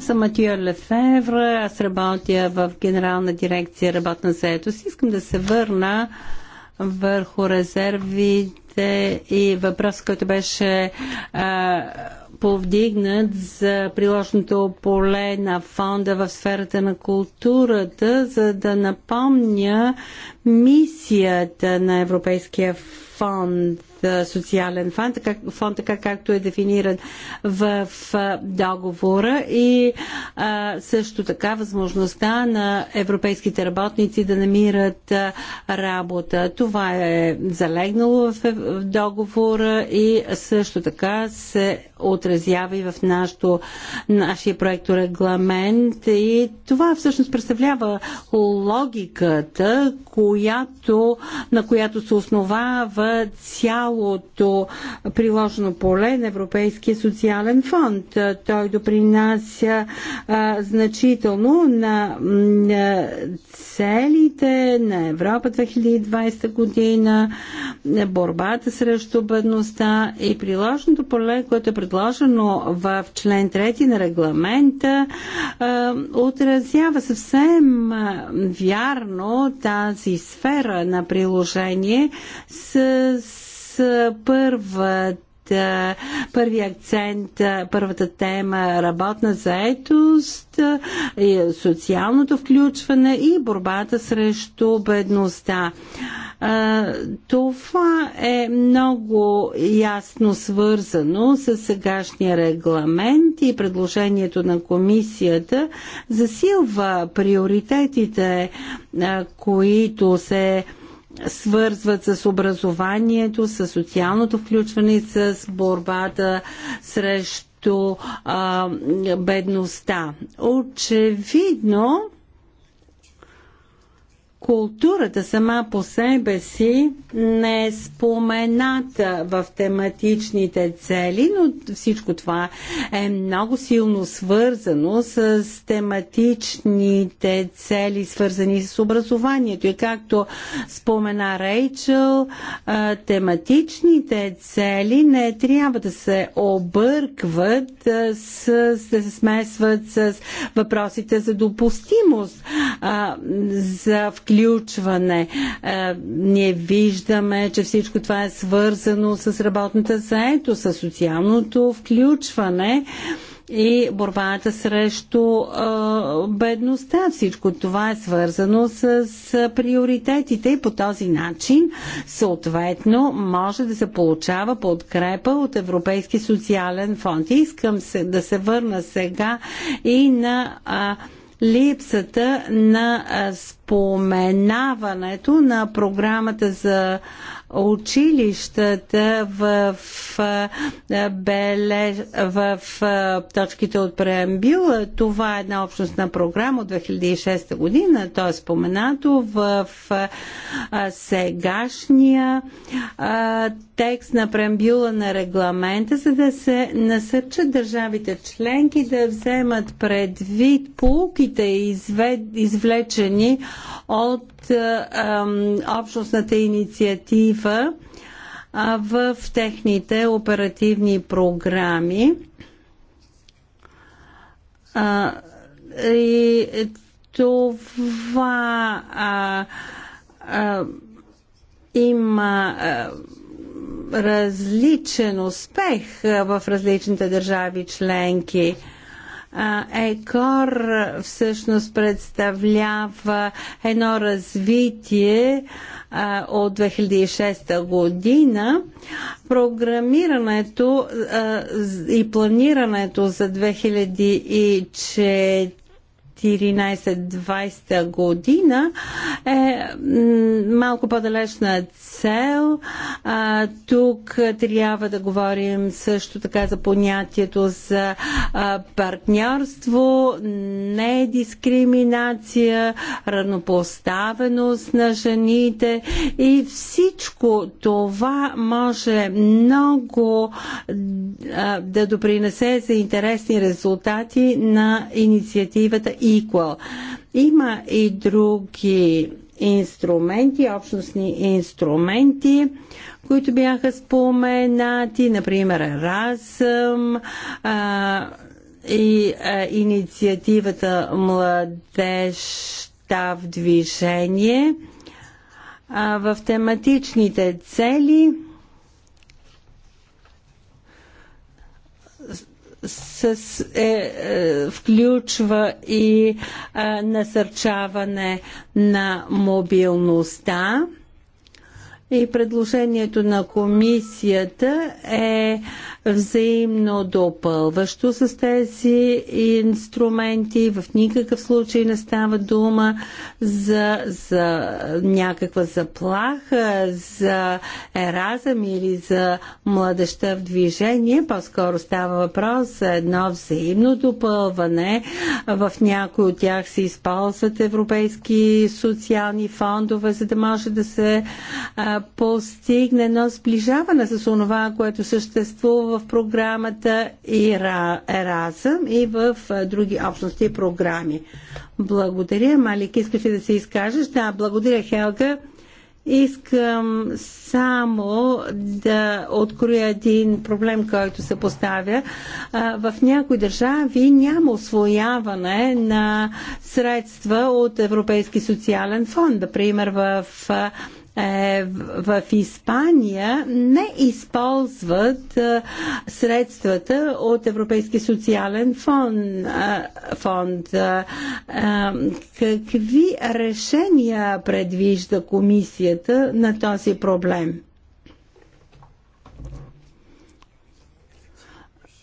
Съм Матио Лефевра, аз работя в Генерална дирекция работна заетост. Искам да се върна върху резервите и въпрос, който беше а, повдигнат за приложното поле на фонда в сферата на културата, за да напомня мисията на Европейския фонд, социален фонд, така, фонд, така както е дефиниран в договора и а, също така възможността на европейските работници да намират а, работа. Това е залегнало в, е, в договора и също така се отразява и в нашото, нашия регламент и това всъщност представлява логиката, която която, на която се основава цялото приложено поле на Европейския социален фонд. Той допринася а, значително на, на целите на Европа 2020 година, борбата срещу бедността и приложното поле, което е предложено в член 3 на регламента, отразява съвсем вярно тази сфера на приложение с първата първи акцент, първата тема е работна заетост, социалното включване и борбата срещу бедността. Това е много ясно свързано с сегашния регламент и предложението на комисията засилва приоритетите, които се свързват с образованието, с социалното включване и с борбата срещу а, бедността. Очевидно, Културата сама по себе си не е спомената в тематичните цели, но всичко това е много силно свързано с тематичните цели, свързани с образованието. И както спомена Рейчел, тематичните цели не трябва да се объркват, да се смесват с въпросите за допустимост, за в включване. Е, ние виждаме, че всичко това е свързано с работната заето, с социалното включване и борбата срещу а, е, бедността. Всичко това е свързано с, с приоритетите и по този начин съответно може да се получава подкрепа от Европейски социален фонд. И искам се, да се върна сега и на а, липсата на споменаването на програмата за училищата в, в, бележ, в, в точките от преамбила. Това е една общностна програма от 2006 година. То е споменато в, в сегашния а, текст на преамбюла на регламента, за да се насърчат държавите членки да вземат предвид полуките, извлечени от общностната инициатива в техните оперативни програми. И това а, а, има различен успех в различните държави членки. ЕКОР всъщност представлява едно развитие от 2006 година. Програмирането и планирането за 2004 14-20 година е малко по-далечна цел. А, тук трябва да говорим също така за понятието за а, партньорство, не дискриминация, равнопоставеност на жените и всичко това може много а, да допринесе за интересни резултати на инициативата Equal. Има и други инструменти, общностни инструменти, които бяха споменати, например Разъм, а, и а, инициативата Младежта в движение. А, в тематичните цели Е, е, включва и е, насърчаване на мобилността. И предложението на комисията е взаимно допълващо с тези инструменти. В никакъв случай не става дума за, за някаква заплаха, за еразъм или за младеща в движение. По-скоро става въпрос за едно взаимно допълване. В някои от тях се използват европейски социални фондове, за да може да се а, постигне едно сближаване с онова, което съществува в програмата Еразъм и в други общности и програми. Благодаря. Малик, искаш ли да се изкажеш? Да, благодаря, Хелга. Искам само да откроя един проблем, който се поставя. В някои държави няма освояване на средства от Европейски социален фонд. Например, в е, в Испания не използват е, средствата от Европейски социален е, фонд. фонд. Какви решения предвижда комисията на този проблем?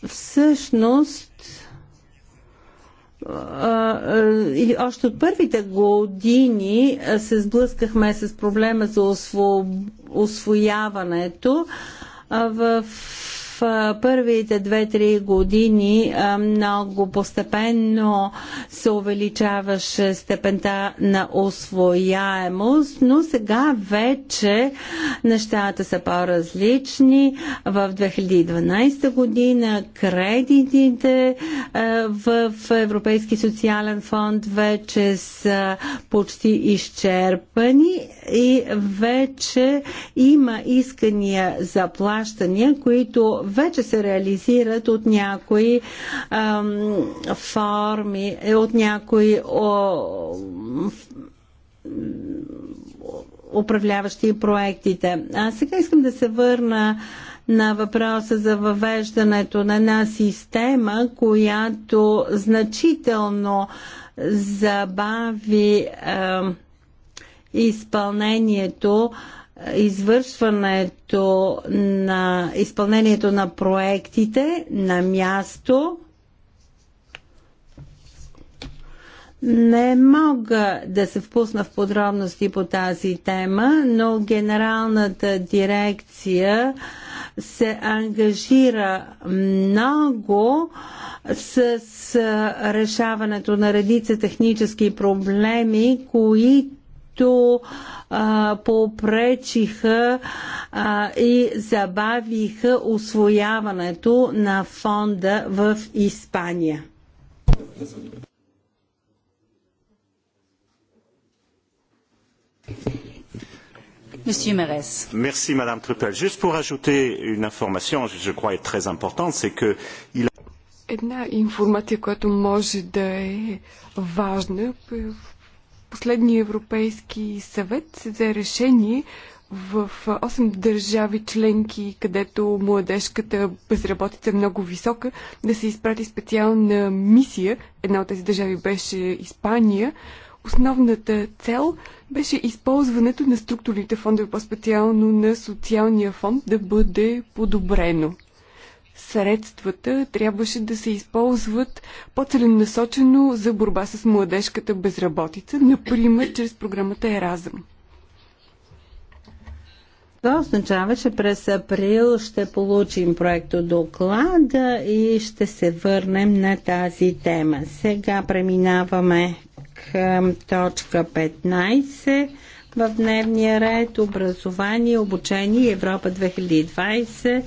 Всъщност, и още от първите години се сблъскахме с проблема за усво, освояването в първите 2-3 години много постепенно се увеличаваше степента на освояемост, но сега вече нещата са по-различни. В 2012 година кредитите в Европейски социален фонд вече са почти изчерпани и вече има искания за плащания, които вече се реализират от някои ам, форми, е, от някои о, управляващи проектите. А сега искам да се върна на въпроса за въвеждането на една система, която значително забави е, изпълнението извършването на изпълнението на проектите на място Не мога да се впусна в подробности по тази тема, но генералната дирекция се ангажира много с решаването на редица технически проблеми, които които а, попречиха а, и забавиха освояването на фонда в Испания. Merci Madame Truppel. Juste pour ajouter une information, je crois est très importante, c'est que il Една информация, която може да е важна последния Европейски съвет се взе решение в 8 държави членки, където младежката безработица е много висока, да се изпрати специална мисия. Една от тези държави беше Испания. Основната цел беше използването на структурните фондове, по-специално на социалния фонд, да бъде подобрено средствата трябваше да се използват по-целенасочено за борба с младежката безработица, например чрез програмата Еразъм. Това означава, че през април ще получим проекто доклада и ще се върнем на тази тема. Сега преминаваме към точка 15 в дневния ред образование, обучение Европа 2020,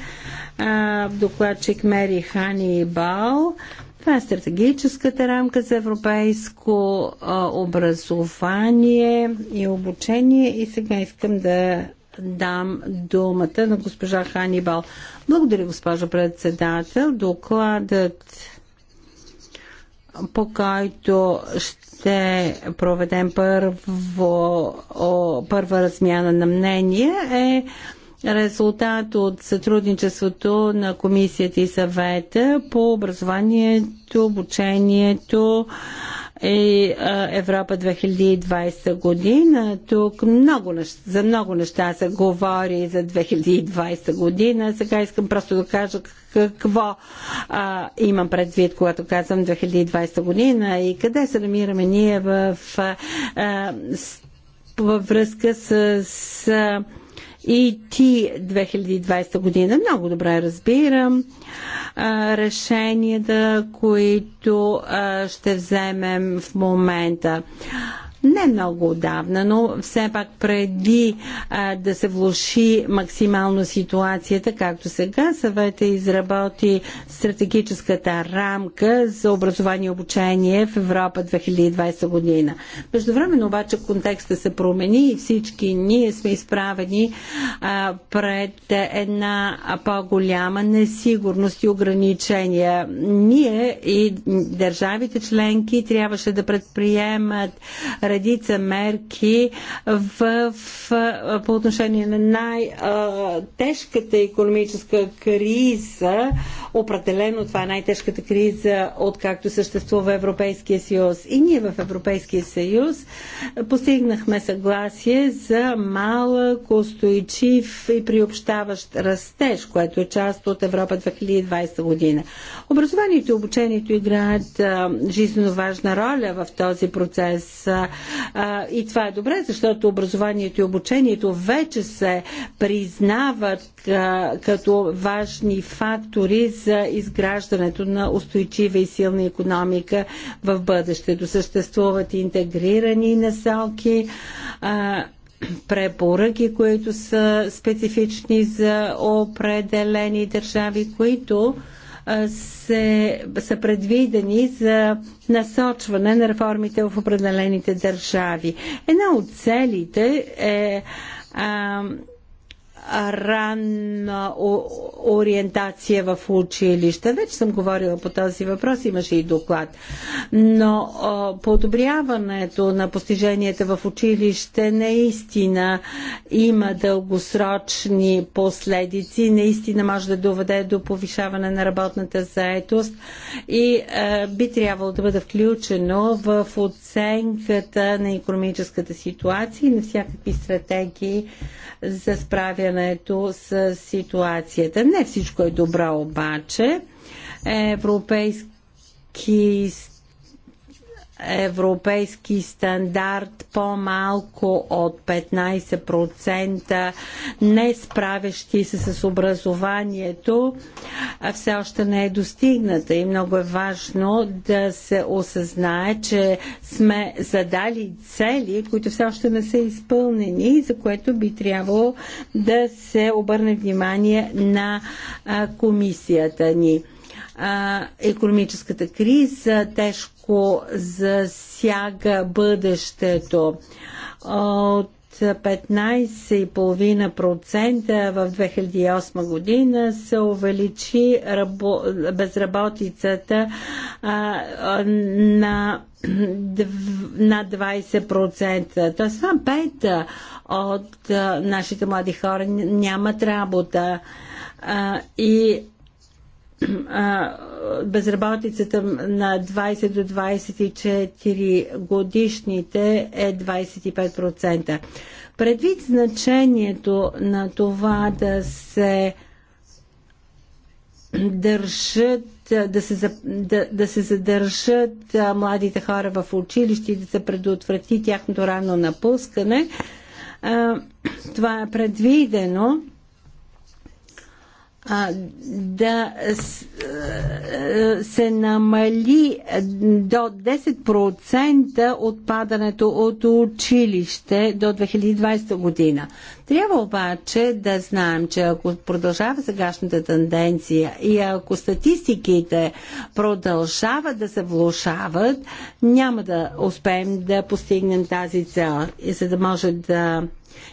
докладчик Мери Хани Бал. Това е стратегическата рамка за европейско образование и обучение. И сега искам да дам думата на госпожа Ханибал. Благодаря, госпожо председател. Докладът по който ще проведем първо, о, първа размяна на мнение е резултат от сътрудничеството на комисията и съвета по образованието, обучението, е, е, и Европа 2020 година. Тук много неща, за много неща се говори за 2020 година. Сега искам просто да кажа какво а, имам предвид, когато казвам 2020 година и къде се намираме ние в а, във връзка с, с и ти 2020 година. Много добре разбирам а, решенията, които а, ще вземем в момента не много отдавна, но все пак преди а, да се влуши максимално ситуацията, както сега, съвета изработи стратегическата рамка за образование и обучение в Европа 2020 година. Между времено обаче контекста се промени и всички ние сме изправени а, пред една по-голяма несигурност и ограничения. Ние и държавите членки трябваше да предприемат редица мерки в, в, по отношение на най-тежката економическа криза. Определено това е най-тежката криза, откакто съществува Европейския съюз. И ние в Европейския съюз постигнахме съгласие за малък, устойчив и приобщаващ растеж, което е част от Европа 2020 година. Образованието и обучението играят жизненно важна роля в този процес. А, и това е добре, защото образованието и обучението вече се признават а, като важни фактори за изграждането на устойчива и силна економика в бъдещето. Съществуват интегрирани населки, А, препоръки, които са специфични за определени държави, които се, са предвидени за насочване на реформите в определените държави. Една от целите е а, ранна ориентация в училище. Вече съм говорила по този въпрос, имаше и доклад. Но подобряването на постиженията в училище наистина има дългосрочни последици, наистина може да доведе до повишаване на работната заетост и е, би трябвало да бъде включено в оценката на економическата ситуация и на всякакви стратегии за справяне справянето с ситуацията. Не всичко е добро обаче. Европейски европейски стандарт по-малко от 15% не справящи се с образованието все още не е достигната и много е важно да се осъзнае, че сме задали цели, които все още не са изпълнени, за което би трябвало да се обърне внимание на комисията ни економическата криза, тежко пряко засяга бъдещето. От 15,5% в 2008 година се увеличи рабо, безработицата а, а, на на 20%. Тоест, това пета от а, нашите млади хора нямат работа. А, и безработицата на 20 до 24 годишните е 25%. Предвид значението на това да се държат, да се, да, да се задържат младите хора в училище и да се предотврати тяхното рано напускане, това е предвидено да е, се намали до 10% отпадането от училище до 2020 година. Трябва обаче да знаем, че ако продължава сегашната тенденция и ако статистиките продължават да се влушават, няма да успеем да постигнем тази цел. И за да може да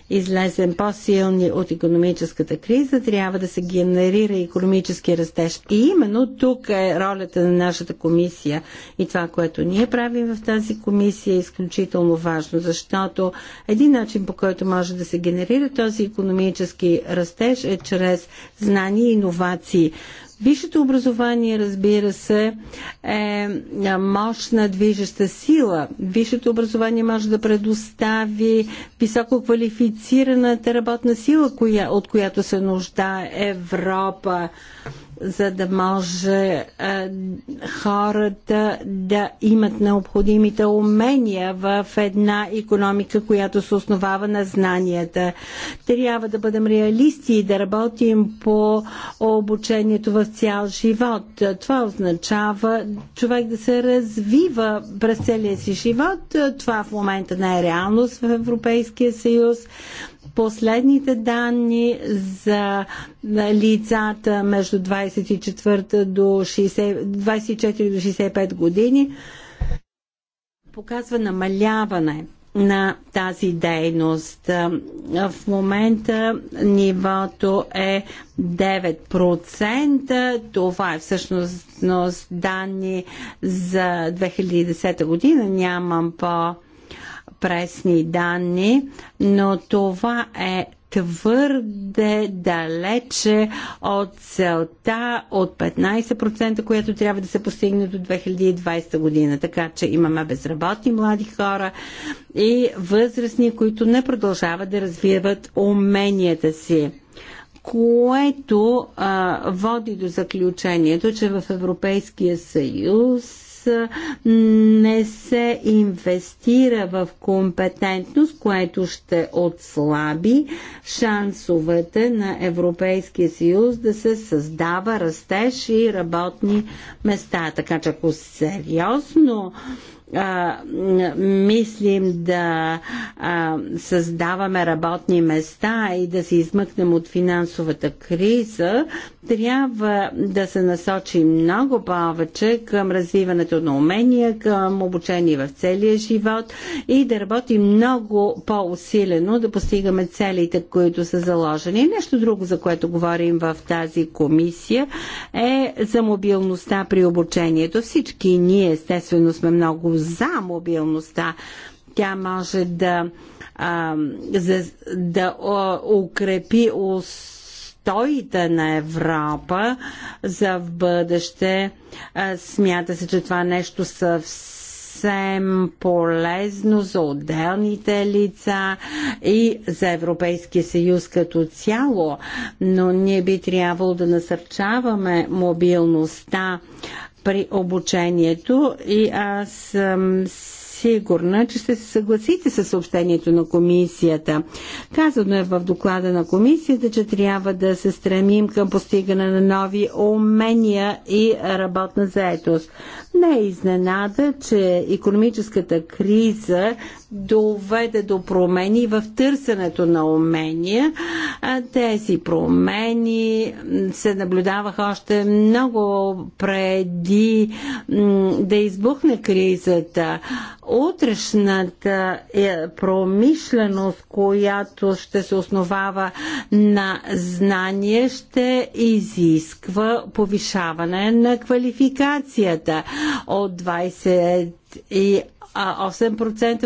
излезем по-силни от економическата криза, трябва да се генерира економически растеж. И именно тук е ролята на нашата комисия и това, което ние правим в тази комисия е изключително важно, защото един начин по който може да се генерира този економически растеж е чрез знания и иновации. Висшето образование, разбира се, е, е мощна движеща сила. Висшето образование може да предостави високо квалифицираната работна сила, от която се нужда Европа за да може а, е, хората да имат необходимите умения в една економика, която се основава на знанията. Трябва да бъдем реалисти и да работим по обучението в цял живот. Това означава човек да се развива през целия си живот. Това в момента не е реалност в Европейския съюз. Последните данни за лицата между 24 до 60, 24 до 65 години показва намаляване на тази дейност. В момента нивото е 9%. Това е всъщност данни за 2010 година. Нямам по- пресни данни, но това е твърде далече от целта от 15%, която трябва да се постигне до 2020 година. Така че имаме безработни млади хора и възрастни, които не продължават да развиват уменията си което а, води до заключението, че в Европейския съюз не се инвестира в компетентност, което ще отслаби шансовете на Европейския съюз да се създава растеж и работни места. Така че ако сериозно а, мислим да а, създаваме работни места и да се измъкнем от финансовата криза, трябва да се насочим много повече към развиването на умения, към обучение в целия живот и да работим много по-усилено да постигаме целите, които са заложени. И нещо друго, за което говорим в тази комисия, е за мобилността при обучението. Всички ние, естествено, сме много за мобилността. Тя може да, а, за, да о, укрепи устоите на Европа за в бъдеще. А, смята се, че това нещо съвсем съвсем полезно за отделните лица и за Европейския съюз като цяло, но ние би трябвало да насърчаваме мобилността при обучението и аз съм сигурна, че ще се съгласите с съобщението на комисията. Казано е в доклада на комисията, че трябва да се стремим към постигане на нови умения и работна заетост. Не е изненада, че економическата криза доведе до промени в търсенето на умения. Тези промени се наблюдаваха още много преди да избухне кризата. Утрешната е, промишленост, която ще се основава на знание, ще изисква повишаване на квалификацията от 28%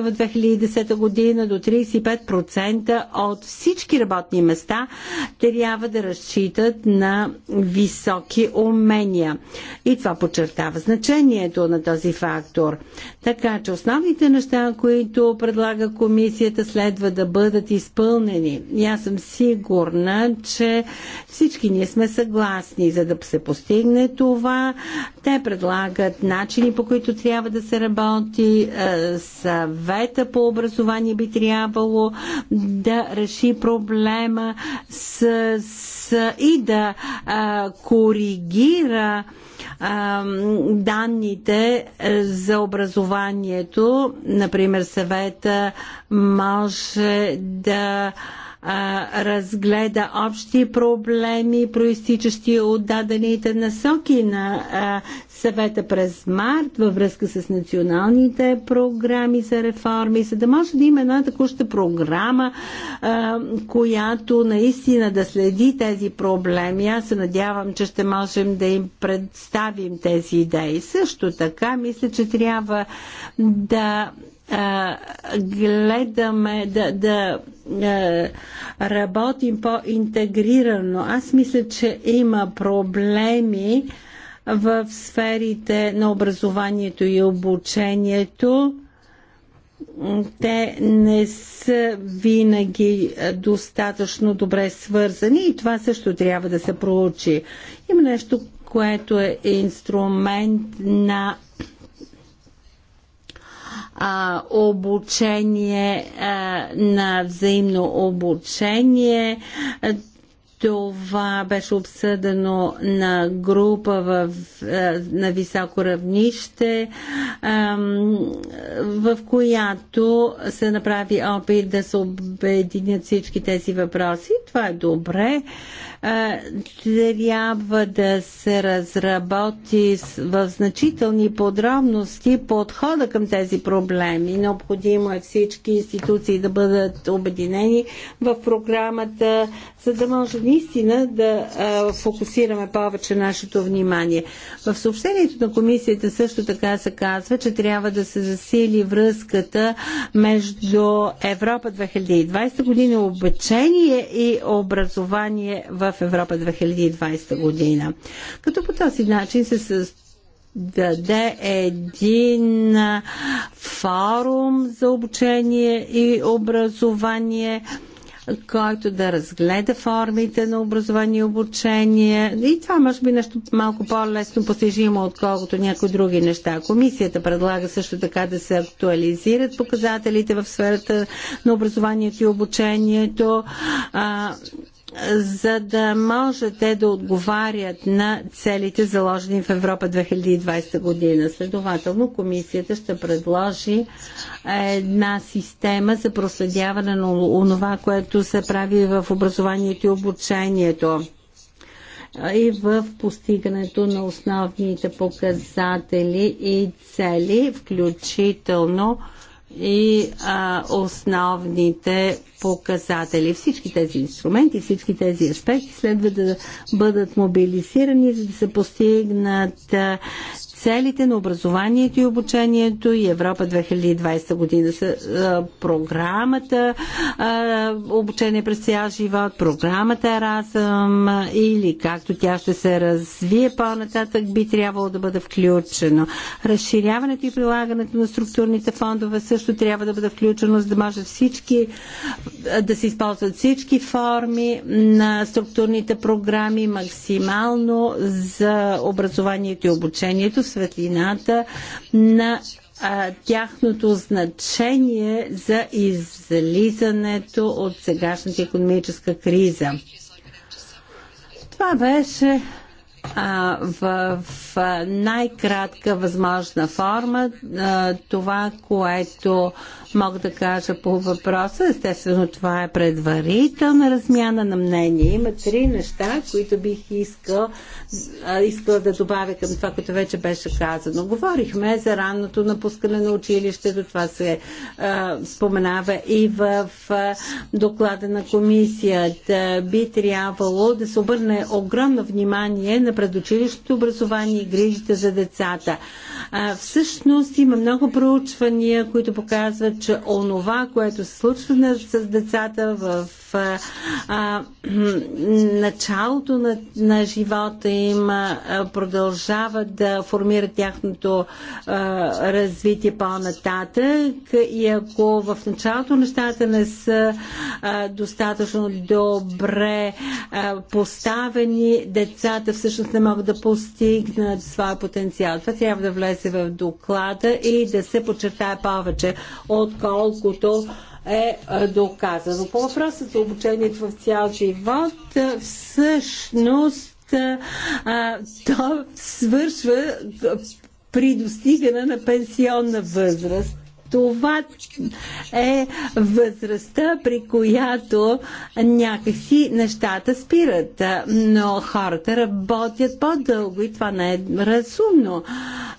в 2010 година до 35% от всички работни места трябва да разчитат на високи умения. И това подчертава значението на този фактор. Така че основните неща, които предлага комисията, следва да бъдат изпълнени. И аз съм сигурна, че всички ние сме съгласни, за да се постигне това. Те предлагат начини, по които трябва да се работи. Е, съвета по образование би трябвало да реши проблема с и да а, коригира а, данните е, за образованието. Например, съвета може да а, разгледа общи проблеми, проистичащи от дадените насоки на съвета през март във връзка с националните програми за реформи, за да може да има една такуща програма, която наистина да следи тези проблеми. Аз се надявам, че ще можем да им представим тези идеи. Също така, мисля, че трябва да а, гледаме да, да а, работим по-интегрирано. Аз мисля, че има проблеми в сферите на образованието и обучението те не са винаги достатъчно добре свързани и това също трябва да се проучи. Има нещо, което е инструмент на а, обучение, а, на взаимно обучение. Това беше обсъдено на група в, на високо равнище, в която се направи опит да се обединят всички тези въпроси. Това е добре трябва да се разработи в значителни подробности подхода към тези проблеми. Необходимо е всички институции да бъдат обединени в програмата, за да може наистина да фокусираме повече нашето внимание. В съобщението на комисията също така се казва, че трябва да се засили връзката между Европа 2020 година, обучение и образование в в Европа 2020 година. Като по този начин се създаде даде един форум за обучение и образование, който да разгледа формите на образование и обучение. И това може би нещо малко по-лесно постижимо, отколкото някои други неща. Комисията предлага също така да се актуализират показателите в сферата на образованието и обучението. А, за да може те да отговарят на целите заложени в Европа 2020 година. Следователно, комисията ще предложи една система за проследяване на онова, което се прави в образованието и обучението и в постигането на основните показатели и цели, включително и а, основните показатели. Всички тези инструменти, всички тези аспекти следва да бъдат мобилизирани, за да се постигнат а, целите на образованието и обучението и Европа 2020 година програмата обучение през цял живот, програмата Еразъм или както тя ще се развие по-нататък би трябвало да бъде включено. Разширяването и прилагането на структурните фондове също трябва да бъде включено, за да може всички да се използват всички форми на структурните програми максимално за образованието и обучението светлината на а, тяхното значение за излизането от сегашната економическа криза. Това беше а, в, в най-кратка възможна форма а, това, което мога да кажа по въпроса. Естествено, това е предварителна размяна на мнение. Има три неща, които бих искал, искал да добавя към това, което вече беше казано. Говорихме за ранното напускане на училището. Това се а, споменава и в а, доклада на комисията. Би трябвало да се обърне огромно внимание на предучилищното образование и грижите за децата. А, всъщност има много проучвания, които показват, че онова, което се случва с децата в а, началото на, на живота им продължават да формират тяхното а, развитие по-нататък и ако в началото нещата не са а, достатъчно добре а, поставени, децата всъщност не могат да постигнат своя потенциал. Това трябва да влезе в доклада и да се подчертае повече, отколкото е, е доказано. По въпроса за обучението в цял живот, е, всъщност е, то свършва при достигане на пенсионна възраст това е възрастта, при която някакси нещата спират. Но хората работят по-дълго и това не е разумно.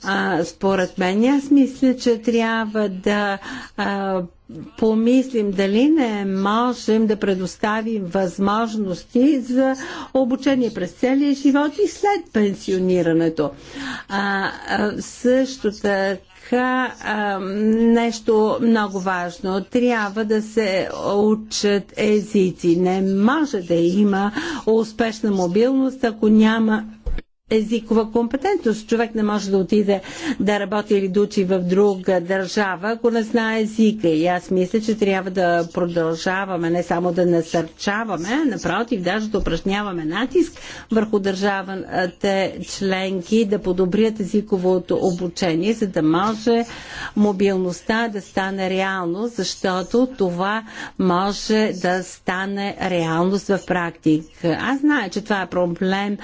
А, според мен, аз мисля, че трябва да а, помислим дали не можем да предоставим възможности за обучение през целия живот и след пенсионирането. А, също така а, нещо много важно. Трябва да се учат езици. Не може да има успешна мобилност, ако няма езикова компетентност. Човек не може да отиде да работи или да учи в друга държава, ако не знае езика. И аз мисля, че трябва да продължаваме, не само да насърчаваме, а напротив, даже да упражняваме натиск върху държавите членки да подобрят езиковото обучение, за да може мобилността да стане реалност, защото това може да стане реалност в практик. Аз знае, че това е проблем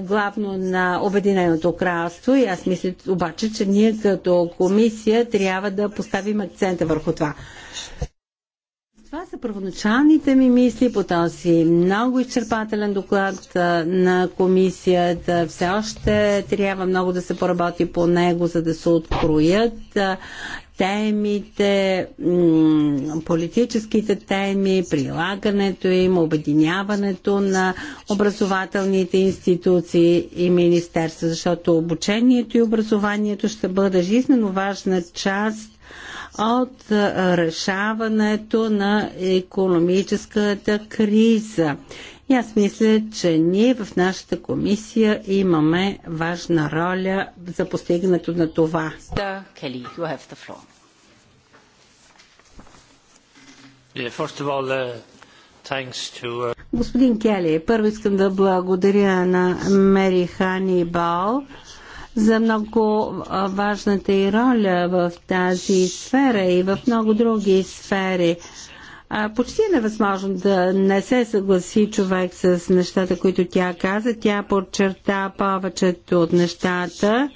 главно на Обединеното кралство и аз мисля обаче, че ние като комисия трябва да поставим акцента върху това. Това са първоначалните ми мисли по този много изчерпателен доклад на комисията. Все още трябва много да се поработи по него, за да се откроят темите, политическите теми, прилагането им, обединяването на образователните институции и министерства, защото обучението и образованието ще бъде жизненно важна част от решаването на економическата криза. И аз мисля, че ние в нашата комисия имаме важна роля за постигането на това. Господин Кели, първо искам да благодаря на Мери Хани Бал за много важната и роля в тази сфера и в много други сфери а, почти е невъзможно да не се съгласи човек с нещата, които тя каза. Тя подчерта повечето от нещата.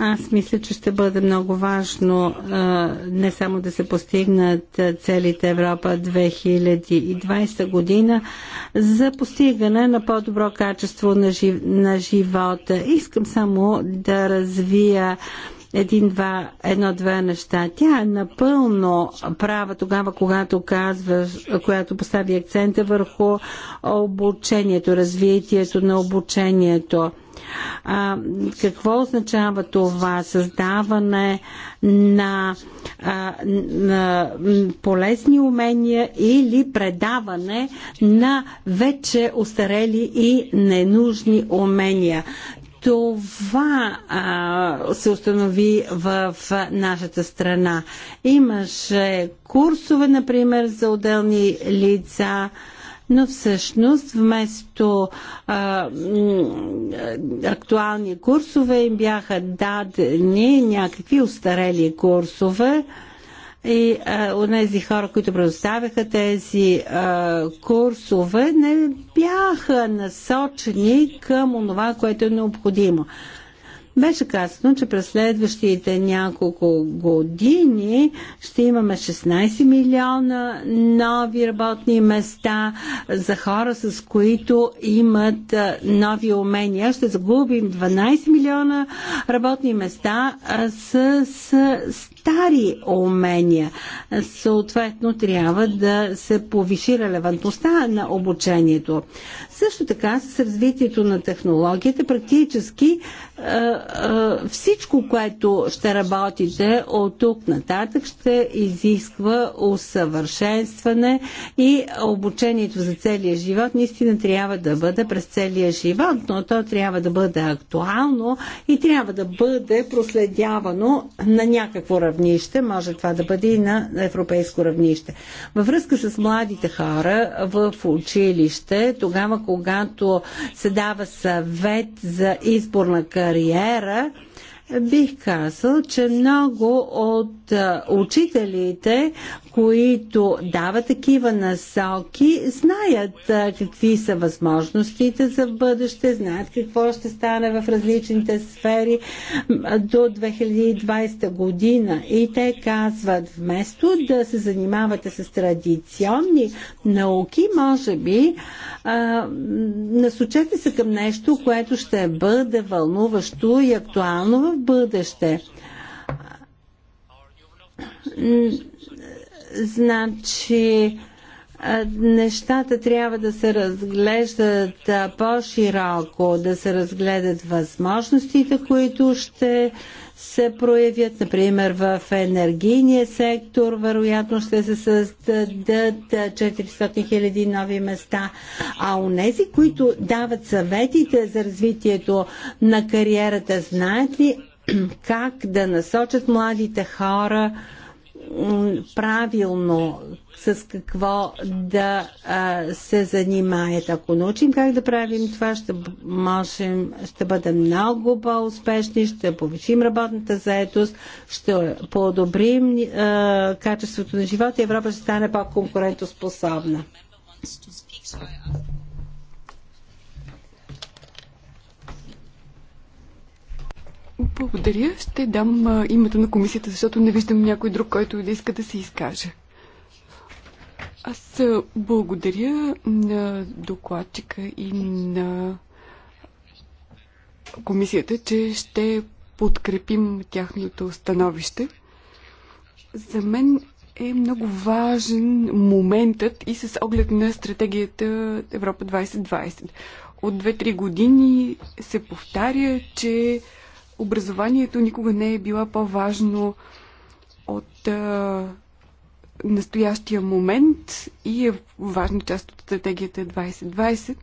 Аз мисля, че ще бъде много важно а, не само да се постигнат целите Европа 2020 година за постигане на по-добро качество на, жив... на живота. Искам само да развия а, един-два, едно-две неща. Тя е напълно права тогава, когато казва, която постави акцента върху обучението, развитието на обучението. А, какво означава това? Създаване на, а, на полезни умения или предаване на вече устарели и ненужни умения това а, се установи в, в нашата страна. Имаше курсове, например, за отделни лица, но всъщност вместо а, актуални курсове им бяха дадени някакви устарели курсове. А, и а, е, от тези хора, които предоставяха тези а, е, курсове, не бяха насочени към това, което е необходимо. Беше казано, че през следващите няколко години ще имаме 16 милиона нови работни места за хора, с които имат е, нови умения. Ще загубим 12 милиона работни места с стари умения. Съответно, трябва да се повиши релевантността на обучението. Също така с развитието на технологията, практически е, е, всичко, което ще работите от тук нататък, ще изисква усъвършенстване и обучението за целия живот наистина трябва да бъде през целия живот, но то трябва да бъде актуално и трябва да бъде проследявано на някакво равнище, може това да бъде и на европейско равнище. Във връзка с младите хора в училище, тогава, когато се дава съвет за изборна кариера, Бих казал, че много от учителите, които дават такива насоки, знаят какви са възможностите за бъдеще, знаят какво ще стане в различните сфери до 2020 година. И те казват, вместо да се занимавате с традиционни науки, може би насочете се към нещо, което ще бъде вълнуващо и актуално в бъдеще. Значи, нещата трябва да се разглеждат по-широко, да се разгледат възможностите, които ще се проявят, например в енергийния сектор, вероятно ще се създадат 400 000 нови места, а у нези, които дават съветите за развитието на кариерата, знаят ли как да насочат младите хора правилно с какво да а, се занимаят. Ако научим как да правим това, ще можем, ще бъдем много по-успешни, ще повишим работната заетост, ще подобрим а, качеството на живота и Европа ще стане по-конкурентоспособна. Благодаря. Ще дам името на комисията, защото не виждам някой друг, който да иска да се изкаже. Аз благодаря на докладчика и на комисията, че ще подкрепим тяхното становище. За мен е много важен моментът и с оглед на стратегията Европа 2020. От 2-3 години се повтаря, че образованието никога не е било по-важно от а, настоящия момент и е важна част от стратегията 2020.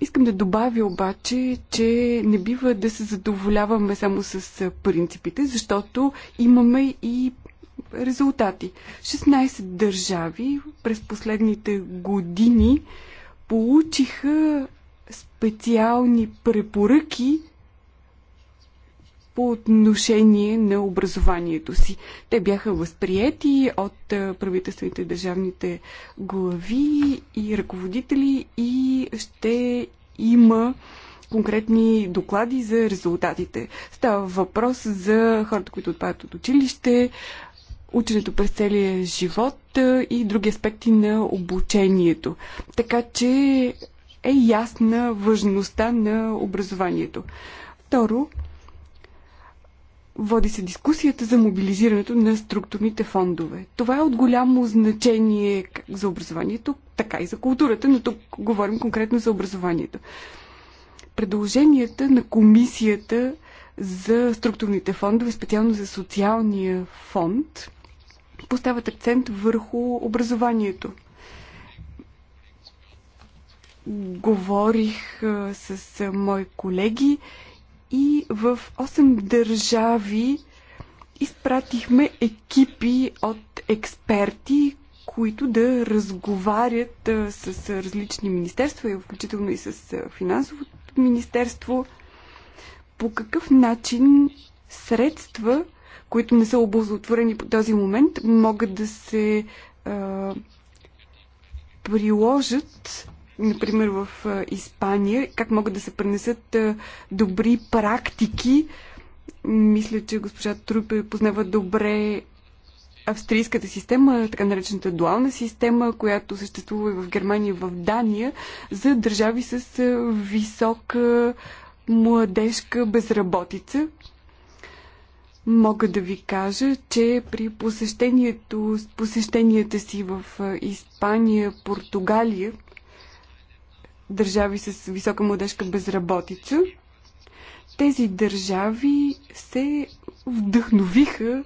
Искам да добавя обаче, че не бива да се задоволяваме само с принципите, защото имаме и резултати. 16 държави през последните години получиха специални препоръки по отношение на образованието си. Те бяха възприяти от правителствените държавните глави и ръководители и ще има конкретни доклади за резултатите. Става въпрос за хората, които отпадат от училище, ученето през целия живот и други аспекти на обучението. Така че е ясна важността на образованието. Второ, Води се дискусията за мобилизирането на структурните фондове. Това е от голямо значение как за образованието, така и за културата, но тук говорим конкретно за образованието. Предложенията на комисията за структурните фондове, специално за социалния фонд, поставят акцент върху образованието. Говорих с мои колеги и в 8 държави изпратихме екипи от експерти, които да разговарят с различни министерства, включително и с финансовото министерство, по какъв начин средства, които не са обозотворени по този момент, могат да се а, приложат например в Испания, как могат да се пренесат добри практики. Мисля, че госпожа Трупе познава добре австрийската система, така наречената дуална система, която съществува и в Германия, и в Дания, за държави с висока младежка безработица. Мога да ви кажа, че при посещението, посещенията си в Испания, Португалия, държави с висока младежка безработица. Тези държави се вдъхновиха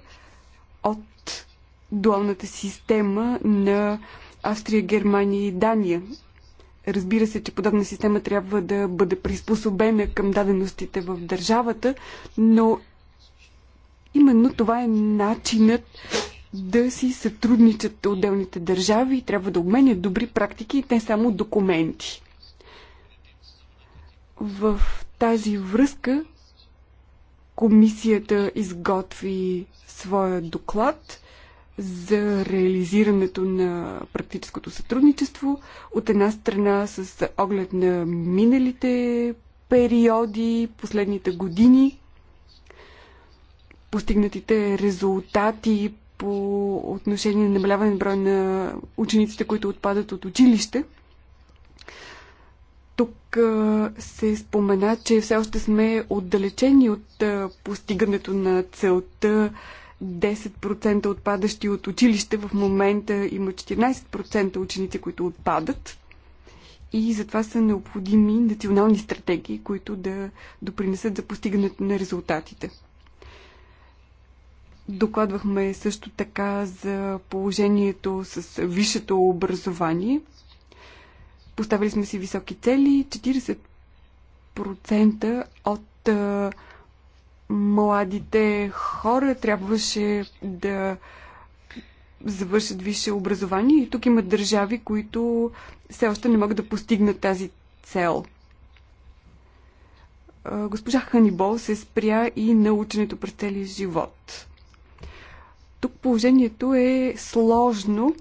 от дуалната система на Австрия, Германия и Дания. Разбира се, че подобна система трябва да бъде приспособена към даденостите в държавата, но именно това е начинът да си сътрудничат отделните държави и трябва да обменят добри практики и не само документи. В тази връзка комисията изготви своя доклад за реализирането на практическото сътрудничество. От една страна с оглед на миналите периоди, последните години, постигнатите резултати по отношение на намаляване на броя на учениците, които отпадат от училище – тук се спомена, че все още сме отдалечени от постигането на целта 10% отпадащи от училище. В момента има 14% ученици, които отпадат. И затова са необходими национални стратегии, които да допринесат за постигането на резултатите. Докладвахме също така за положението с висшето образование – Поставили сме си високи цели. 40% от а, младите хора трябваше да завършат висше образование и тук има държави, които все още не могат да постигнат тази цел. Госпожа Ханибол се спря и на ученето през целия живот. Тук положението е сложно.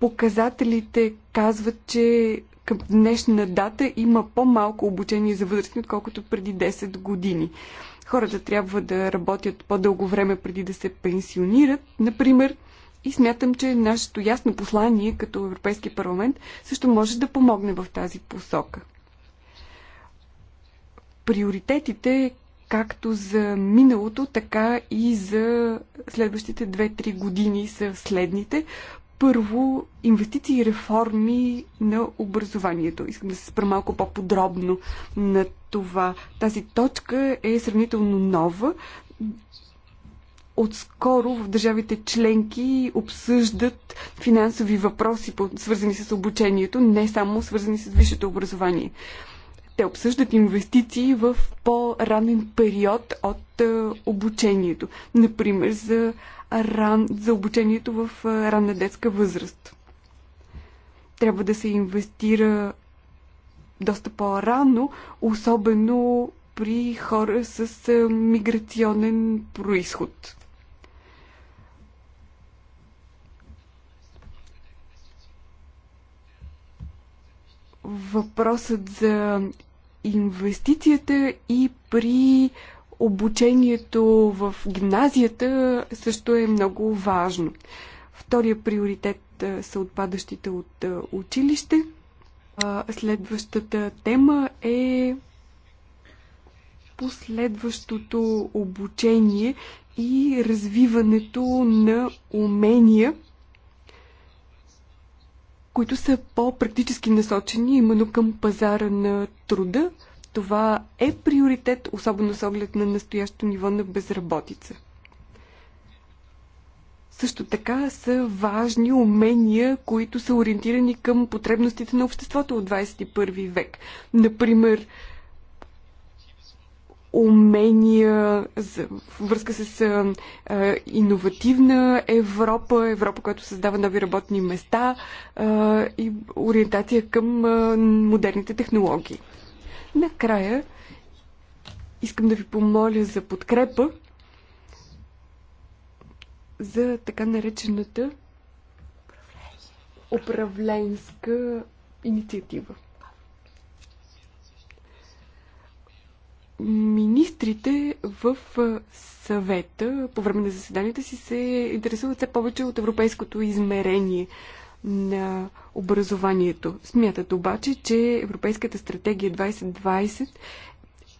Показателите казват, че към днешна дата има по-малко обучение за възрастни, отколкото преди 10 години. Хората трябва да работят по-дълго време преди да се пенсионират, например, и смятам, че нашето ясно послание като Европейски парламент също може да помогне в тази посока. Приоритетите, както за миналото, така и за следващите 2-3 години са следните. Първо, инвестиции и реформи на образованието. Искам да се спра малко по-подробно на това. Тази точка е сравнително нова. Отскоро в държавите членки обсъждат финансови въпроси, свързани с обучението, не само свързани с висшето образование те обсъждат инвестиции в по-ранен период от е, обучението. Например, за ран, за обучението в ранна детска възраст. Трябва да се инвестира доста по-рано, особено при хора с миграционен происход. Въпросът за инвестицията и при Обучението в гимназията също е много важно. Втория приоритет са отпадащите от училище. Следващата тема е последващото обучение и развиването на умения, които са по-практически насочени именно към пазара на труда, това е приоритет, особено с оглед на настоящото ниво на безработица. Също така са важни умения, които са ориентирани към потребностите на обществото от 21 век. Например, умения за връзка с а, иновативна Европа, Европа, която създава нови работни места а, и ориентация към а, модерните технологии. Накрая искам да ви помоля за подкрепа за така наречената управленска инициатива. Министрите в съвета по време на заседанията си се интересуват все повече от европейското измерение на образованието. Смятат обаче, че Европейската стратегия 2020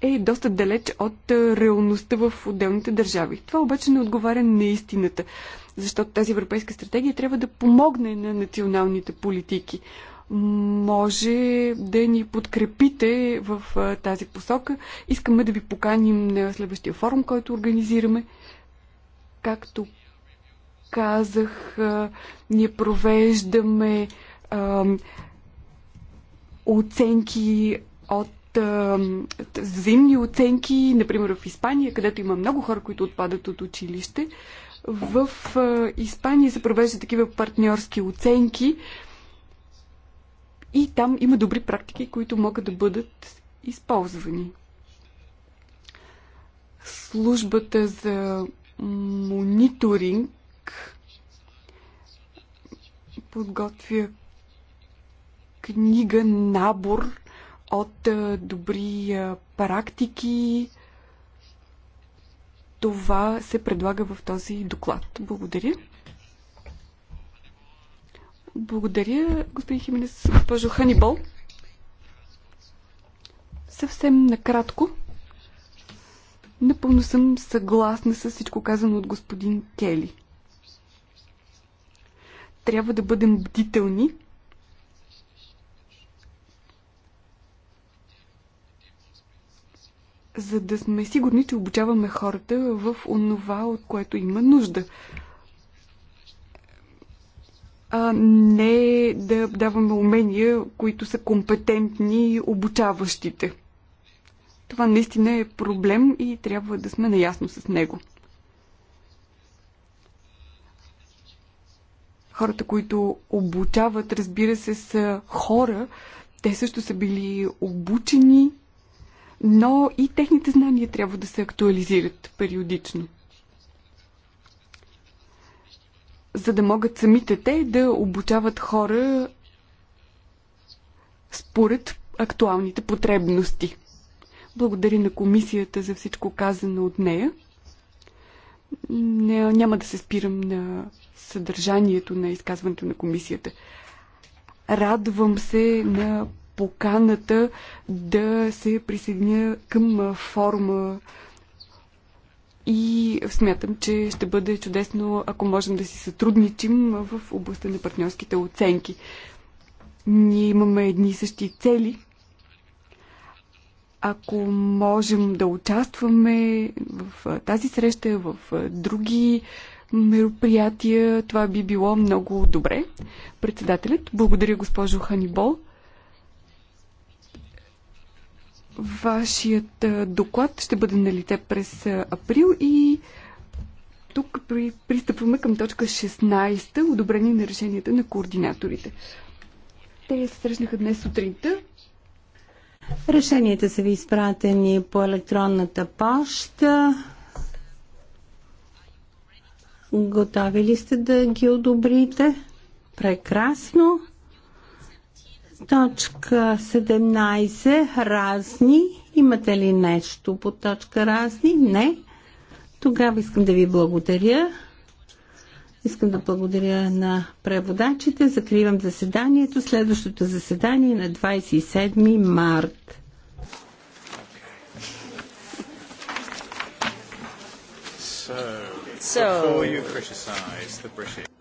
е доста далеч от реалността в отделните държави. Това обаче не отговаря на истината, защото тази европейска стратегия трябва да помогне на националните политики. Може да ни подкрепите в тази посока. Искаме да ви поканим на следващия форум, който организираме. Както казах, ние провеждаме оценки от взаимни оценки, например в Испания, където има много хора, които отпадат от училище. В Испания се провеждат такива партньорски оценки и там има добри практики, които могат да бъдат използвани. Службата за мониторинг подготвя книга, набор от добри практики. Това се предлага в този доклад. Благодаря. Благодаря, господин Хименес. Госпожо Ханибол. Съвсем накратко. Напълно съм съгласна с всичко казано от господин Кели. Трябва да бъдем бдителни. за да сме сигурни, че обучаваме хората в онова, от което има нужда. А не да даваме умения, които са компетентни обучаващите. Това наистина е проблем и трябва да сме наясно с него. Хората, които обучават, разбира се, са хора. Те също са били обучени, но и техните знания трябва да се актуализират периодично. За да могат самите те да обучават хора според актуалните потребности. Благодаря на комисията за всичко казано от нея. Не, няма да се спирам на съдържанието на изказването на комисията. Радвам се на поканата да се присъединя към форма, и смятам, че ще бъде чудесно, ако можем да си сътрудничим в областта на партньорските оценки. Ние имаме едни и същи цели ако можем да участваме в тази среща, в други мероприятия, това би било много добре. Председателят, благодаря госпожо Ханибол. Вашият доклад ще бъде на лице през април и тук при, пристъпваме към точка 16, одобрение на решенията на координаторите. Те се срещнаха днес сутринта. Решенията са ви изпратени по електронната поща. Готови ли сте да ги одобрите? Прекрасно. Точка 17. Разни. Имате ли нещо по точка разни? Не. Тогава искам да ви благодаря. Искам да благодаря на преводачите. Закривам заседанието. Следващото заседание е на 27 март. So, so, before you criticize the British.